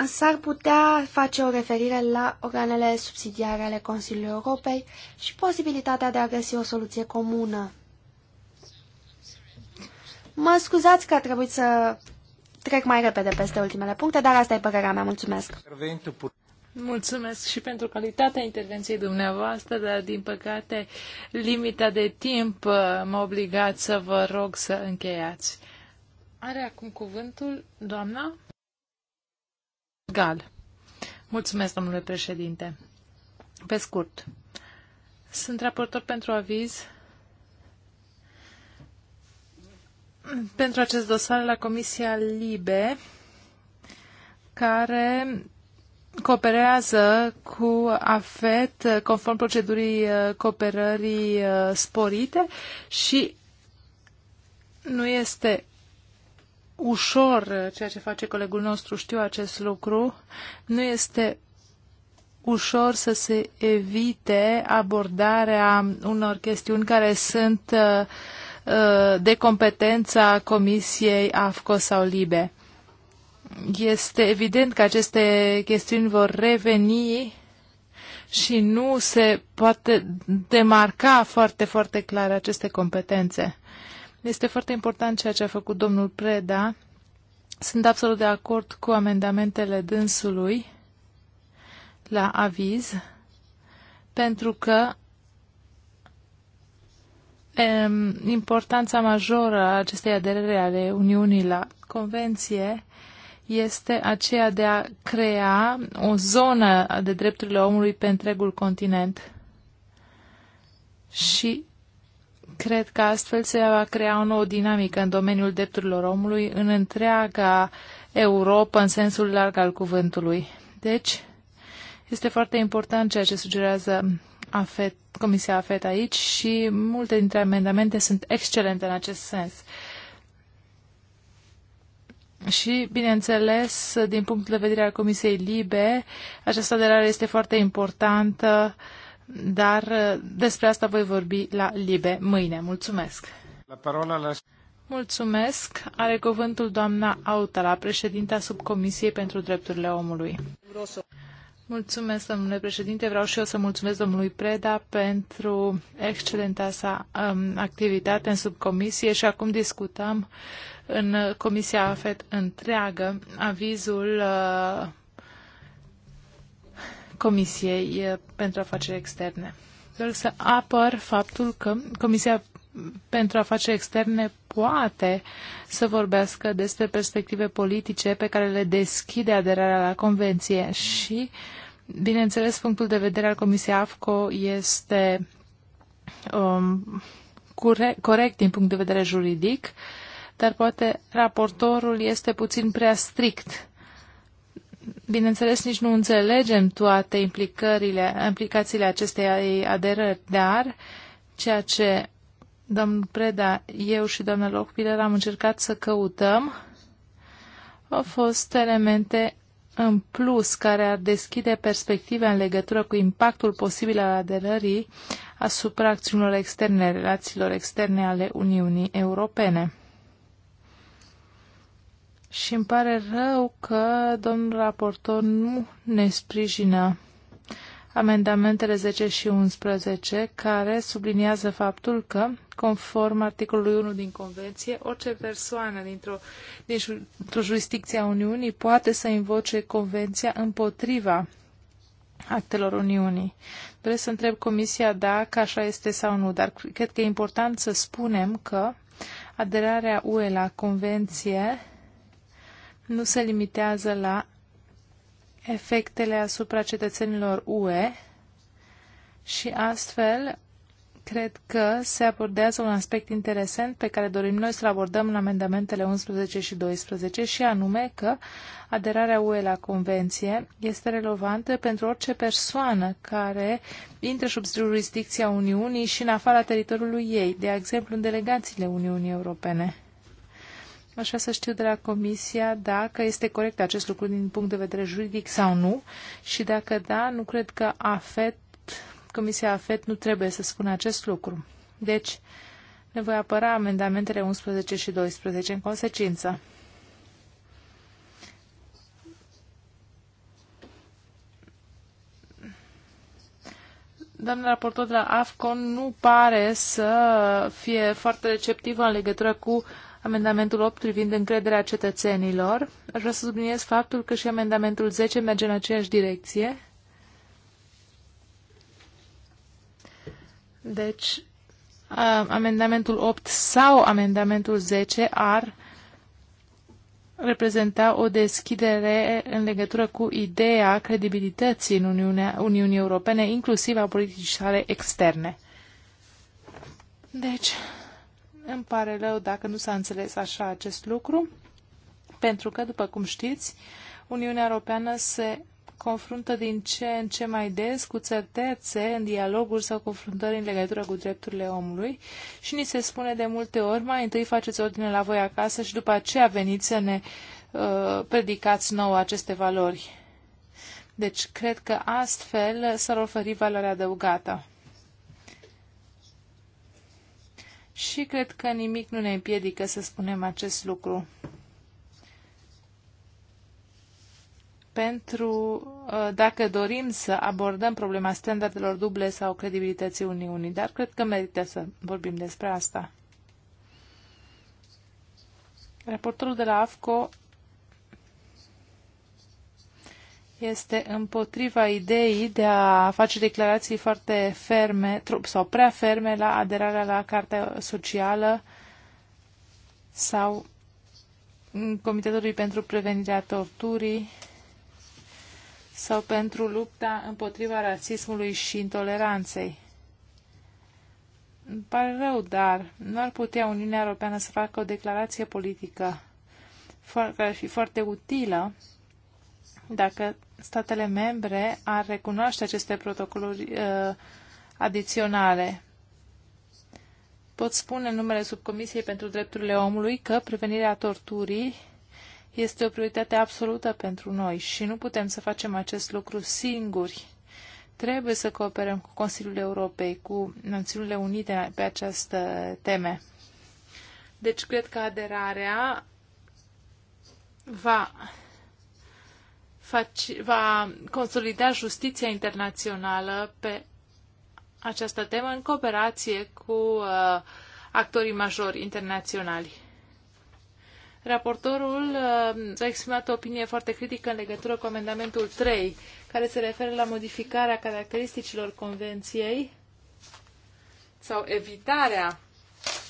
s-ar putea face o referire la organele subsidiare ale Consiliului Europei și posibilitatea de a găsi o soluție comună. Mă scuzați că a trebuit să trec mai repede peste ultimele puncte, dar asta e părerea mea. Mulțumesc! Mulțumesc și pentru calitatea intervenției dumneavoastră, dar din păcate limita de timp uh, m-a obligat să vă rog să încheiați. Are acum cuvântul doamna Gal. Mulțumesc, domnule președinte. Pe scurt, sunt raportor pentru aviz pentru acest dosar la Comisia Libe, care cooperează cu AFET conform procedurii uh, cooperării uh, sporite și nu este ușor uh, ceea ce face colegul nostru, știu acest lucru, nu este ușor să se evite abordarea unor chestiuni care sunt uh, Uh, de competența Comisiei AFCO sau LIBE. Este evident că aceste chestiuni vor reveni și nu se poate demarca foarte, foarte clar aceste competențe. Este foarte important ceea ce a făcut domnul Preda. Sunt absolut de acord cu amendamentele dânsului la aviz, pentru că importanța majoră a acestei aderere ale Uniunii la Convenție este aceea de a crea o zonă de drepturile omului pe întregul continent. Și cred că astfel se va crea o nouă dinamică în domeniul drepturilor omului în întreaga Europa, în sensul larg al cuvântului. Deci, este foarte important ceea ce sugerează AFET, Comisia AFET aici și multe dintre amendamente sunt excelente în acest sens. Și, bineînțeles, din punctul de vedere al Comisiei Libe, această aderare este foarte importantă, dar despre asta voi vorbi la Libe mâine. Mulțumesc! La parola la... Mulțumesc. Are cuvântul doamna Autala, președinta subcomisiei pentru drepturile omului. Mulțumesc, domnule președinte. Vreau și eu să mulțumesc domnului Preda pentru excelenta sa um, activitate în subcomisie și acum discutăm în Comisia AFET întreagă avizul uh, Comisiei uh, pentru Afaceri Externe. Vreau să apăr faptul că Comisia pentru afaceri externe poate să vorbească despre perspective politice pe care le deschide aderarea la convenție și uh, Bineînțeles, punctul de vedere al Comisiei AFCO este um, corect, corect din punct de vedere juridic, dar poate raportorul este puțin prea strict. Bineînțeles, nici nu înțelegem toate implicările, implicațiile acestei aderări, dar ceea ce domnul Preda, eu și doamna Locpiler am încercat să căutăm au fost elemente în plus care ar deschide perspective în legătură cu impactul posibil al aderării asupra acțiunilor externe, relațiilor externe ale Uniunii Europene. Și îmi pare rău că domnul raportor nu ne sprijină amendamentele 10 și 11, care subliniază faptul că, conform articolului 1 din Convenție, orice persoană dintr-o, dintr-o jurisdicție a Uniunii poate să invoce Convenția împotriva actelor Uniunii. Doresc să întreb Comisia dacă așa este sau nu, dar cred că e important să spunem că aderarea UE la Convenție nu se limitează la efectele asupra cetățenilor UE și astfel cred că se abordează un aspect interesant pe care dorim noi să-l abordăm în amendamentele 11 și 12 și anume că aderarea UE la Convenție este relevantă pentru orice persoană care intră sub jurisdicția Uniunii și în afara teritoriului ei, de exemplu în delegațiile Uniunii Europene. Aș vrea să știu de la Comisia dacă este corect acest lucru din punct de vedere juridic sau nu și dacă da, nu cred că AFET, Comisia AFET nu trebuie să spună acest lucru. Deci, ne voi apăra amendamentele 11 și 12 în consecință. doamna raportor de la AFCON nu pare să fie foarte receptivă în legătură cu amendamentul 8 privind încrederea cetățenilor. Aș vrea să subliniez faptul că și amendamentul 10 merge în aceeași direcție. Deci, amendamentul 8 sau amendamentul 10 ar reprezenta o deschidere în legătură cu ideea credibilității în Uniunea, Uniunii Europene, inclusiv a politicii sale externe. Deci, îmi pare rău dacă nu s-a înțeles așa acest lucru, pentru că, după cum știți, Uniunea Europeană se confruntă din ce în ce mai des cu țări în dialoguri sau confruntări în legătură cu drepturile omului și ni se spune de multe ori, mai întâi faceți ordine la voi acasă și după aceea veniți să ne uh, predicați nouă aceste valori. Deci, cred că astfel s-ar oferi valoarea adăugată. și cred că nimic nu ne împiedică să spunem acest lucru. Pentru uh, dacă dorim să abordăm problema standardelor duble sau credibilității Uniunii, dar cred că merită să vorbim despre asta. Raportorul de la AFCO este împotriva ideii de a face declarații foarte ferme sau prea ferme la aderarea la Cartea Socială sau Comitetului pentru Prevenirea Torturii sau pentru lupta împotriva rasismului și intoleranței. Îmi pare rău, dar nu ar putea Uniunea Europeană să facă o declarație politică care ar fi foarte utilă dacă statele membre ar recunoaște aceste protocoluri uh, adiționale. Pot spune în numele Subcomisiei pentru Drepturile Omului că prevenirea torturii este o prioritate absolută pentru noi și nu putem să facem acest lucru singuri. Trebuie să cooperăm cu Consiliul Europei, cu Națiunile Unite pe această teme. Deci cred că aderarea va face, va consolida justiția internațională pe această temă în cooperație cu uh, actorii majori internaționali. Raportorul uh, a exprimat o opinie foarte critică în legătură cu amendamentul 3, care se referă la modificarea caracteristicilor convenției sau evitarea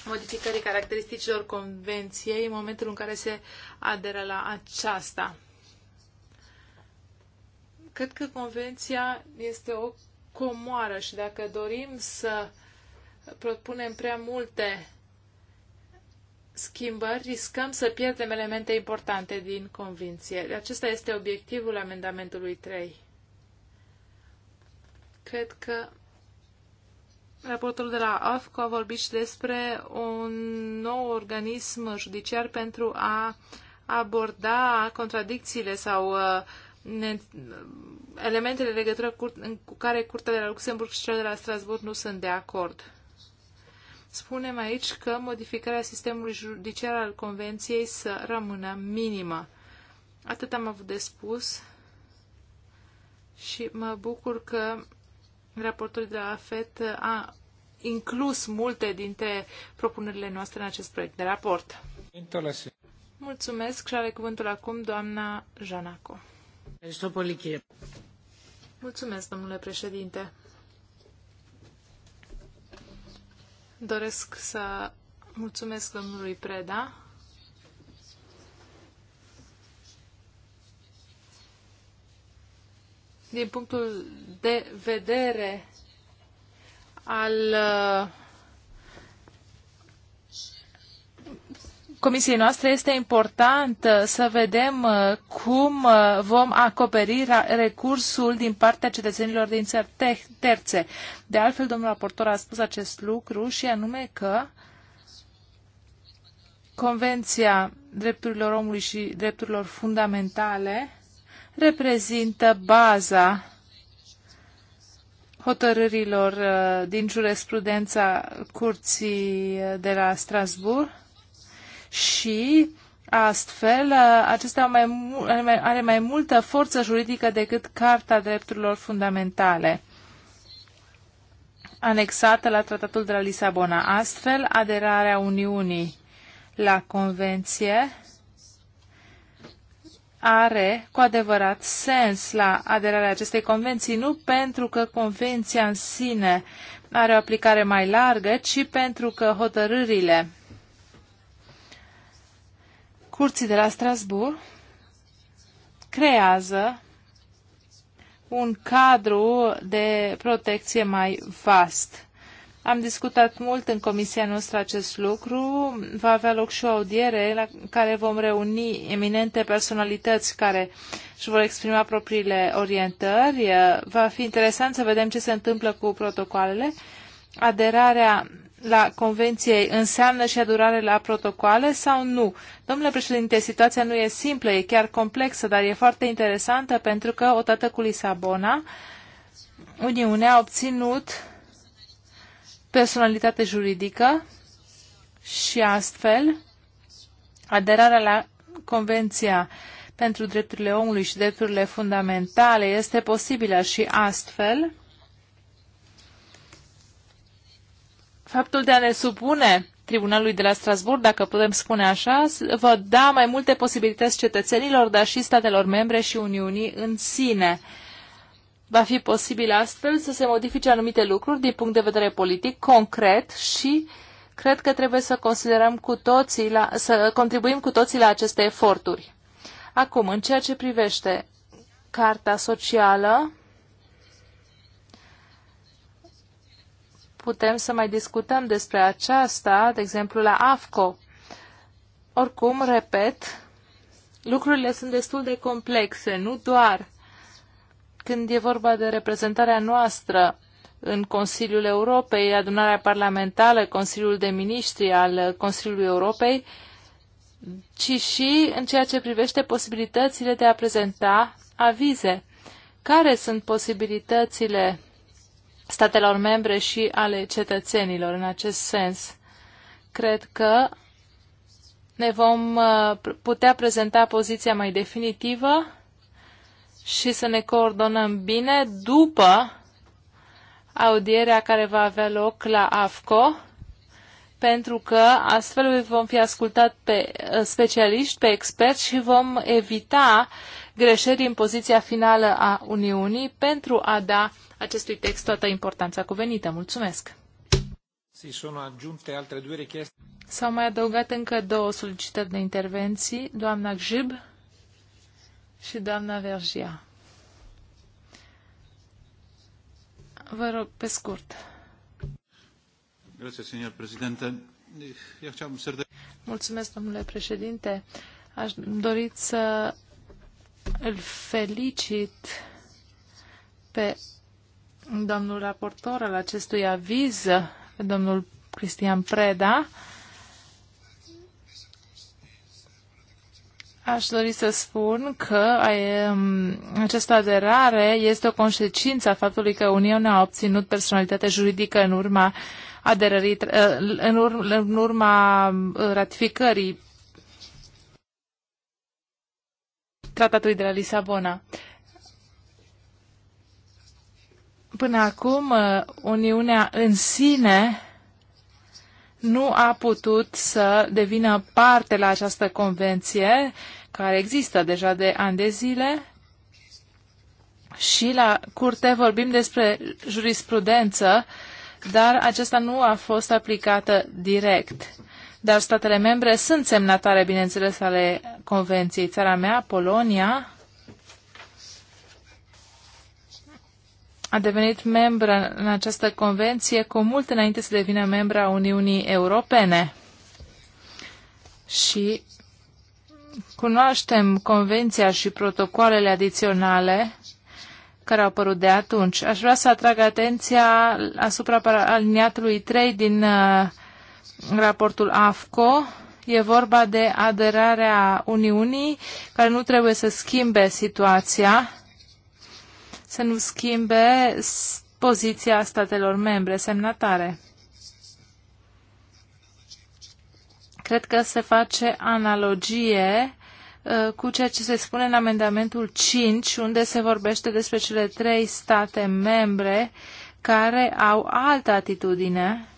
modificării caracteristicilor convenției în momentul în care se aderă la aceasta. Cred că convenția este o comoară și dacă dorim să propunem prea multe schimbări, riscăm să pierdem elemente importante din convinție. Acesta este obiectivul amendamentului 3. Cred că raportul de la AFCO a vorbit și despre un nou organism judiciar pentru a aborda contradicțiile sau uh, ne, elementele de legătură cu, în, cu care curtea de la Luxemburg și cea de la Strasburg nu sunt de acord. Spunem aici că modificarea sistemului judiciar al Convenției să rămână minimă. Atât am avut de spus și mă bucur că raportul de la FET a inclus multe dintre propunerile noastre în acest proiect de raport. Mulțumesc și are cuvântul acum doamna Janaco. Mulțumesc, domnule președinte. Doresc să mulțumesc domnului Preda din punctul de vedere al uh, comisiei noastre este important uh, să vedem uh, cum uh, vom acoperi recursul din partea cetățenilor din țări terțe. De altfel, domnul raportor a spus acest lucru și anume că Convenția drepturilor omului și drepturilor fundamentale reprezintă baza hotărârilor din jurisprudența Curții de la Strasbourg și astfel acesta are mai, are mai multă forță juridică decât Carta Drepturilor Fundamentale anexată la Tratatul de la Lisabona. Astfel, aderarea Uniunii la Convenție are cu adevărat sens la aderarea acestei convenții, nu pentru că convenția în sine are o aplicare mai largă, ci pentru că hotărârile Curții de la Strasbourg creează un cadru de protecție mai vast. Am discutat mult în comisia noastră acest lucru. Va avea loc și o audiere la care vom reuni eminente personalități care își vor exprima propriile orientări. Va fi interesant să vedem ce se întâmplă cu protocoalele. Aderarea la convenție înseamnă și adurare la protocoale sau nu? Domnule președinte, situația nu e simplă, e chiar complexă, dar e foarte interesantă pentru că odată cu Lisabona, Uniunea a obținut personalitate juridică și astfel aderarea la Convenția pentru drepturile omului și drepturile fundamentale este posibilă și astfel faptul de a ne supune Tribunalului de la Strasburg, dacă putem spune așa, va da mai multe posibilități cetățenilor, dar și statelor membre și Uniunii în sine. Va fi posibil astfel să se modifice anumite lucruri din punct de vedere politic, concret și cred că trebuie să considerăm cu toții la, să contribuim cu toții la aceste eforturi. Acum, în ceea ce privește Carta Socială, putem să mai discutăm despre aceasta, de exemplu, la AFCO. Oricum, repet, lucrurile sunt destul de complexe, nu doar când e vorba de reprezentarea noastră în Consiliul Europei, adunarea parlamentară, Consiliul de Ministri al Consiliului Europei, ci și în ceea ce privește posibilitățile de a prezenta avize. Care sunt posibilitățile statelor membre și ale cetățenilor în acest sens. Cred că ne vom uh, putea prezenta poziția mai definitivă și să ne coordonăm bine după audierea care va avea loc la AFCO, pentru că astfel vom fi ascultat pe uh, specialiști, pe experți și vom evita greșeli în poziția finală a Uniunii pentru a da acestui text toată importanța cuvenită. Mulțumesc! S-au mai adăugat încă două solicitări de intervenții, doamna Gjib și doamna Vergia. Vă rog, pe scurt. Mulțumesc, domnule președinte. Aș dori să îl felicit pe domnul raportor al acestui aviz, domnul Cristian Preda. Aș dori să spun că um, această aderare este o consecință a faptului că Uniunea a obținut personalitate juridică în urma aderării, uh, în, în urma uh, ratificării Tratatului de la Lisabona. Până acum, uh, Uniunea în sine nu a putut să devină parte la această convenție care există deja de ani de zile și la curte vorbim despre jurisprudență, dar acesta nu a fost aplicată direct. Dar statele membre sunt semnatare, bineînțeles, ale convenției. Țara mea, Polonia, a devenit membră în această convenție cu mult înainte să devină membra a Uniunii Europene. Și cunoaștem convenția și protocoalele adiționale care au apărut de atunci. Aș vrea să atrag atenția asupra aliniatului 3 din uh, raportul AFCO. E vorba de aderarea Uniunii, care nu trebuie să schimbe situația să nu schimbe poziția statelor membre semnatare. Cred că se face analogie uh, cu ceea ce se spune în amendamentul 5, unde se vorbește despre cele trei state membre care au altă atitudine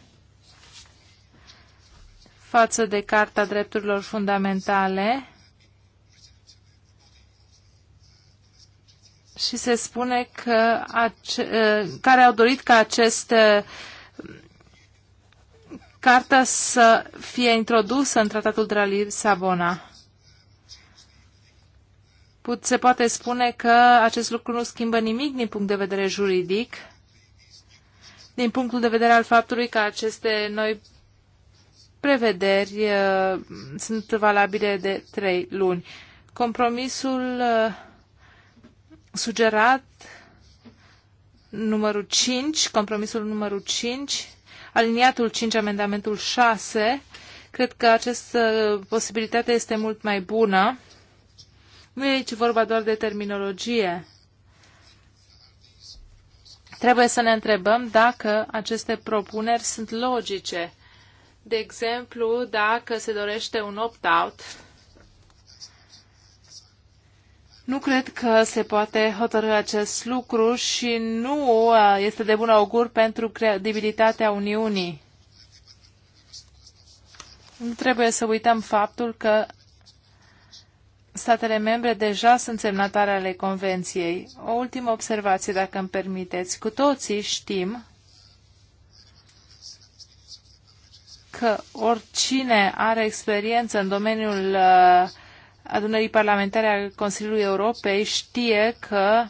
față de Carta Drepturilor Fundamentale și se spune că ă, care au dorit ca aceste cartă să fie introdusă în tratatul de la Lisabona. Se poate spune că acest lucru nu schimbă nimic din punct de vedere juridic, din punctul de vedere al faptului că aceste noi prevederi uh, sunt valabile de trei luni. Compromisul uh, sugerat numărul 5, compromisul numărul 5, aliniatul 5, amendamentul 6. Cred că această posibilitate este mult mai bună. Nu e aici vorba doar de terminologie. Trebuie să ne întrebăm dacă aceste propuneri sunt logice. De exemplu, dacă se dorește un opt-out nu cred că se poate hotărâ acest lucru și nu uh, este de bun augur pentru credibilitatea Uniunii. Nu trebuie să uităm faptul că statele membre deja sunt semnatare ale Convenției. O ultimă observație, dacă îmi permiteți. Cu toții știm că oricine are experiență în domeniul uh, adunării parlamentare a Consiliului Europei știe că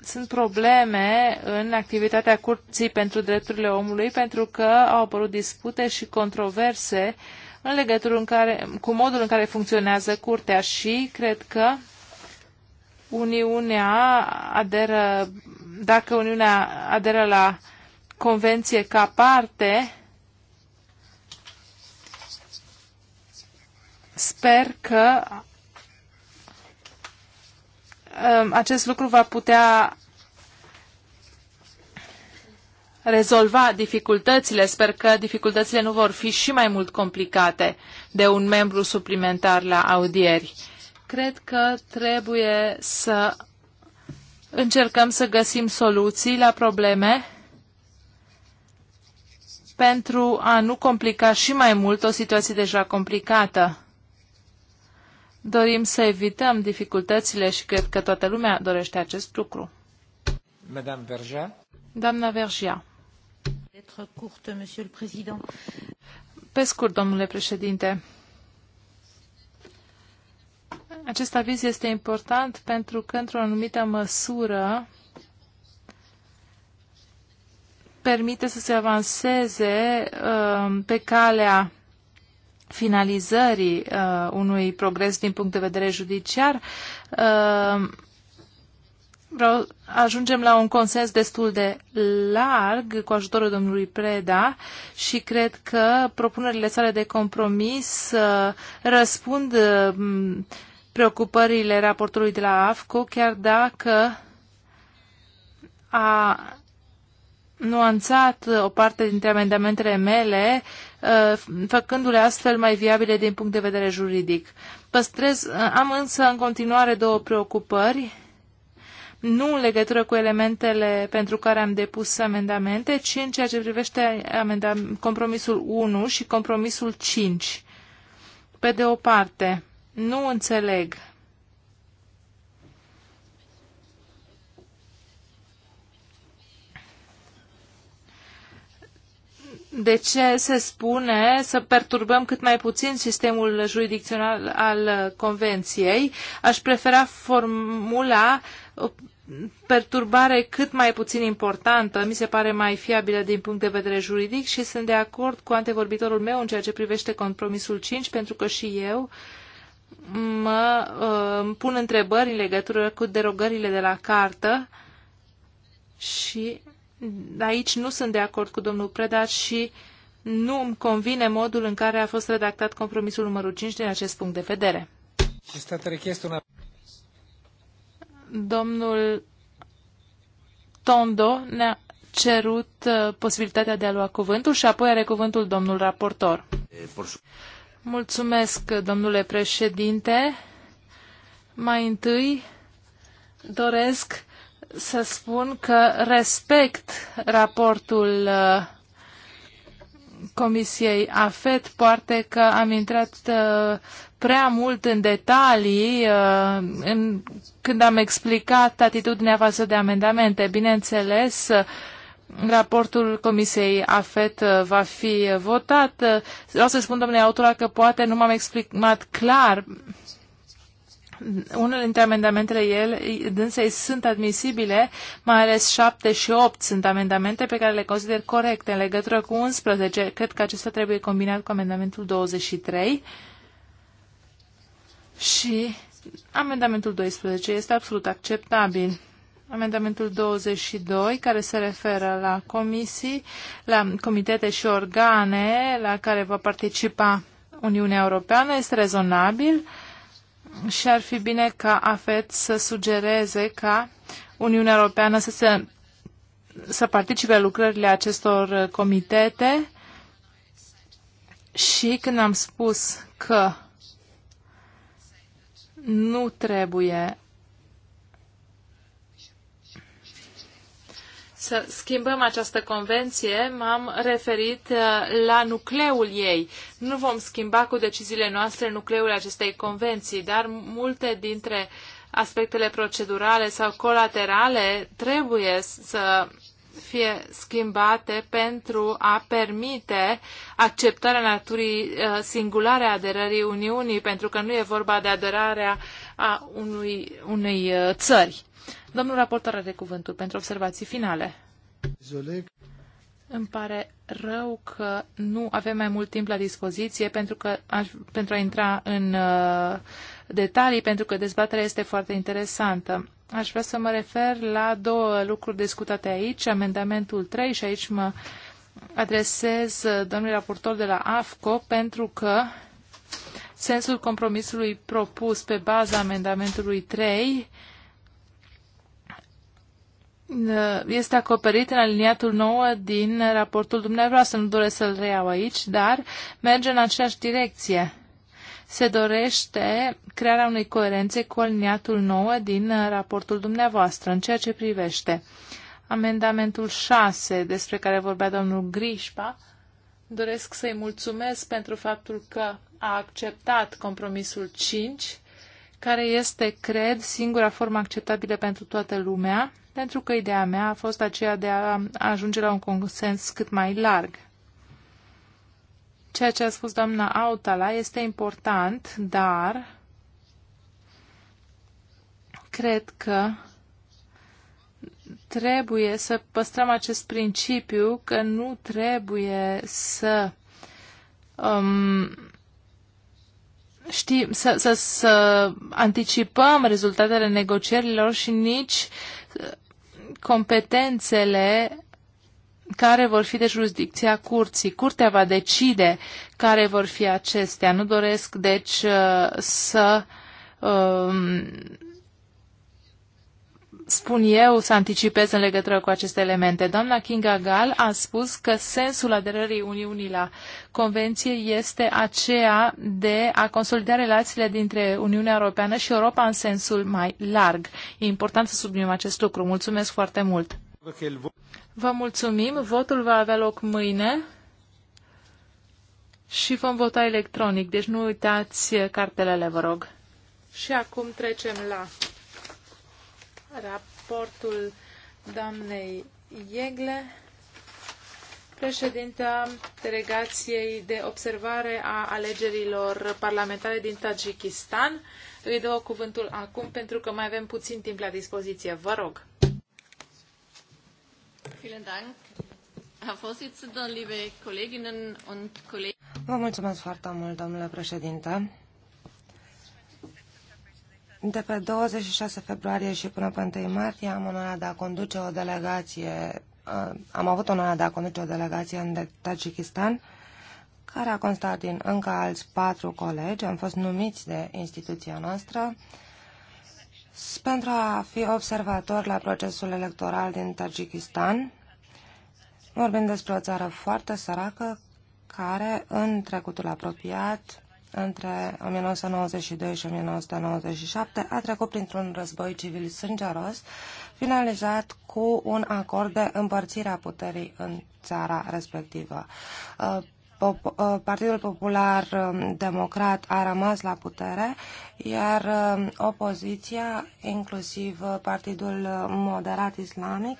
sunt probleme în activitatea Curții pentru Drepturile Omului pentru că au apărut dispute și controverse în legătură în care, cu modul în care funcționează Curtea și cred că Uniunea aderă, dacă Uniunea aderă la convenție ca parte, Sper că um, acest lucru va putea rezolva dificultățile. Sper că dificultățile nu vor fi și mai mult complicate de un membru suplimentar la audieri. Cred că trebuie să încercăm să găsim soluții la probleme pentru a nu complica și mai mult o situație deja complicată. Dorim să evităm dificultățile și cred că toată lumea dorește acest lucru. Madame Verja. Doamna Vergia. Pe scurt, domnule președinte, acest aviz este important pentru că, într-o anumită măsură, permite să se avanseze uh, pe calea finalizării uh, unui progres din punct de vedere judiciar, uh, vreau, ajungem la un consens destul de larg cu ajutorul domnului Preda și cred că propunerile sale de compromis uh, răspund uh, preocupările raportului de la AFCO, chiar dacă a nuanțat o parte dintre amendamentele mele Uh, făcându-le astfel mai viabile din punct de vedere juridic. Păstrez, uh, am însă în continuare două preocupări, nu în legătură cu elementele pentru care am depus amendamente, ci în ceea ce privește compromisul 1 și compromisul 5. Pe de o parte, nu înțeleg de ce se spune să perturbăm cât mai puțin sistemul jurisdicțional al Convenției. Aș prefera formula perturbare cât mai puțin importantă, mi se pare mai fiabilă din punct de vedere juridic și sunt de acord cu antevorbitorul meu în ceea ce privește compromisul 5, pentru că și eu mă uh, pun întrebări în legătură cu derogările de la cartă și Aici nu sunt de acord cu domnul Preda și nu îmi convine modul în care a fost redactat compromisul numărul 5 din acest punct de vedere. Domnul Tondo ne-a cerut uh, posibilitatea de a lua cuvântul și apoi are cuvântul domnul raportor. Mulțumesc, domnule președinte. Mai întâi doresc să spun că respect raportul uh, Comisiei AFET, poate că am intrat uh, prea mult în detalii uh, în, când am explicat atitudinea față de amendamente. Bineînțeles, raportul Comisiei AFET va fi votat. Vreau să spun, domnule autora, că poate nu m-am exprimat clar unele dintre amendamentele el, dânsei sunt admisibile, mai ales 7 și 8 sunt amendamente pe care le consider corecte în legătură cu 11. Cred că acesta trebuie combinat cu amendamentul 23 și amendamentul 12 este absolut acceptabil. Amendamentul 22, care se referă la comisii, la comitete și organe la care va participa Uniunea Europeană, este rezonabil. Uh, și ar fi bine ca AFET să sugereze ca Uniunea Europeană să, se, să participe lucrările acestor comitete și când am spus că nu trebuie să schimbăm această convenție, m-am referit uh, la nucleul ei. Nu vom schimba cu deciziile noastre nucleul acestei convenții, dar multe dintre aspectele procedurale sau colaterale trebuie să fie schimbate pentru a permite acceptarea naturii uh, singulare a aderării Uniunii, pentru că nu e vorba de aderarea a unui, unei uh, țări. Domnul raportor are cuvântul pentru observații finale. Îmi pare rău că nu avem mai mult timp la dispoziție pentru, că, aș, pentru a intra în uh, detalii, pentru că dezbaterea este foarte interesantă. Aș vrea să mă refer la două lucruri discutate aici, amendamentul 3 și aici mă adresez uh, domnului raportor de la AFCO pentru că sensul compromisului propus pe baza amendamentului 3 Uh, este acoperit în aliniatul 9 din raportul dumneavoastră. Nu doresc să-l reiau aici, dar merge în aceeași direcție. Se dorește crearea unei coerențe cu aliniatul 9 din uh, raportul dumneavoastră în ceea ce privește amendamentul 6 despre care vorbea domnul Grișpa. Doresc să-i mulțumesc pentru faptul că a acceptat compromisul 5 care este, cred, singura formă acceptabilă pentru toată lumea, pentru că ideea mea a fost aceea de a ajunge la un consens cât mai larg. Ceea ce a spus doamna Autala este important, dar cred că trebuie să păstrăm acest principiu că nu trebuie să um, știm, să, să, să anticipăm rezultatele negocierilor și nici uh, competențele care vor fi de jurisdicția curții. Curtea va decide care vor fi acestea. Nu doresc, deci, uh, să um, spun eu, să anticipez în legătură cu aceste elemente. Doamna Kinga Gal a spus că sensul aderării Uniunii la Convenție este aceea de a consolida relațiile dintre Uniunea Europeană și Europa în sensul mai larg. E important să subliniem acest lucru. Mulțumesc foarte mult! Vă mulțumim! Votul va avea loc mâine și vom vota electronic, deci nu uitați cartelele, vă rog. Și acum trecem la raportul doamnei Iegle, președinta delegației de observare a alegerilor parlamentare din Tajikistan. Îi dau cuvântul acum pentru că mai avem puțin timp la dispoziție. Vă rog. Vă mulțumesc foarte mult, domnule președinte. De pe 26 februarie și până pe 1 martie am onoarea de a conduce o delegație, uh, am avut onoarea de a conduce o delegație în Tajikistan, care a constat din încă alți patru colegi, am fost numiți de instituția noastră, pentru a fi observator la procesul electoral din Tajikistan, vorbim despre o țară foarte săracă, care în trecutul apropiat între 1992 și 1997 a trecut printr-un război civil sângeros, finalizat cu un acord de împărțire a puterii în țara respectivă. Uh, uh, Partidul Popular um, Democrat a rămas la putere, iar um, opoziția, inclusiv Partidul Moderat Islamic,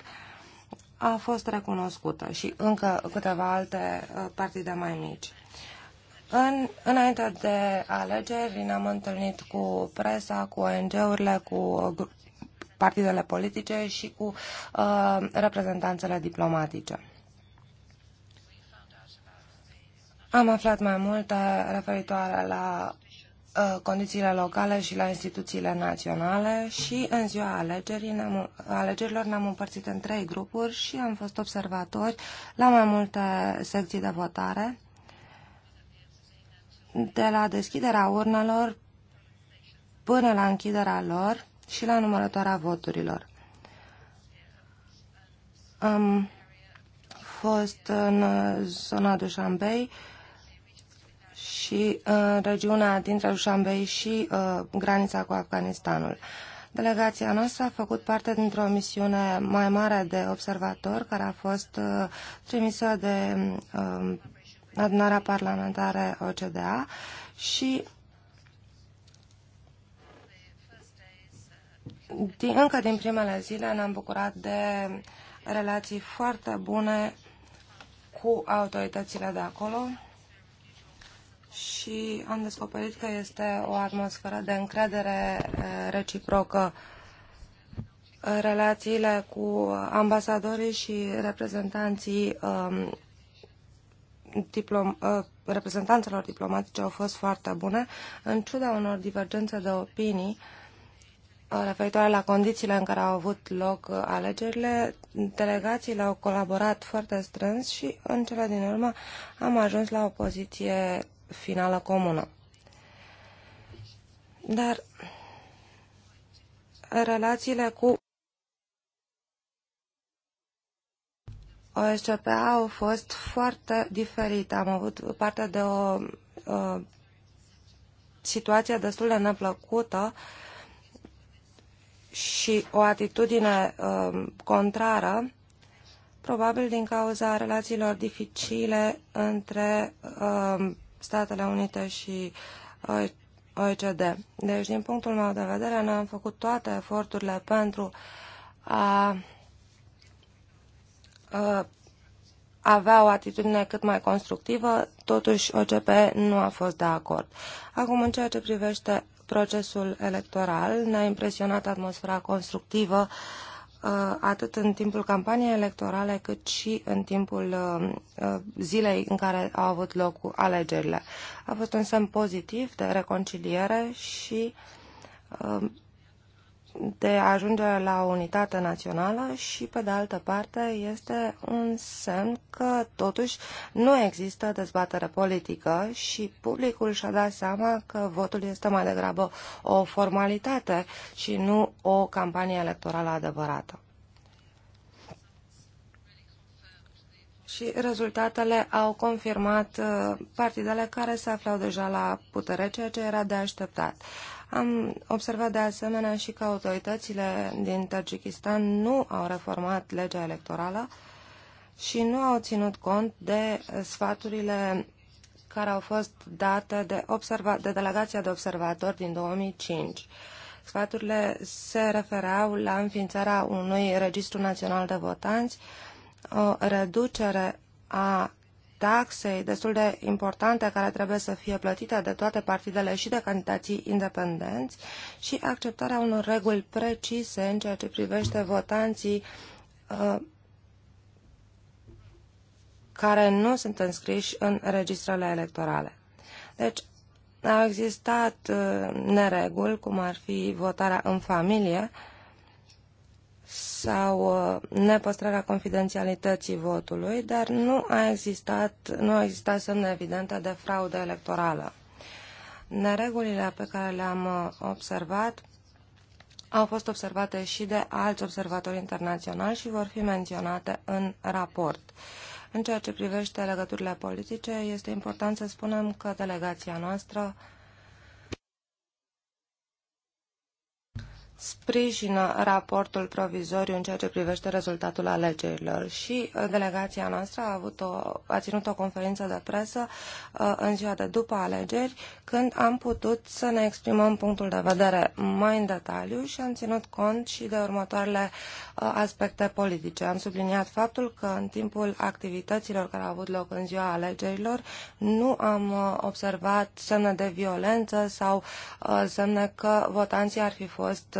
a fost recunoscută și încă câteva alte uh, partide mai mici. În, înainte de alegeri ne-am întâlnit cu presa, cu ONG-urile, cu partidele politice și cu uh, reprezentanțele diplomatice. Am aflat mai multe referitoare la uh, condițiile locale și la instituțiile naționale și în ziua alegerii ne alegerilor ne-am împărțit în trei grupuri și am fost observatori la mai multe secții de votare de la deschiderea urnelor până la închiderea lor și la numărătoarea voturilor. Am fost în uh, zona Dușambei și uh, în regiunea dintre Dușambei și uh, granița cu Afganistanul. Delegația noastră a făcut parte dintr-o misiune mai mare de observator care a fost uh, trimisă de uh, adunarea parlamentară OCDA și din, încă din primele zile ne-am bucurat de relații foarte bune cu autoritățile de acolo și am descoperit că este o atmosferă de încredere eh, reciprocă. Relațiile cu ambasadorii și reprezentanții um, diplom, uh, reprezentanțelor diplomatice au fost foarte bune, în ciuda unor divergențe de opinii uh, referitoare la condițiile în care au avut loc uh, alegerile, delegațiile au colaborat foarte strâns și, în cele din urmă, am ajuns la o poziție finală comună. Dar relațiile cu OSCPA au fost foarte diferite. Am avut parte de o uh, situație destul de neplăcută și o atitudine uh, contrară, probabil din cauza relațiilor dificile între uh, Statele Unite și uh, ă, OECD. Deci, din punctul meu de vedere, ne-am făcut toate eforturile pentru a uh, Uh, avea o atitudine cât mai constructivă, totuși OCP nu a fost de acord. Acum, în ceea ce privește procesul electoral, ne-a impresionat atmosfera constructivă uh, atât în timpul campaniei electorale, cât și în timpul uh, zilei în care au avut loc alegerile. A fost un semn pozitiv de reconciliere și de a ajunge la o unitate națională și, pe de altă parte, este un semn că, totuși, nu există dezbatere politică și publicul și-a dat seama că votul este mai degrabă o formalitate și nu o campanie electorală adevărată. Și rezultatele au confirmat uh, partidele care se aflau deja la putere, ceea ce era de așteptat. Am observat de asemenea și că autoritățile din Tajikistan nu au reformat legea electorală și nu au ținut cont de sfaturile care au fost date de, observa- de delegația de observatori din 2005. Sfaturile se refereau la înființarea unui registru național de votanți, o reducere a taxei destul de importante care trebuie să fie plătite de toate partidele și de candidații independenți și acceptarea unor reguli precise în ceea ce privește votanții uh, care nu sunt înscriși în registrele electorale. Deci, au existat uh, nereguli, cum ar fi votarea în familie, uh, sau uh, nepăstrarea confidențialității votului, dar nu a existat, nu a existat semne evidente de fraudă electorală. Neregulile pe care le-am uh, observat au fost observate și de alți observatori internaționali și vor fi menționate în raport. În ceea ce privește legăturile politice, este important să spunem că delegația noastră sprijină raportul provizoriu în ceea ce privește rezultatul alegerilor și uh, delegația noastră a, avut o, a ținut o conferință de presă uh, în ziua de după alegeri, când am putut să ne exprimăm punctul de vedere mai în detaliu și am ținut cont și de următoarele uh, aspecte politice. Am subliniat faptul că în timpul activităților care au avut loc în ziua alegerilor nu am observat semne de violență sau semne că votanții ar fi fost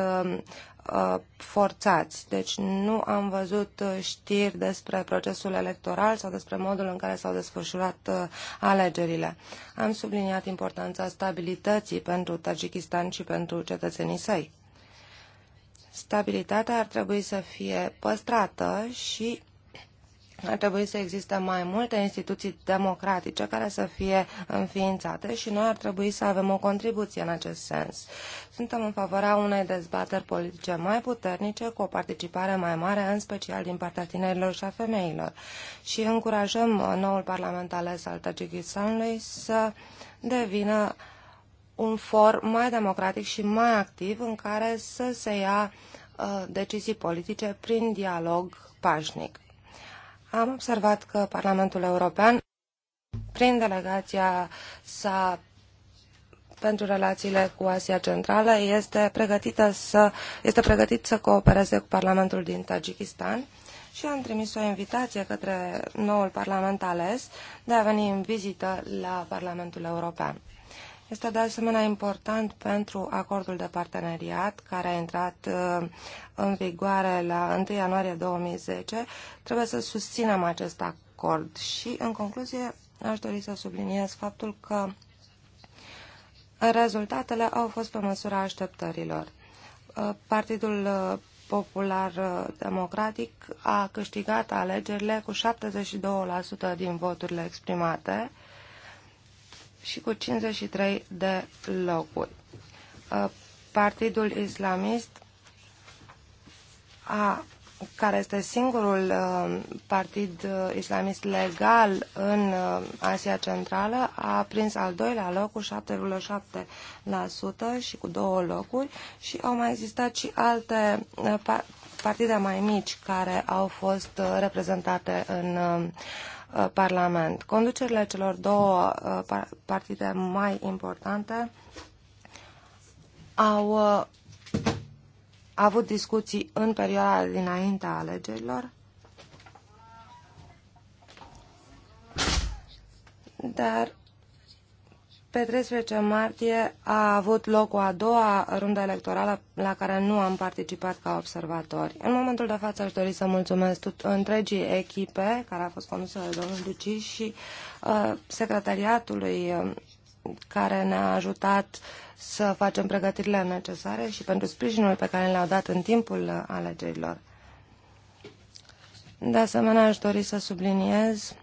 Uh, forțați. Deci nu am văzut uh, știri despre procesul electoral sau despre modul în care s-au desfășurat uh, alegerile. Am subliniat importanța stabilității pentru Tajikistan și pentru cetățenii săi. Stabilitatea ar trebui să fie păstrată și ar trebui să existe mai multe instituții democratice care să fie înființate și noi ar trebui să avem o contribuție în acest sens. Suntem în favoarea unei dezbateri politice mai puternice, cu o participare mai mare, în special din partea tinerilor și a femeilor. Și încurajăm uh, noul parlament ales al Tajikistanului să devină un for mai democratic și mai activ în care să se ia uh, decizii politice prin dialog pașnic. Am observat că Parlamentul European, prin delegația sa pentru relațiile cu Asia Centrală este, pregătită să, este pregătit să coopereze cu Parlamentul din Tajikistan și am trimis o invitație către noul Parlament ales de a veni în vizită la Parlamentul European. Este de asemenea important pentru acordul de parteneriat care a intrat uh, în vigoare la 1 ianuarie 2010. Trebuie să susținem acest acord și, în concluzie, aș dori să subliniez faptul că Rezultatele au fost pe măsura așteptărilor. Uh, Partidul uh, Popular uh, Democratic a câștigat alegerile cu 72% din voturile exprimate și cu 53 de locuri. Partidul Islamist a care este singurul uh, partid uh, islamist legal în uh, Asia Centrală, a prins al doilea loc cu 7,7% și cu două locuri și au mai existat și alte partide mai mici care au fost reprezentate în Parlament. Conducerile celor două partide mai importante au a avut discuții în perioada dinaintea alegerilor. Dar pe 13 martie a avut loc o a doua rundă electorală la care nu am participat ca observatori. În momentul de față aș dori să mulțumesc tut- întregii echipe care a fost condusă de domnul Duci și uh, secretariatului um, care ne-a ajutat să facem pregătirile necesare și pentru sprijinul pe care le-au dat în timpul alegerilor. De asemenea, aș dori să subliniez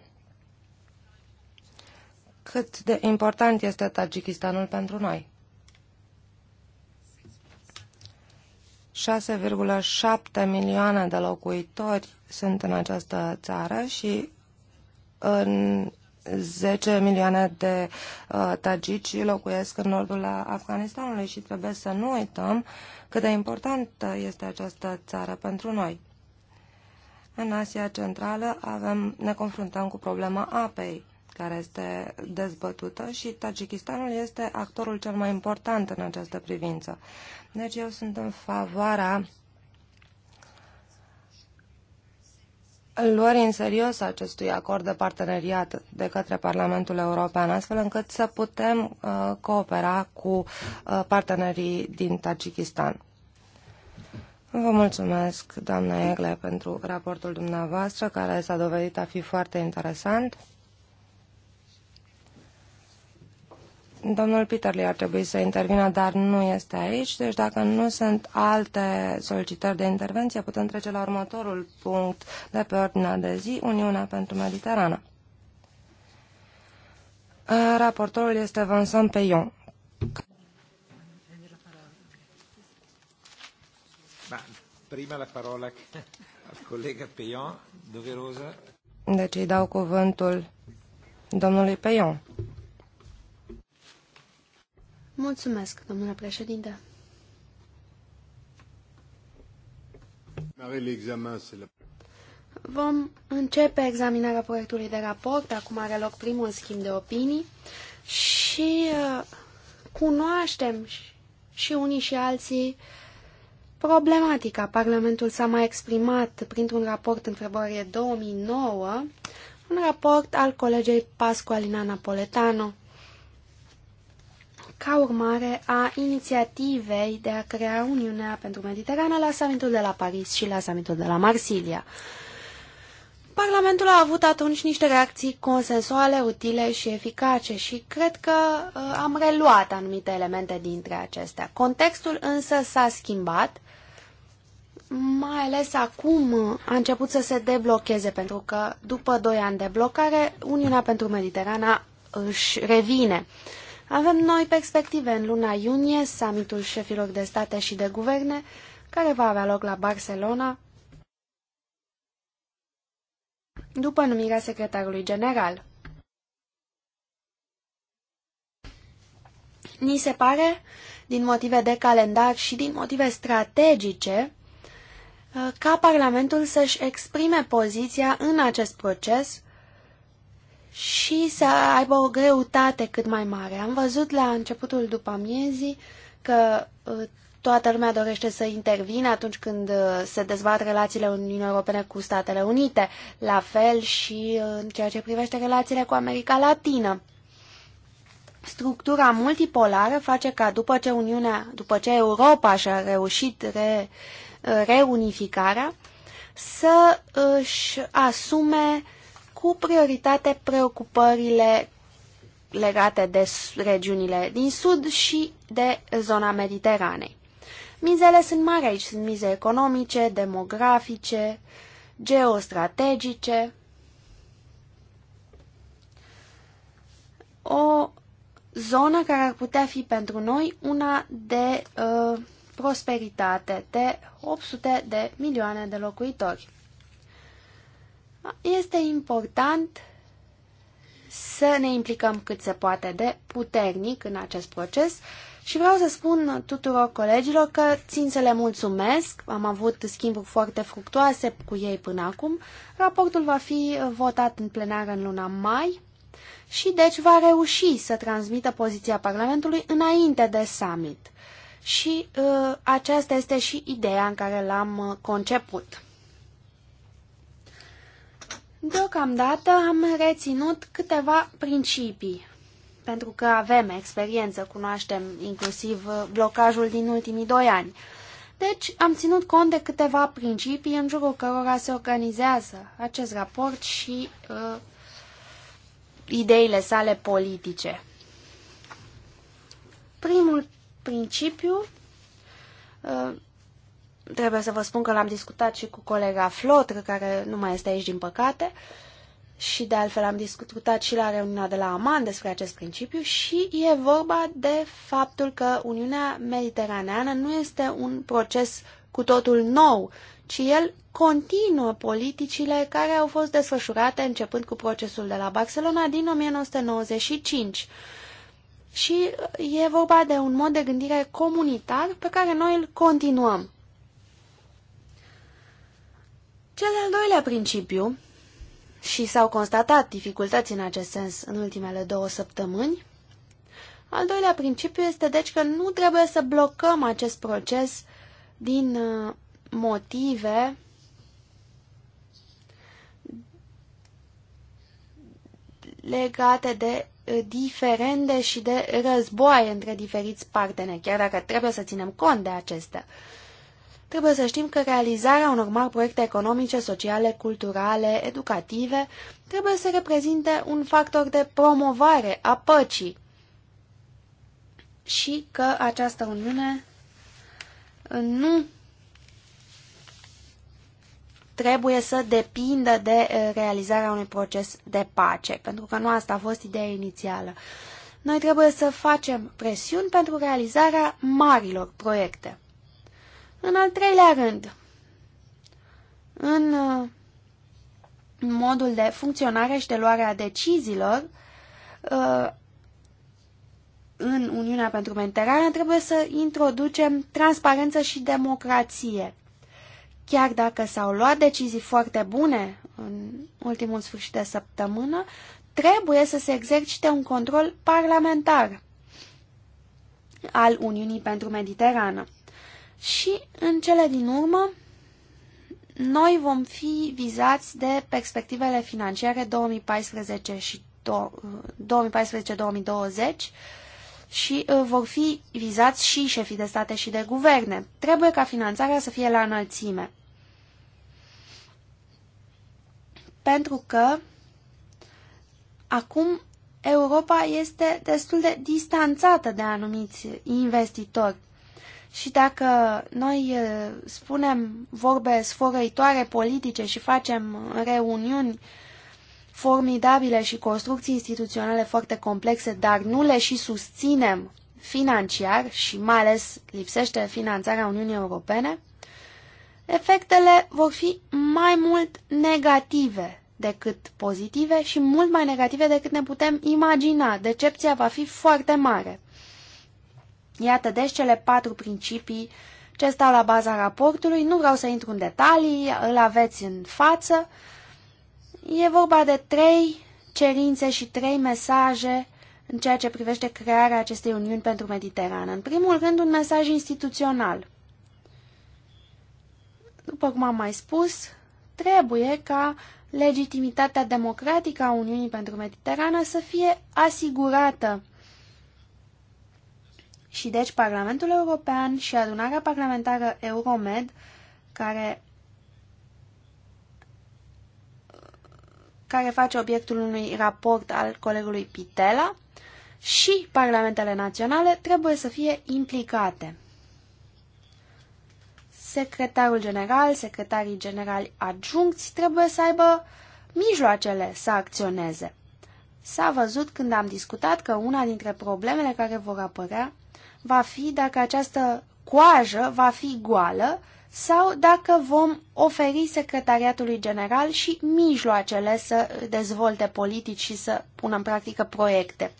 cât de important este Tajikistanul pentru noi. 6,7 milioane de locuitori sunt în această țară și în 10 milioane de uh, tagici locuiesc în nordul Afganistanului și trebuie să nu uităm cât de importantă este această țară pentru noi. În Asia Centrală avem, ne confruntăm cu problema apei, care este dezbătută și Tajikistanul este actorul cel mai important în această privință. Deci eu sunt în favoarea luări în serios acestui acord de parteneriat de către Parlamentul European, astfel încât să putem uh, coopera cu uh, partenerii din Tajikistan. Vă mulțumesc, doamna Egle, pentru raportul dumneavoastră, care s-a dovedit a fi foarte interesant. Domnul Peterly ar trebui să intervină, dar nu este aici, deci dacă nu sunt alte solicitări de intervenție, putem trece la următorul punct de pe ordinea de zi, Uniunea pentru Mediterană. Raportorul este Vincent Peillon. prima la parola al colega Peillon, doverosa. Deci îi dau cuvântul domnului Peillon. Mulțumesc, domnule președinte. Vom începe examinarea proiectului de raport. Acum are loc primul schimb de opinii și uh, cunoaștem și unii și alții problematica. Parlamentul s-a mai exprimat printr-un raport în februarie 2009, un raport al colegei Pascualina Napoletano ca urmare a inițiativei de a crea Uniunea pentru Mediterana la summitul de la Paris și la summitul de la Marsilia. Parlamentul a avut atunci niște reacții consensuale, utile și eficace și cred că uh, am reluat anumite elemente dintre acestea. Contextul însă s-a schimbat, mai ales acum a început să se deblocheze, pentru că după doi ani de blocare, Uniunea pentru Mediterana își revine. Uh, avem noi perspective în luna iunie, summitul șefilor de state și de guverne, care va avea loc la Barcelona, după numirea secretarului general. Ni se pare, din motive de calendar și din motive strategice, uh, ca Parlamentul să-și exprime poziția în acest proces și să aibă o greutate cât mai mare. Am văzut la începutul după amiezii că uh, toată lumea dorește să intervină atunci când uh, se dezbat relațiile Uniunii Europene cu Statele Unite, la fel și uh, în ceea ce privește relațiile cu America Latină. Structura multipolară face ca după ce Uniunea, după ce Europa și-a reușit re, reunificarea, să își asume uh, cu prioritate preocupările legate de regiunile din sud și de zona Mediteranei. Mizele sunt mari aici, sunt mize economice, demografice, geostrategice. O zonă care ar putea fi pentru noi una de uh, prosperitate de 800 de milioane de locuitori. Este important să ne implicăm cât se poate de puternic în acest proces și vreau să spun tuturor colegilor că țin să le mulțumesc, am avut schimburi foarte fructoase cu ei până acum, raportul va fi votat în plenară în luna mai și deci va reuși să transmită poziția Parlamentului înainte de summit. Și uh, aceasta este și ideea în care l-am uh, conceput. Deocamdată am reținut câteva principii, pentru că avem experiență, cunoaștem inclusiv uh, blocajul din ultimii doi ani. Deci am ținut cont de câteva principii în jurul cărora se organizează acest raport și uh, ideile sale politice. Primul principiu uh, Trebuie să vă spun că l-am discutat și cu colega Flotr, care nu mai este aici din păcate, și de altfel am discutat și la reuniunea de la Aman despre acest principiu și e vorba de faptul că Uniunea Mediteraneană nu este un proces cu totul nou, ci el continuă politicile care au fost desfășurate începând cu procesul de la Barcelona din 1995. Și e vorba de un mod de gândire comunitar pe care noi îl continuăm. Cel al doilea principiu, și s-au constatat dificultăți în acest sens în ultimele două săptămâni, al doilea principiu este deci că nu trebuie să blocăm acest proces din uh, motive legate de uh, diferende și de războaie între diferiți parteneri, chiar dacă trebuie să ținem cont de acestea. Trebuie să știm că realizarea unor mari proiecte economice, sociale, culturale, educative trebuie să reprezinte un factor de promovare a păcii și că această Uniune nu trebuie să depindă de eh, realizarea unui proces de pace, pentru că nu asta a fost ideea inițială. Noi trebuie să facem presiuni pentru realizarea marilor proiecte. În al treilea rând, în modul de funcționare și de luare a deciziilor uh, în Uniunea pentru Mediterană trebuie să introducem transparență și democrație. Chiar dacă s-au luat decizii foarte bune în ultimul sfârșit de săptămână, trebuie să se exercite un control parlamentar al Uniunii pentru Mediterană. Și în cele din urmă, noi vom fi vizați de perspectivele financiare 2014 și 2014-2020 și uh, vor fi vizați și șefii de state și de guverne. Trebuie ca finanțarea să fie la înălțime. Pentru că acum Europa este destul de distanțată de anumiți investitori și dacă noi spunem vorbe sfărăitoare politice și facem reuniuni formidabile și construcții instituționale foarte complexe, dar nu le și susținem financiar și mai ales lipsește finanțarea Uniunii Europene, efectele vor fi mai mult negative decât pozitive și mult mai negative decât ne putem imagina. Decepția va fi foarte mare. Iată deci cele patru principii ce stau la baza raportului. Nu vreau să intru în detalii, îl aveți în față. E vorba de trei cerințe și trei mesaje în ceea ce privește crearea acestei Uniuni pentru Mediterană. În primul rând, un mesaj instituțional. După cum am mai spus, trebuie ca legitimitatea democratică a Uniunii pentru Mediterană să fie asigurată și deci Parlamentul European și adunarea parlamentară Euromed, care, care face obiectul unui raport al colegului Pitela, și parlamentele naționale trebuie să fie implicate. Secretarul general, secretarii generali adjuncți trebuie să aibă mijloacele să acționeze. S-a văzut când am discutat că una dintre problemele care vor apărea va fi dacă această coajă va fi goală sau dacă vom oferi Secretariatului General și mijloacele să dezvolte politici și să pună în practică proiecte.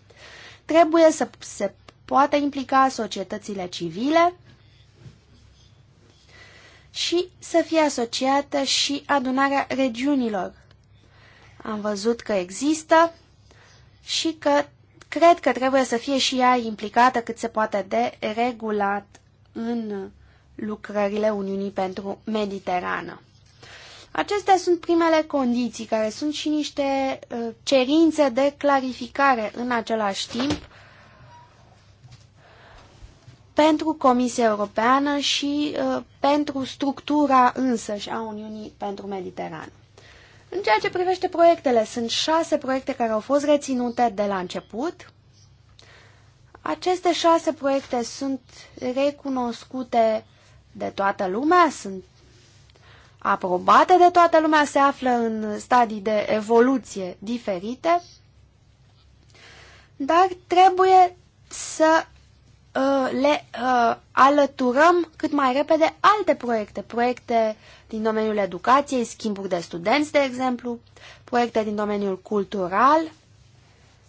Trebuie să se poată implica societățile civile și să fie asociată și adunarea regiunilor. Am văzut că există și că Cred că trebuie să fie și ea implicată cât se poate de regulat în lucrările Uniunii pentru Mediterană. Acestea sunt primele condiții, care sunt și niște uh, cerințe de clarificare în același timp pentru Comisia Europeană și uh, pentru structura însăși a Uniunii pentru Mediterană. În ceea ce privește proiectele, sunt șase proiecte care au fost reținute de la început. Aceste șase proiecte sunt recunoscute de toată lumea, sunt aprobate de toată lumea, se află în stadii de evoluție diferite, dar trebuie să Uh, le uh, alăturăm cât mai repede alte proiecte, proiecte din domeniul educației, schimburi de studenți, de exemplu, proiecte din domeniul cultural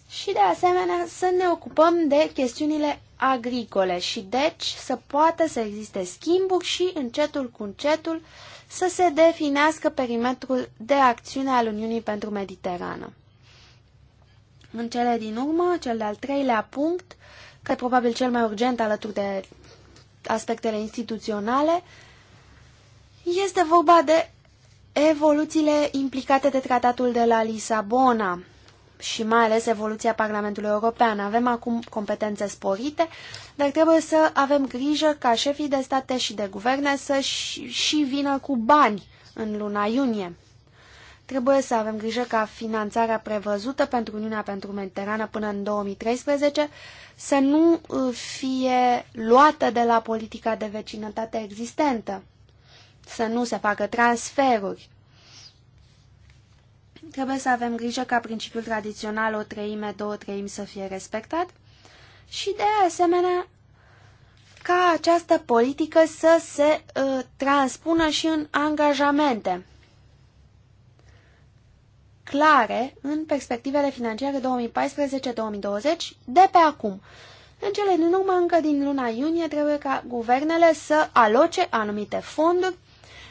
și, de asemenea, să ne ocupăm de chestiunile agricole și, deci, să poată să existe schimburi și, încetul cu încetul, să se definească perimetrul de acțiune al Uniunii pentru Mediterană. În cele din urmă, cel de-al treilea punct, e probabil cel mai urgent alături de aspectele instituționale, este vorba de evoluțiile implicate de tratatul de la Lisabona și mai ales evoluția Parlamentului European. Avem acum competențe sporite, dar trebuie să avem grijă ca șefii de state și de guverne să și, și vină cu bani în luna iunie. Trebuie să avem grijă ca finanțarea prevăzută pentru Uniunea pentru Mediterană până în 2013 să nu uh, fie luată de la politica de vecinătate existentă, să nu se facă transferuri. Trebuie să avem grijă ca principiul tradițional o treime, două treimi să fie respectat și, de asemenea, ca această politică să se uh, transpună și în angajamente clare în perspectivele financiare 2014-2020 de pe acum. În cele din urmă, încă din luna iunie, trebuie ca guvernele să aloce anumite fonduri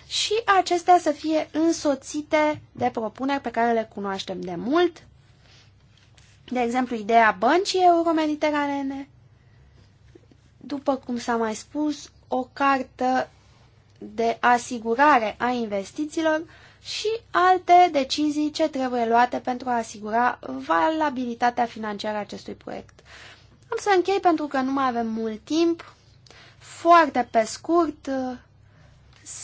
și acestea să fie însoțite de propuneri pe care le cunoaștem de mult, de exemplu, ideea băncii euromediteranene, după cum s-a mai spus, o cartă de asigurare a investițiilor și alte decizii ce trebuie luate pentru a asigura valabilitatea financiară a acestui proiect. Am să închei pentru că nu mai avem mult timp. Foarte pe scurt,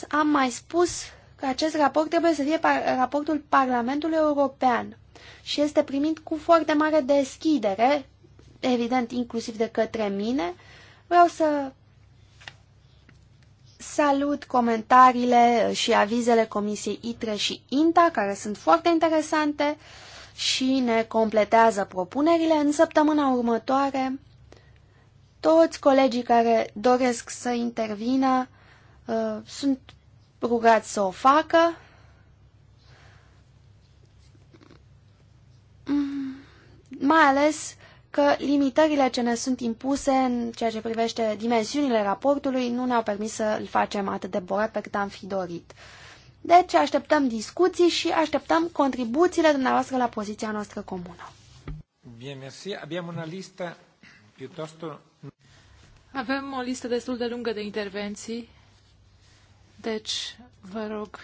am mai spus că acest raport trebuie să fie par raportul Parlamentului European și este primit cu foarte mare deschidere, evident inclusiv de către mine. Vreau să Salut comentariile și avizele Comisiei ITRE și INTA, care sunt foarte interesante și ne completează propunerile. În săptămâna următoare, toți colegii care doresc să intervină uh, sunt rugați să o facă. Mm, mai ales că limitările ce ne sunt impuse în ceea ce privește dimensiunile raportului nu ne-au permis să îl facem atât de borat pe cât am fi dorit. Deci așteptăm discuții și așteptăm contribuțiile dumneavoastră la poziția noastră comună. Bine, mersi. una piuttosto... Avem o listă destul de lungă de intervenții, deci vă rog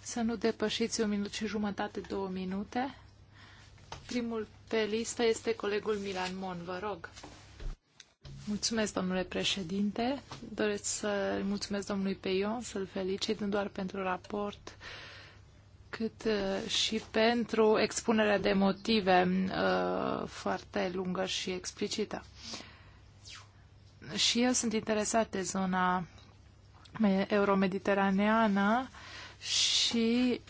să nu depășiți un minut și jumătate, două minute. Primul pe listă este colegul Milan Mon. Vă rog. Mulțumesc, domnule președinte. Doresc să mulțumesc domnului Peion, să-l felicit nu doar pentru raport, cât uh, și pentru expunerea de motive uh, foarte lungă și explicită. Și eu sunt interesat de zona euromediteraneană și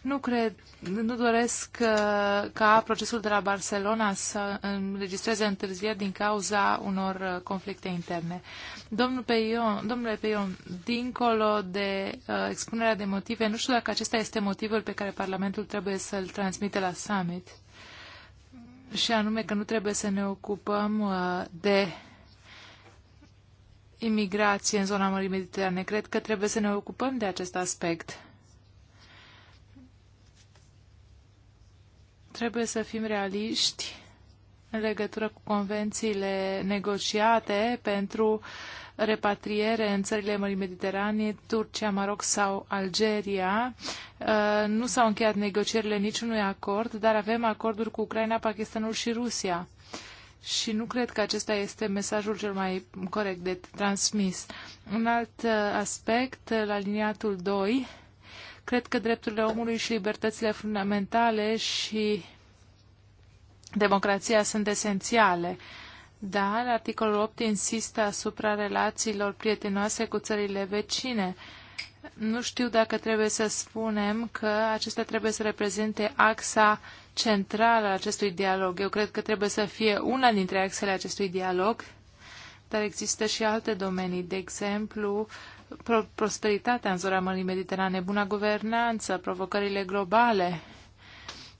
nu cred, nu doresc uh, ca procesul de la Barcelona să înregistreze întârzieri din cauza unor uh, conflicte interne. Domnul Peion, domnule Peion, dincolo de uh, expunerea de motive, nu știu dacă acesta este motivul pe care Parlamentul trebuie să-l transmite la summit, și anume că nu trebuie să ne ocupăm de imigrație în zona Mării Mediterane. Cred că trebuie să ne ocupăm de acest aspect trebuie să fim realiști în legătură cu convențiile negociate pentru repatriere în țările Mării Mediterane, Turcia, Maroc sau Algeria. Uh, nu s-au încheiat negocierile niciunui acord, dar avem acorduri cu Ucraina, Pakistanul și Rusia. Și nu cred că acesta este mesajul cel mai corect de transmis. Un alt uh, aspect, uh, la liniatul 2, Cred că drepturile omului și libertățile fundamentale și democrația sunt esențiale. Dar articolul 8 insistă asupra relațiilor prietenoase cu țările vecine. Nu știu dacă trebuie să spunem că acestea trebuie să reprezinte axa centrală a acestui dialog. Eu cred că trebuie să fie una dintre axele acestui dialog, dar există și alte domenii, de exemplu, prosperitatea în zona Mării Mediterane, buna guvernanță, provocările globale.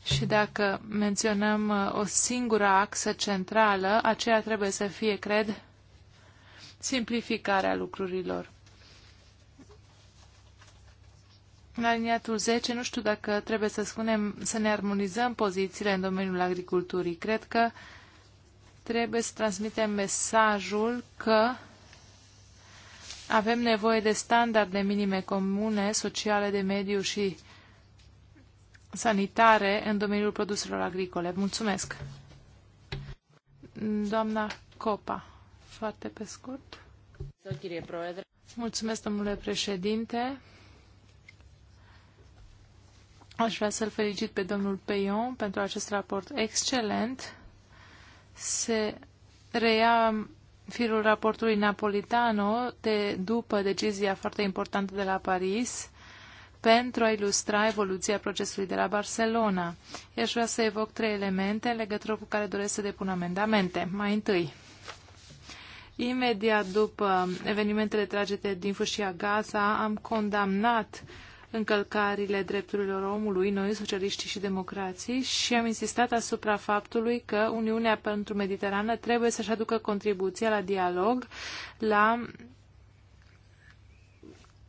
Și dacă menționăm uh, o singură axă centrală, aceea trebuie să fie, cred, simplificarea lucrurilor. În aliniatul 10, nu știu dacă trebuie să spunem, să ne armonizăm pozițiile în domeniul agriculturii. Cred că trebuie să transmitem mesajul că avem nevoie de standarde minime comune, sociale, de mediu și sanitare în domeniul produselor agricole. Mulțumesc! Doamna Copa, foarte pe scurt. Mulțumesc, domnule președinte. Aș vrea să-l felicit pe domnul Peion pentru acest raport excelent. Se reia firul raportului Napolitano de după decizia foarte importantă de la Paris pentru a ilustra evoluția procesului de la Barcelona. aș vrea să evoc trei elemente în legătură cu care doresc să depun amendamente. Mai întâi, imediat după evenimentele tragete din fâșia Gaza, am condamnat uh, încălcările drepturilor omului, noi, socialiștii și democrații, și am insistat asupra faptului că Uniunea pentru Mediterană trebuie să-și aducă contribuția la dialog, la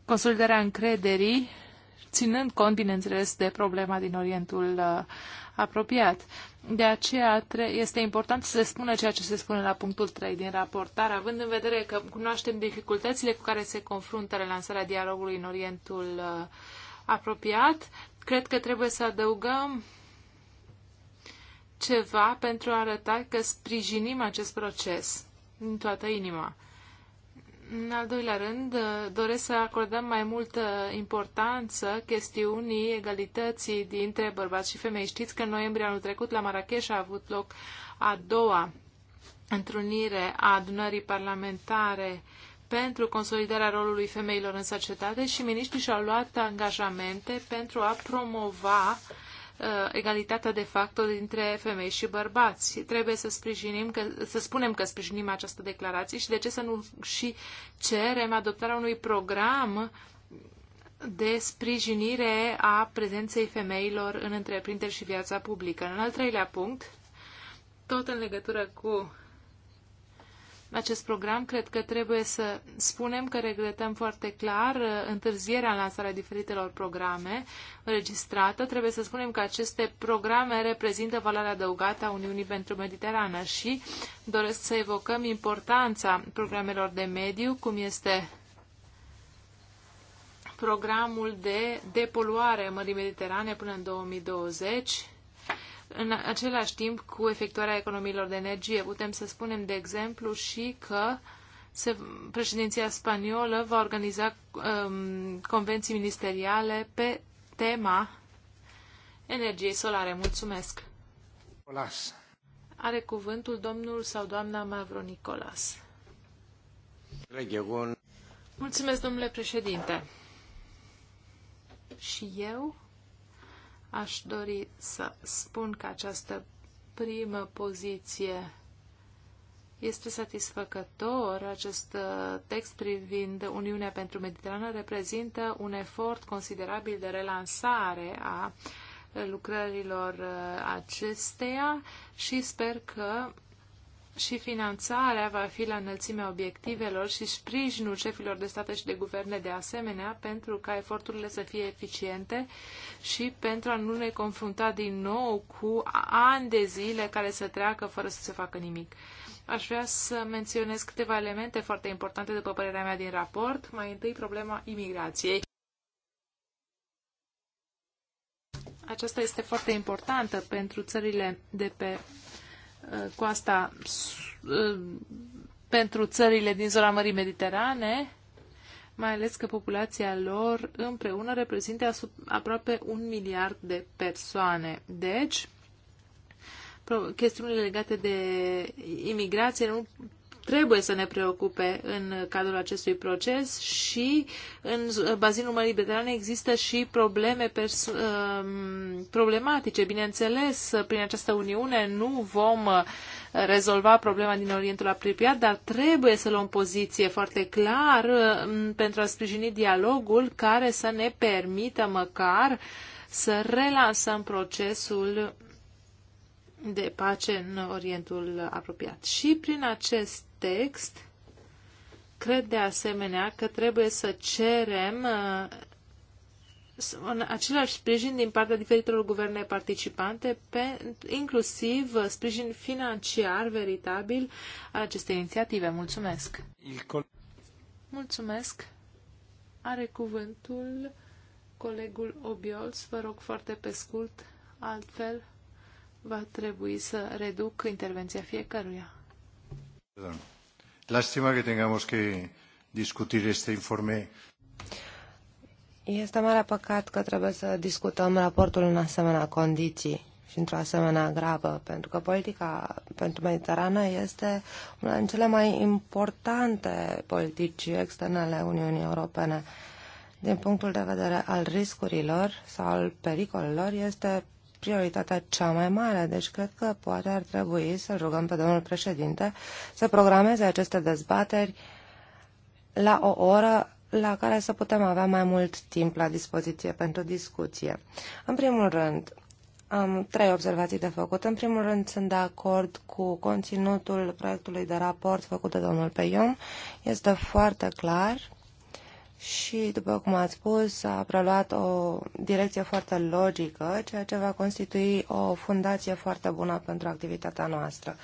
consolidarea încrederii, ținând cont, bineînțeles, de problema din Orientul uh, apropiat. De aceea este important să se spună ceea ce se spune la punctul 3 din raportar, având în vedere că cunoaștem dificultățile cu care se confruntă relansarea dialogului în Orientul uh, apropiat, cred că trebuie să adăugăm ceva pentru a arăta că sprijinim acest proces din toată inima. În al doilea rând, doresc să acordăm mai multă importanță chestiunii egalității dintre bărbați și femei. Știți că în noiembrie anul trecut la Marrakeș a avut loc a doua întrunire a adunării parlamentare pentru consolidarea rolului femeilor în societate și miniștrii și-au luat angajamente pentru a promova uh, Uh, egalitatea de facto dintre femei și bărbați. Trebuie să sprijinim, că, să spunem că sprijinim această declarație și de ce să nu și cerem adoptarea unui program de sprijinire a prezenței femeilor în întreprinderi și viața publică. În al treilea punct, tot în legătură cu acest program, cred că trebuie să spunem că regretăm foarte clar uh, întârzierea lansarea diferitelor programe registrată. Trebuie să spunem că aceste programe reprezintă valoarea adăugată a Uniunii pentru Mediterană și doresc să evocăm importanța programelor de mediu, cum este programul de depoluare a Mării Mediterane până în 2020, în același timp cu efectuarea economiilor de energie. Putem să spunem, de exemplu, și că se, președinția spaniolă va organiza um, convenții ministeriale pe tema energiei solare. Mulțumesc! Nicolas. Are cuvântul domnul sau doamna Mavro Nicolas. Mulțumesc, domnule președinte. Și eu Aș dori să spun că această primă poziție este satisfăcător. Acest uh, text privind Uniunea pentru Mediterană reprezintă un efort considerabil de relansare a lucrărilor uh, acesteia și sper că și finanțarea va fi la înălțimea obiectivelor și sprijinul șefilor de state și de guverne de asemenea pentru ca eforturile să fie eficiente și pentru a nu ne confrunta din nou cu ani de zile care să treacă fără să se facă nimic. Aș vrea să menționez câteva elemente foarte importante, după părerea mea, din raport. Mai întâi, problema imigrației. Aceasta este foarte importantă pentru țările de pe Uh, cu asta uh, pentru țările din zona Mării Mediterane, mai ales că populația lor împreună reprezintă aproape un miliard de persoane. Deci, chestiunile legate de imigrație nu trebuie să ne preocupe în cadrul acestui proces și în bazinul Mării Britane există și probleme um, problematice. Bineînțeles, prin această uniune nu vom uh, rezolva problema din Orientul Apropiat, dar trebuie să luăm poziție foarte clar uh, pentru a sprijini dialogul care să ne permită măcar să relansăm procesul de pace în Orientul apropiat. Și prin acest text cred de asemenea că trebuie să cerem uh, în același sprijin din partea diferitelor guverne participante, pe, inclusiv sprijin financiar veritabil a acestei inițiative. Mulțumesc! Mulțumesc! Are cuvântul colegul Obiols, vă rog foarte pe scurt, altfel va trebui să reduc intervenția fiecăruia. Lástima că tengamos que discutir este informe. Este mare păcat că trebuie să discutăm raportul în asemenea condiții și într-o asemenea grabă, pentru că politica pentru Mediterană este una din cele mai importante politici externe ale Uniunii Europene. Din punctul de vedere al riscurilor sau al pericolelor, este prioritatea cea mai mare, deci cred că poate ar trebui să rugăm pe domnul președinte să programeze aceste dezbateri la o oră la care să putem avea mai mult timp la dispoziție pentru discuție. În primul rând, am trei observații de făcut. În primul rând, sunt de acord cu conținutul proiectului de raport făcut de domnul Peion. Este foarte clar și, după cum ați spus, a preluat o direcție foarte logică, ceea ce va constitui o fundație foarte bună pentru activitatea noastră.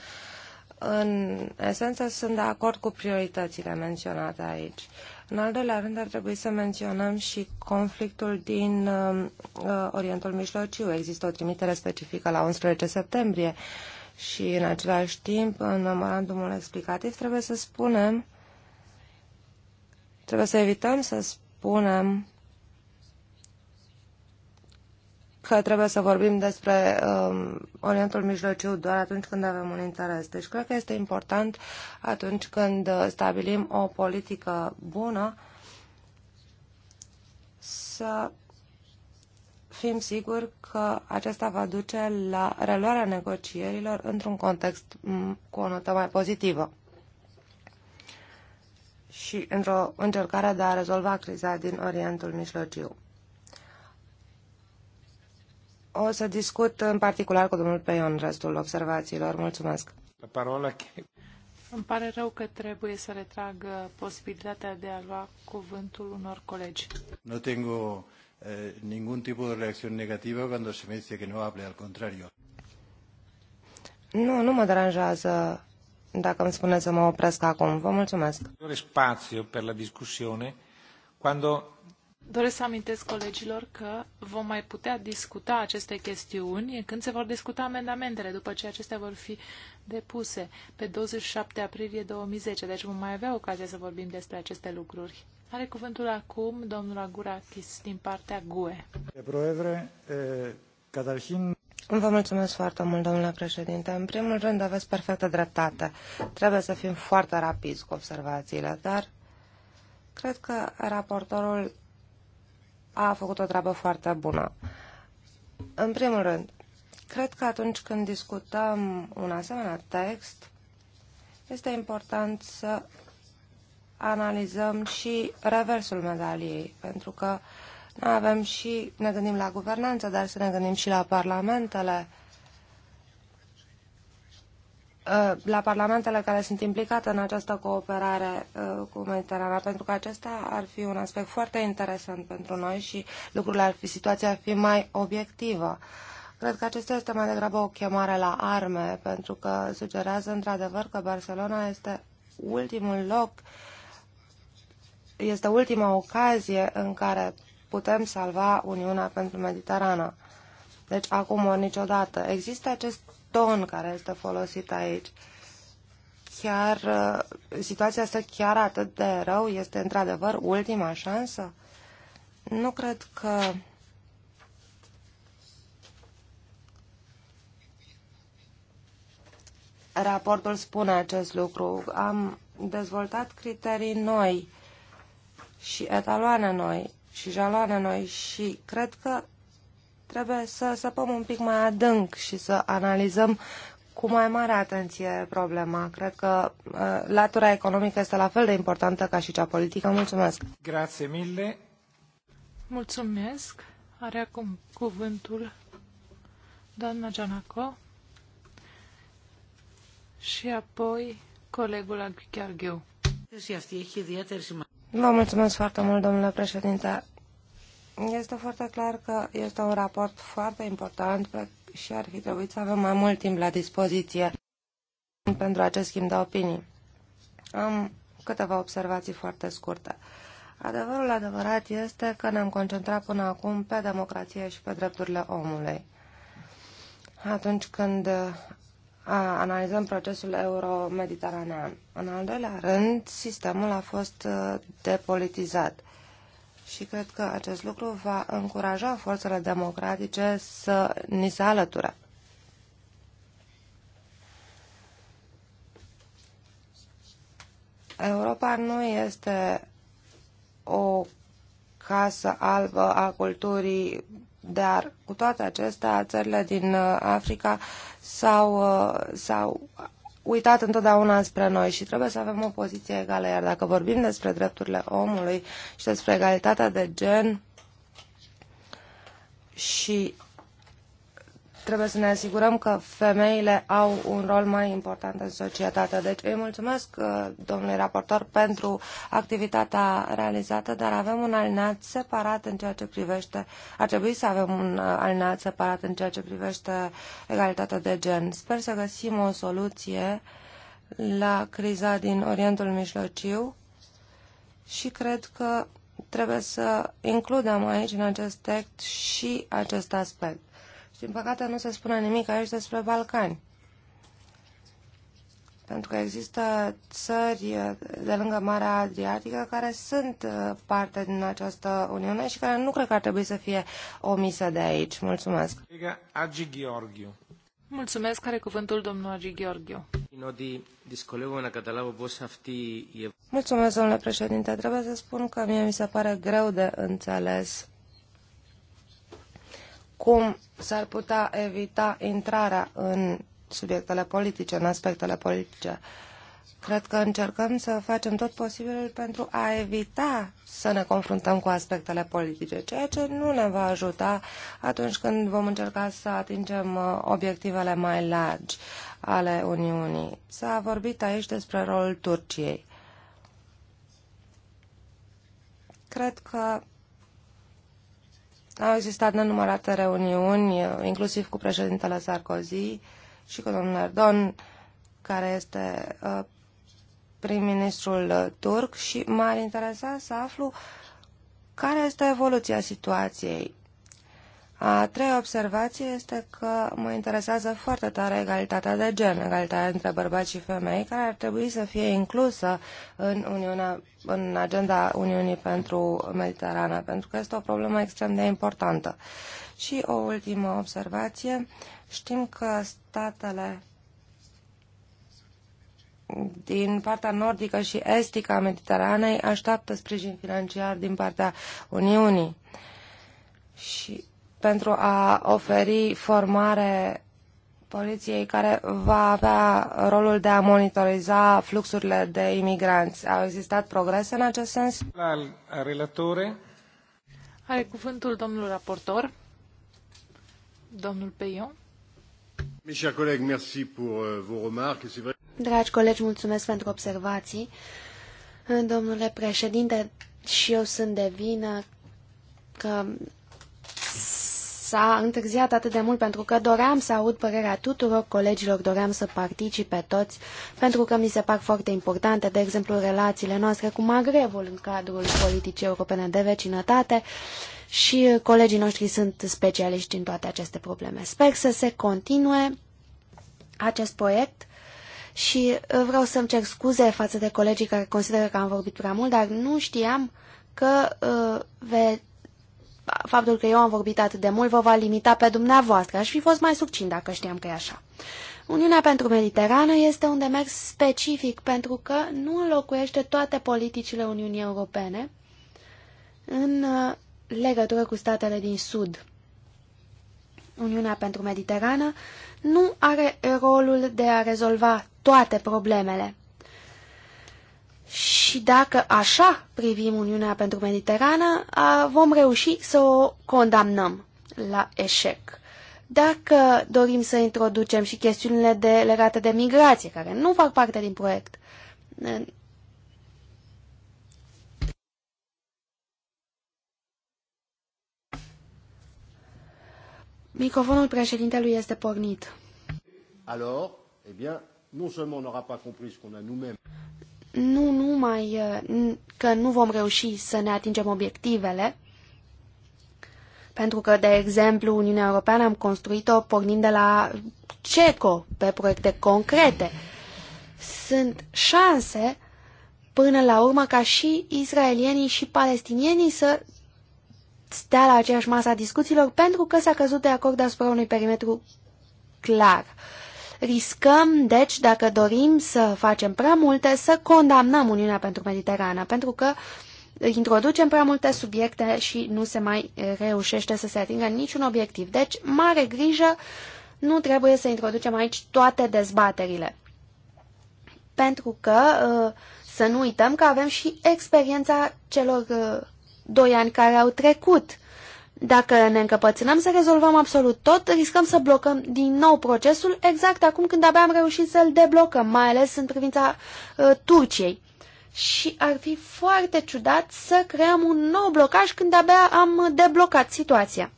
În esență, sunt de acord cu prioritățile menționate aici. În al doilea rând, ar trebui să menționăm și conflictul din uh, uh Orientul Mijlociu. Există o trimitere specifică la 11 septembrie și, în același timp, în memorandumul explicativ, trebuie să spunem Trebuie să evităm să spunem că trebuie să vorbim despre um, Orientul Mijlociu doar atunci când avem un interes. Deci cred că este important atunci când uh, stabilim o politică bună să fim siguri că acesta va duce la reluarea negocierilor într-un context cu o notă mai pozitivă și într-o încercare de a rezolva criza din Orientul Mijlociu. O să discut în particular cu domnul Peion restul observațiilor. Mulțumesc. parola. Îmi pare rău că trebuie să retrag uh, posibilitatea de a lua cuvântul unor colegi. Nu tengo eh, ningún tipo de reacción negativa cuando se me dice que no hable, al contrario. Nu, nu mă deranjează dacă îmi spuneți să mă opresc acum. Vă mulțumesc. Spațiu pentru discuție, Quando... Doresc să amintesc colegilor că vom mai putea discuta aceste chestiuni când se vor discuta amendamentele, după ce acestea vor fi depuse pe 27 aprilie 2010. Deci vom mai avea ocazia să vorbim despre aceste lucruri. Are cuvântul acum domnul Agurakis din partea GUE. Proevre, eh, Catarhin... Vă mulțumesc foarte mult, domnule președinte. În primul rând, aveți perfectă dreptate. Trebuie să fim foarte rapizi cu observațiile, dar cred că raportorul a făcut o treabă foarte bună. În primul rând, cred că atunci când discutăm un asemenea text, este important să analizăm și reversul medaliei, pentru că uh, avem și, ne gândim la guvernanță, dar să ne gândim și la parlamentele uh, la parlamentele care sunt implicate în această cooperare uh, cu Mediterana, pentru că acesta ar fi un aspect foarte interesant pentru noi și lucrurile ar fi, situația ar fi mai obiectivă. Cred că acesta este mai degrabă o chemare la arme, pentru că sugerează într-adevăr că Barcelona este ultimul loc, este ultima ocazie în care putem salva Uniunea pentru Mediterana. Deci acum ori niciodată. Există acest ton care este folosit aici. Chiar uh, situația asta chiar atât de rău este într-adevăr ultima șansă? Nu cred că raportul spune acest lucru. Am dezvoltat criterii noi și etaloane noi și jaloane noi și cred că trebuie să săpăm un pic mai adânc și să analizăm cu mai mare atenție problema. Cred că uh, latura economică este la fel de importantă ca și cea politică. Mulțumesc! Grazie mille! Mulțumesc! Are acum cuvântul doamna Gianaco și apoi colegul Aghichiar Gheu. Vă mulțumesc foarte mult, domnule președinte. Este foarte clar că este un raport foarte important și ar fi trebuit să avem mai mult timp la dispoziție pentru acest schimb de opinii. Am câteva observații foarte scurte. Adevărul adevărat este că ne-am concentrat până acum pe democrație și pe drepturile omului. Atunci când analizăm procesul euro-mediteranean. În al doilea rând, sistemul a fost uh, depolitizat și cred că acest lucru va încuraja forțele democratice să ni se alăture. Europa nu este o casă albă a culturii dar, cu toate acestea, țările din uh, Africa s-au, uh, s-au uitat întotdeauna spre noi și trebuie să avem o poziție egală. Iar dacă vorbim despre drepturile omului și despre egalitatea de gen și trebuie să ne asigurăm că femeile au un rol mai important în societate. Deci îi mulțumesc, uh, domnului raportor, pentru activitatea realizată, dar avem un alinat separat în ceea ce privește, ar trebui să avem un uh, alinat separat în ceea ce privește egalitatea de gen. Sper să găsim o soluție la criza din Orientul Mijlociu și cred că trebuie să includem aici, în acest text, și acest aspect. Și, din păcate, nu se spune nimic aici despre Balcani. Pentru că există țări de lângă Marea Adriatică care sunt uh, parte din această Uniune și care nu cred că ar trebui să fie omise de aici. Mulțumesc. Agi Gheorghiu. Mulțumesc. Care cuvântul domnul Agi Gheorghiu? Mulțumesc, domnule președinte. Trebuie să spun că mie mi se pare greu de înțeles cum s-ar putea evita intrarea în subiectele politice, în aspectele politice. Cred că încercăm să facem tot posibilul pentru a evita să ne confruntăm cu aspectele politice, ceea ce nu ne va ajuta atunci când vom încerca să atingem uh, obiectivele mai largi ale Uniunii. S-a vorbit aici despre rolul Turciei. Cred că au existat nenumărate reuniuni, inclusiv cu președintele Sarkozy și cu domnul Erdogan, care este uh, prim-ministrul uh, turc și m-ar interesa să aflu care este evoluția situației a treia observație este că mă interesează foarte tare egalitatea de gen, egalitatea între bărbați și femei, care ar trebui să fie inclusă în, Uniunea, în agenda Uniunii pentru Mediterana, pentru că este o problemă extrem de importantă. Și o ultimă observație, știm că statele din partea nordică și estică a Mediteranei așteaptă sprijin financiar din partea Uniunii. Și pentru a oferi formare poliției care va avea rolul de a monitoriza fluxurile de imigranți. Au existat progrese în acest sens? La relatore. Are cuvântul domnul raportor, domnul Peion. Euh, Dragi colegi, mulțumesc pentru observații. Domnule președinte, și eu sunt de vină că s-a întârziat atât de mult pentru că doream să aud părerea tuturor colegilor, doream să participe toți, pentru că mi se par foarte importante, de exemplu, relațiile noastre cu Magrebul în cadrul politicii europene de vecinătate și colegii noștri sunt specialiști în toate aceste probleme. Sper să se continue acest proiect și vreau să-mi cer scuze față de colegii care consideră că am vorbit prea mult, dar nu știam că uh, ve faptul că eu am vorbit atât de mult vă va limita pe dumneavoastră. Aș fi fost mai succint dacă știam că e așa. Uniunea pentru Mediterană este un demers specific pentru că nu înlocuiește toate politicile Uniunii Europene în uh, legătură cu statele din Sud. Uniunea pentru Mediterană nu are rolul de a rezolva toate problemele. Și dacă așa privim Uniunea pentru Mediterană, vom reuși să o condamnăm la eșec. Dacă dorim să introducem și chestiunile de, legate de migrație, care nu fac parte din proiect, Microfonul președintelui este pornit. Alors, eh bien, non seulement on n'aura pas compris ce qu'on a nous-mêmes nu numai uh, că nu vom reuși să ne atingem obiectivele, pentru că, de exemplu, Uniunea Europeană am construit-o pornind de la CECO pe proiecte concrete. Sunt șanse până la urmă ca și israelienii și palestinienii să stea la aceeași masă a discuțiilor pentru că s-a căzut de acord asupra unui perimetru clar. Uh, Riscăm, deci, dacă dorim să facem prea multe, să condamnăm Uniunea pentru Mediterana, pentru că introducem prea multe subiecte și nu se mai reușește să se atingă niciun obiectiv. Deci, mare grijă, nu trebuie să introducem aici toate dezbaterile. Pentru că uh, să nu uităm că avem și experiența celor uh, doi ani care au trecut dacă ne încăpățânăm să rezolvăm absolut tot, riscăm să blocăm din nou procesul exact acum când abia am reușit să-l deblocăm, mai ales în privința uh, Turciei. Și ar fi foarte ciudat să creăm un nou blocaj când abia am deblocat situația.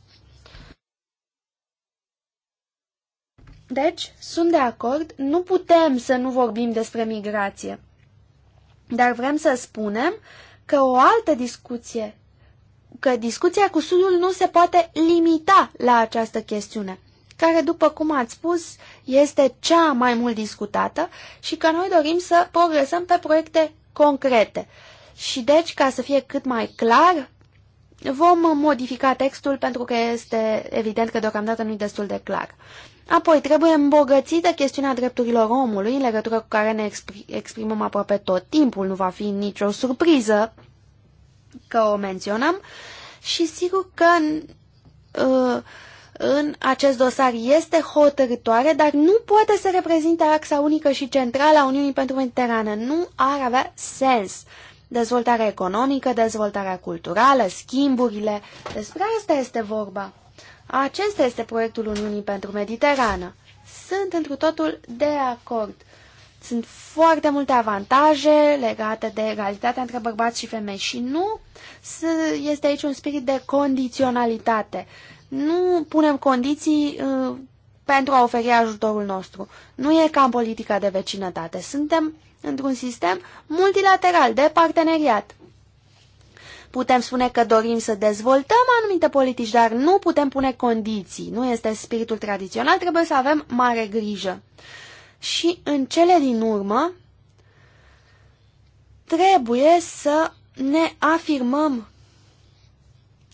Deci, sunt de acord, nu putem să nu vorbim despre migrație. Dar vrem să spunem că o altă discuție că discuția cu Sudul nu se poate limita la această chestiune, care, după cum ați spus, este cea mai mult discutată și că noi dorim să progresăm pe proiecte concrete. Și deci, ca să fie cât mai clar, vom modifica textul pentru că este evident că deocamdată nu e destul de clar. Apoi, trebuie îmbogățită chestiunea drepturilor omului, în legătură cu care ne exprimăm aproape tot timpul, nu va fi nicio surpriză că o menționăm și sigur că în, uh, în acest dosar este hotărătoare, dar nu poate să reprezinte axa unică și centrală a Uniunii pentru Mediterană. Nu ar avea sens. Dezvoltarea economică, dezvoltarea culturală, schimburile, despre asta este vorba. Acesta este proiectul Uniunii pentru Mediterană. Sunt întru totul de acord. Sunt foarte multe avantaje legate de egalitatea între bărbați și femei și nu este aici un spirit de condiționalitate. Nu punem condiții uh, pentru a oferi ajutorul nostru. Nu e ca în politica de vecinătate. Suntem într-un sistem multilateral, de parteneriat. Putem spune că dorim să dezvoltăm anumite politici, dar nu putem pune condiții. Nu este spiritul tradițional, trebuie să avem mare grijă și în cele din urmă trebuie să ne afirmăm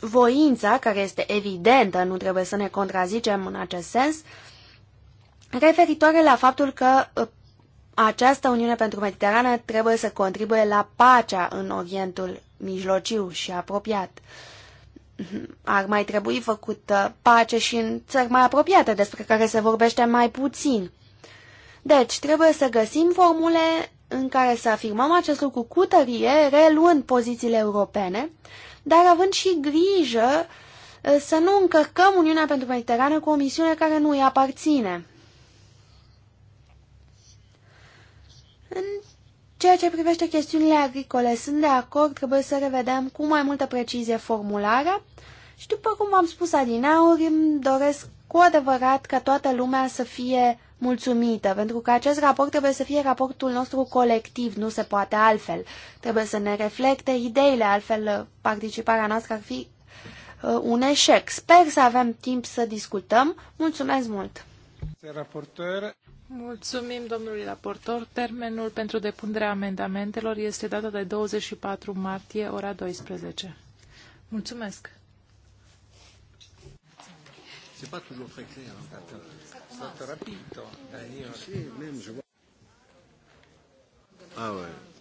voința, care este evidentă, nu trebuie să ne contrazicem în acest sens, referitoare la faptul că ă, această Uniune pentru Mediterană trebuie să contribuie la pacea în Orientul Mijlociu și apropiat. Ar mai trebui făcută pace și în țări mai apropiate, despre care se vorbește mai puțin. Deci, trebuie să găsim formule în care să afirmăm acest lucru cu tărie, reluând pozițiile europene, dar având și grijă să nu încărcăm Uniunea pentru Mediterană cu o misiune care nu îi aparține. În ceea ce privește chestiunile agricole, sunt de acord, trebuie să revedem cu mai multă precizie formularea și după cum v-am spus adineauri, îmi doresc cu adevărat ca toată lumea să fie mulțumită, pentru că acest raport trebuie să fie raportul nostru colectiv, nu se poate altfel. Trebuie să ne reflecte ideile, altfel uh, participarea noastră ar fi uh, un eșec. Sper să avem timp să discutăm. Mulțumesc mult! Raportor. Mulțumim, domnului raportor. Termenul pentru depunerea amendamentelor este data de 24 martie, ora 12. Mulțumesc! C'est pas toujours très clair. Hein, stato rapito. Ah ouais.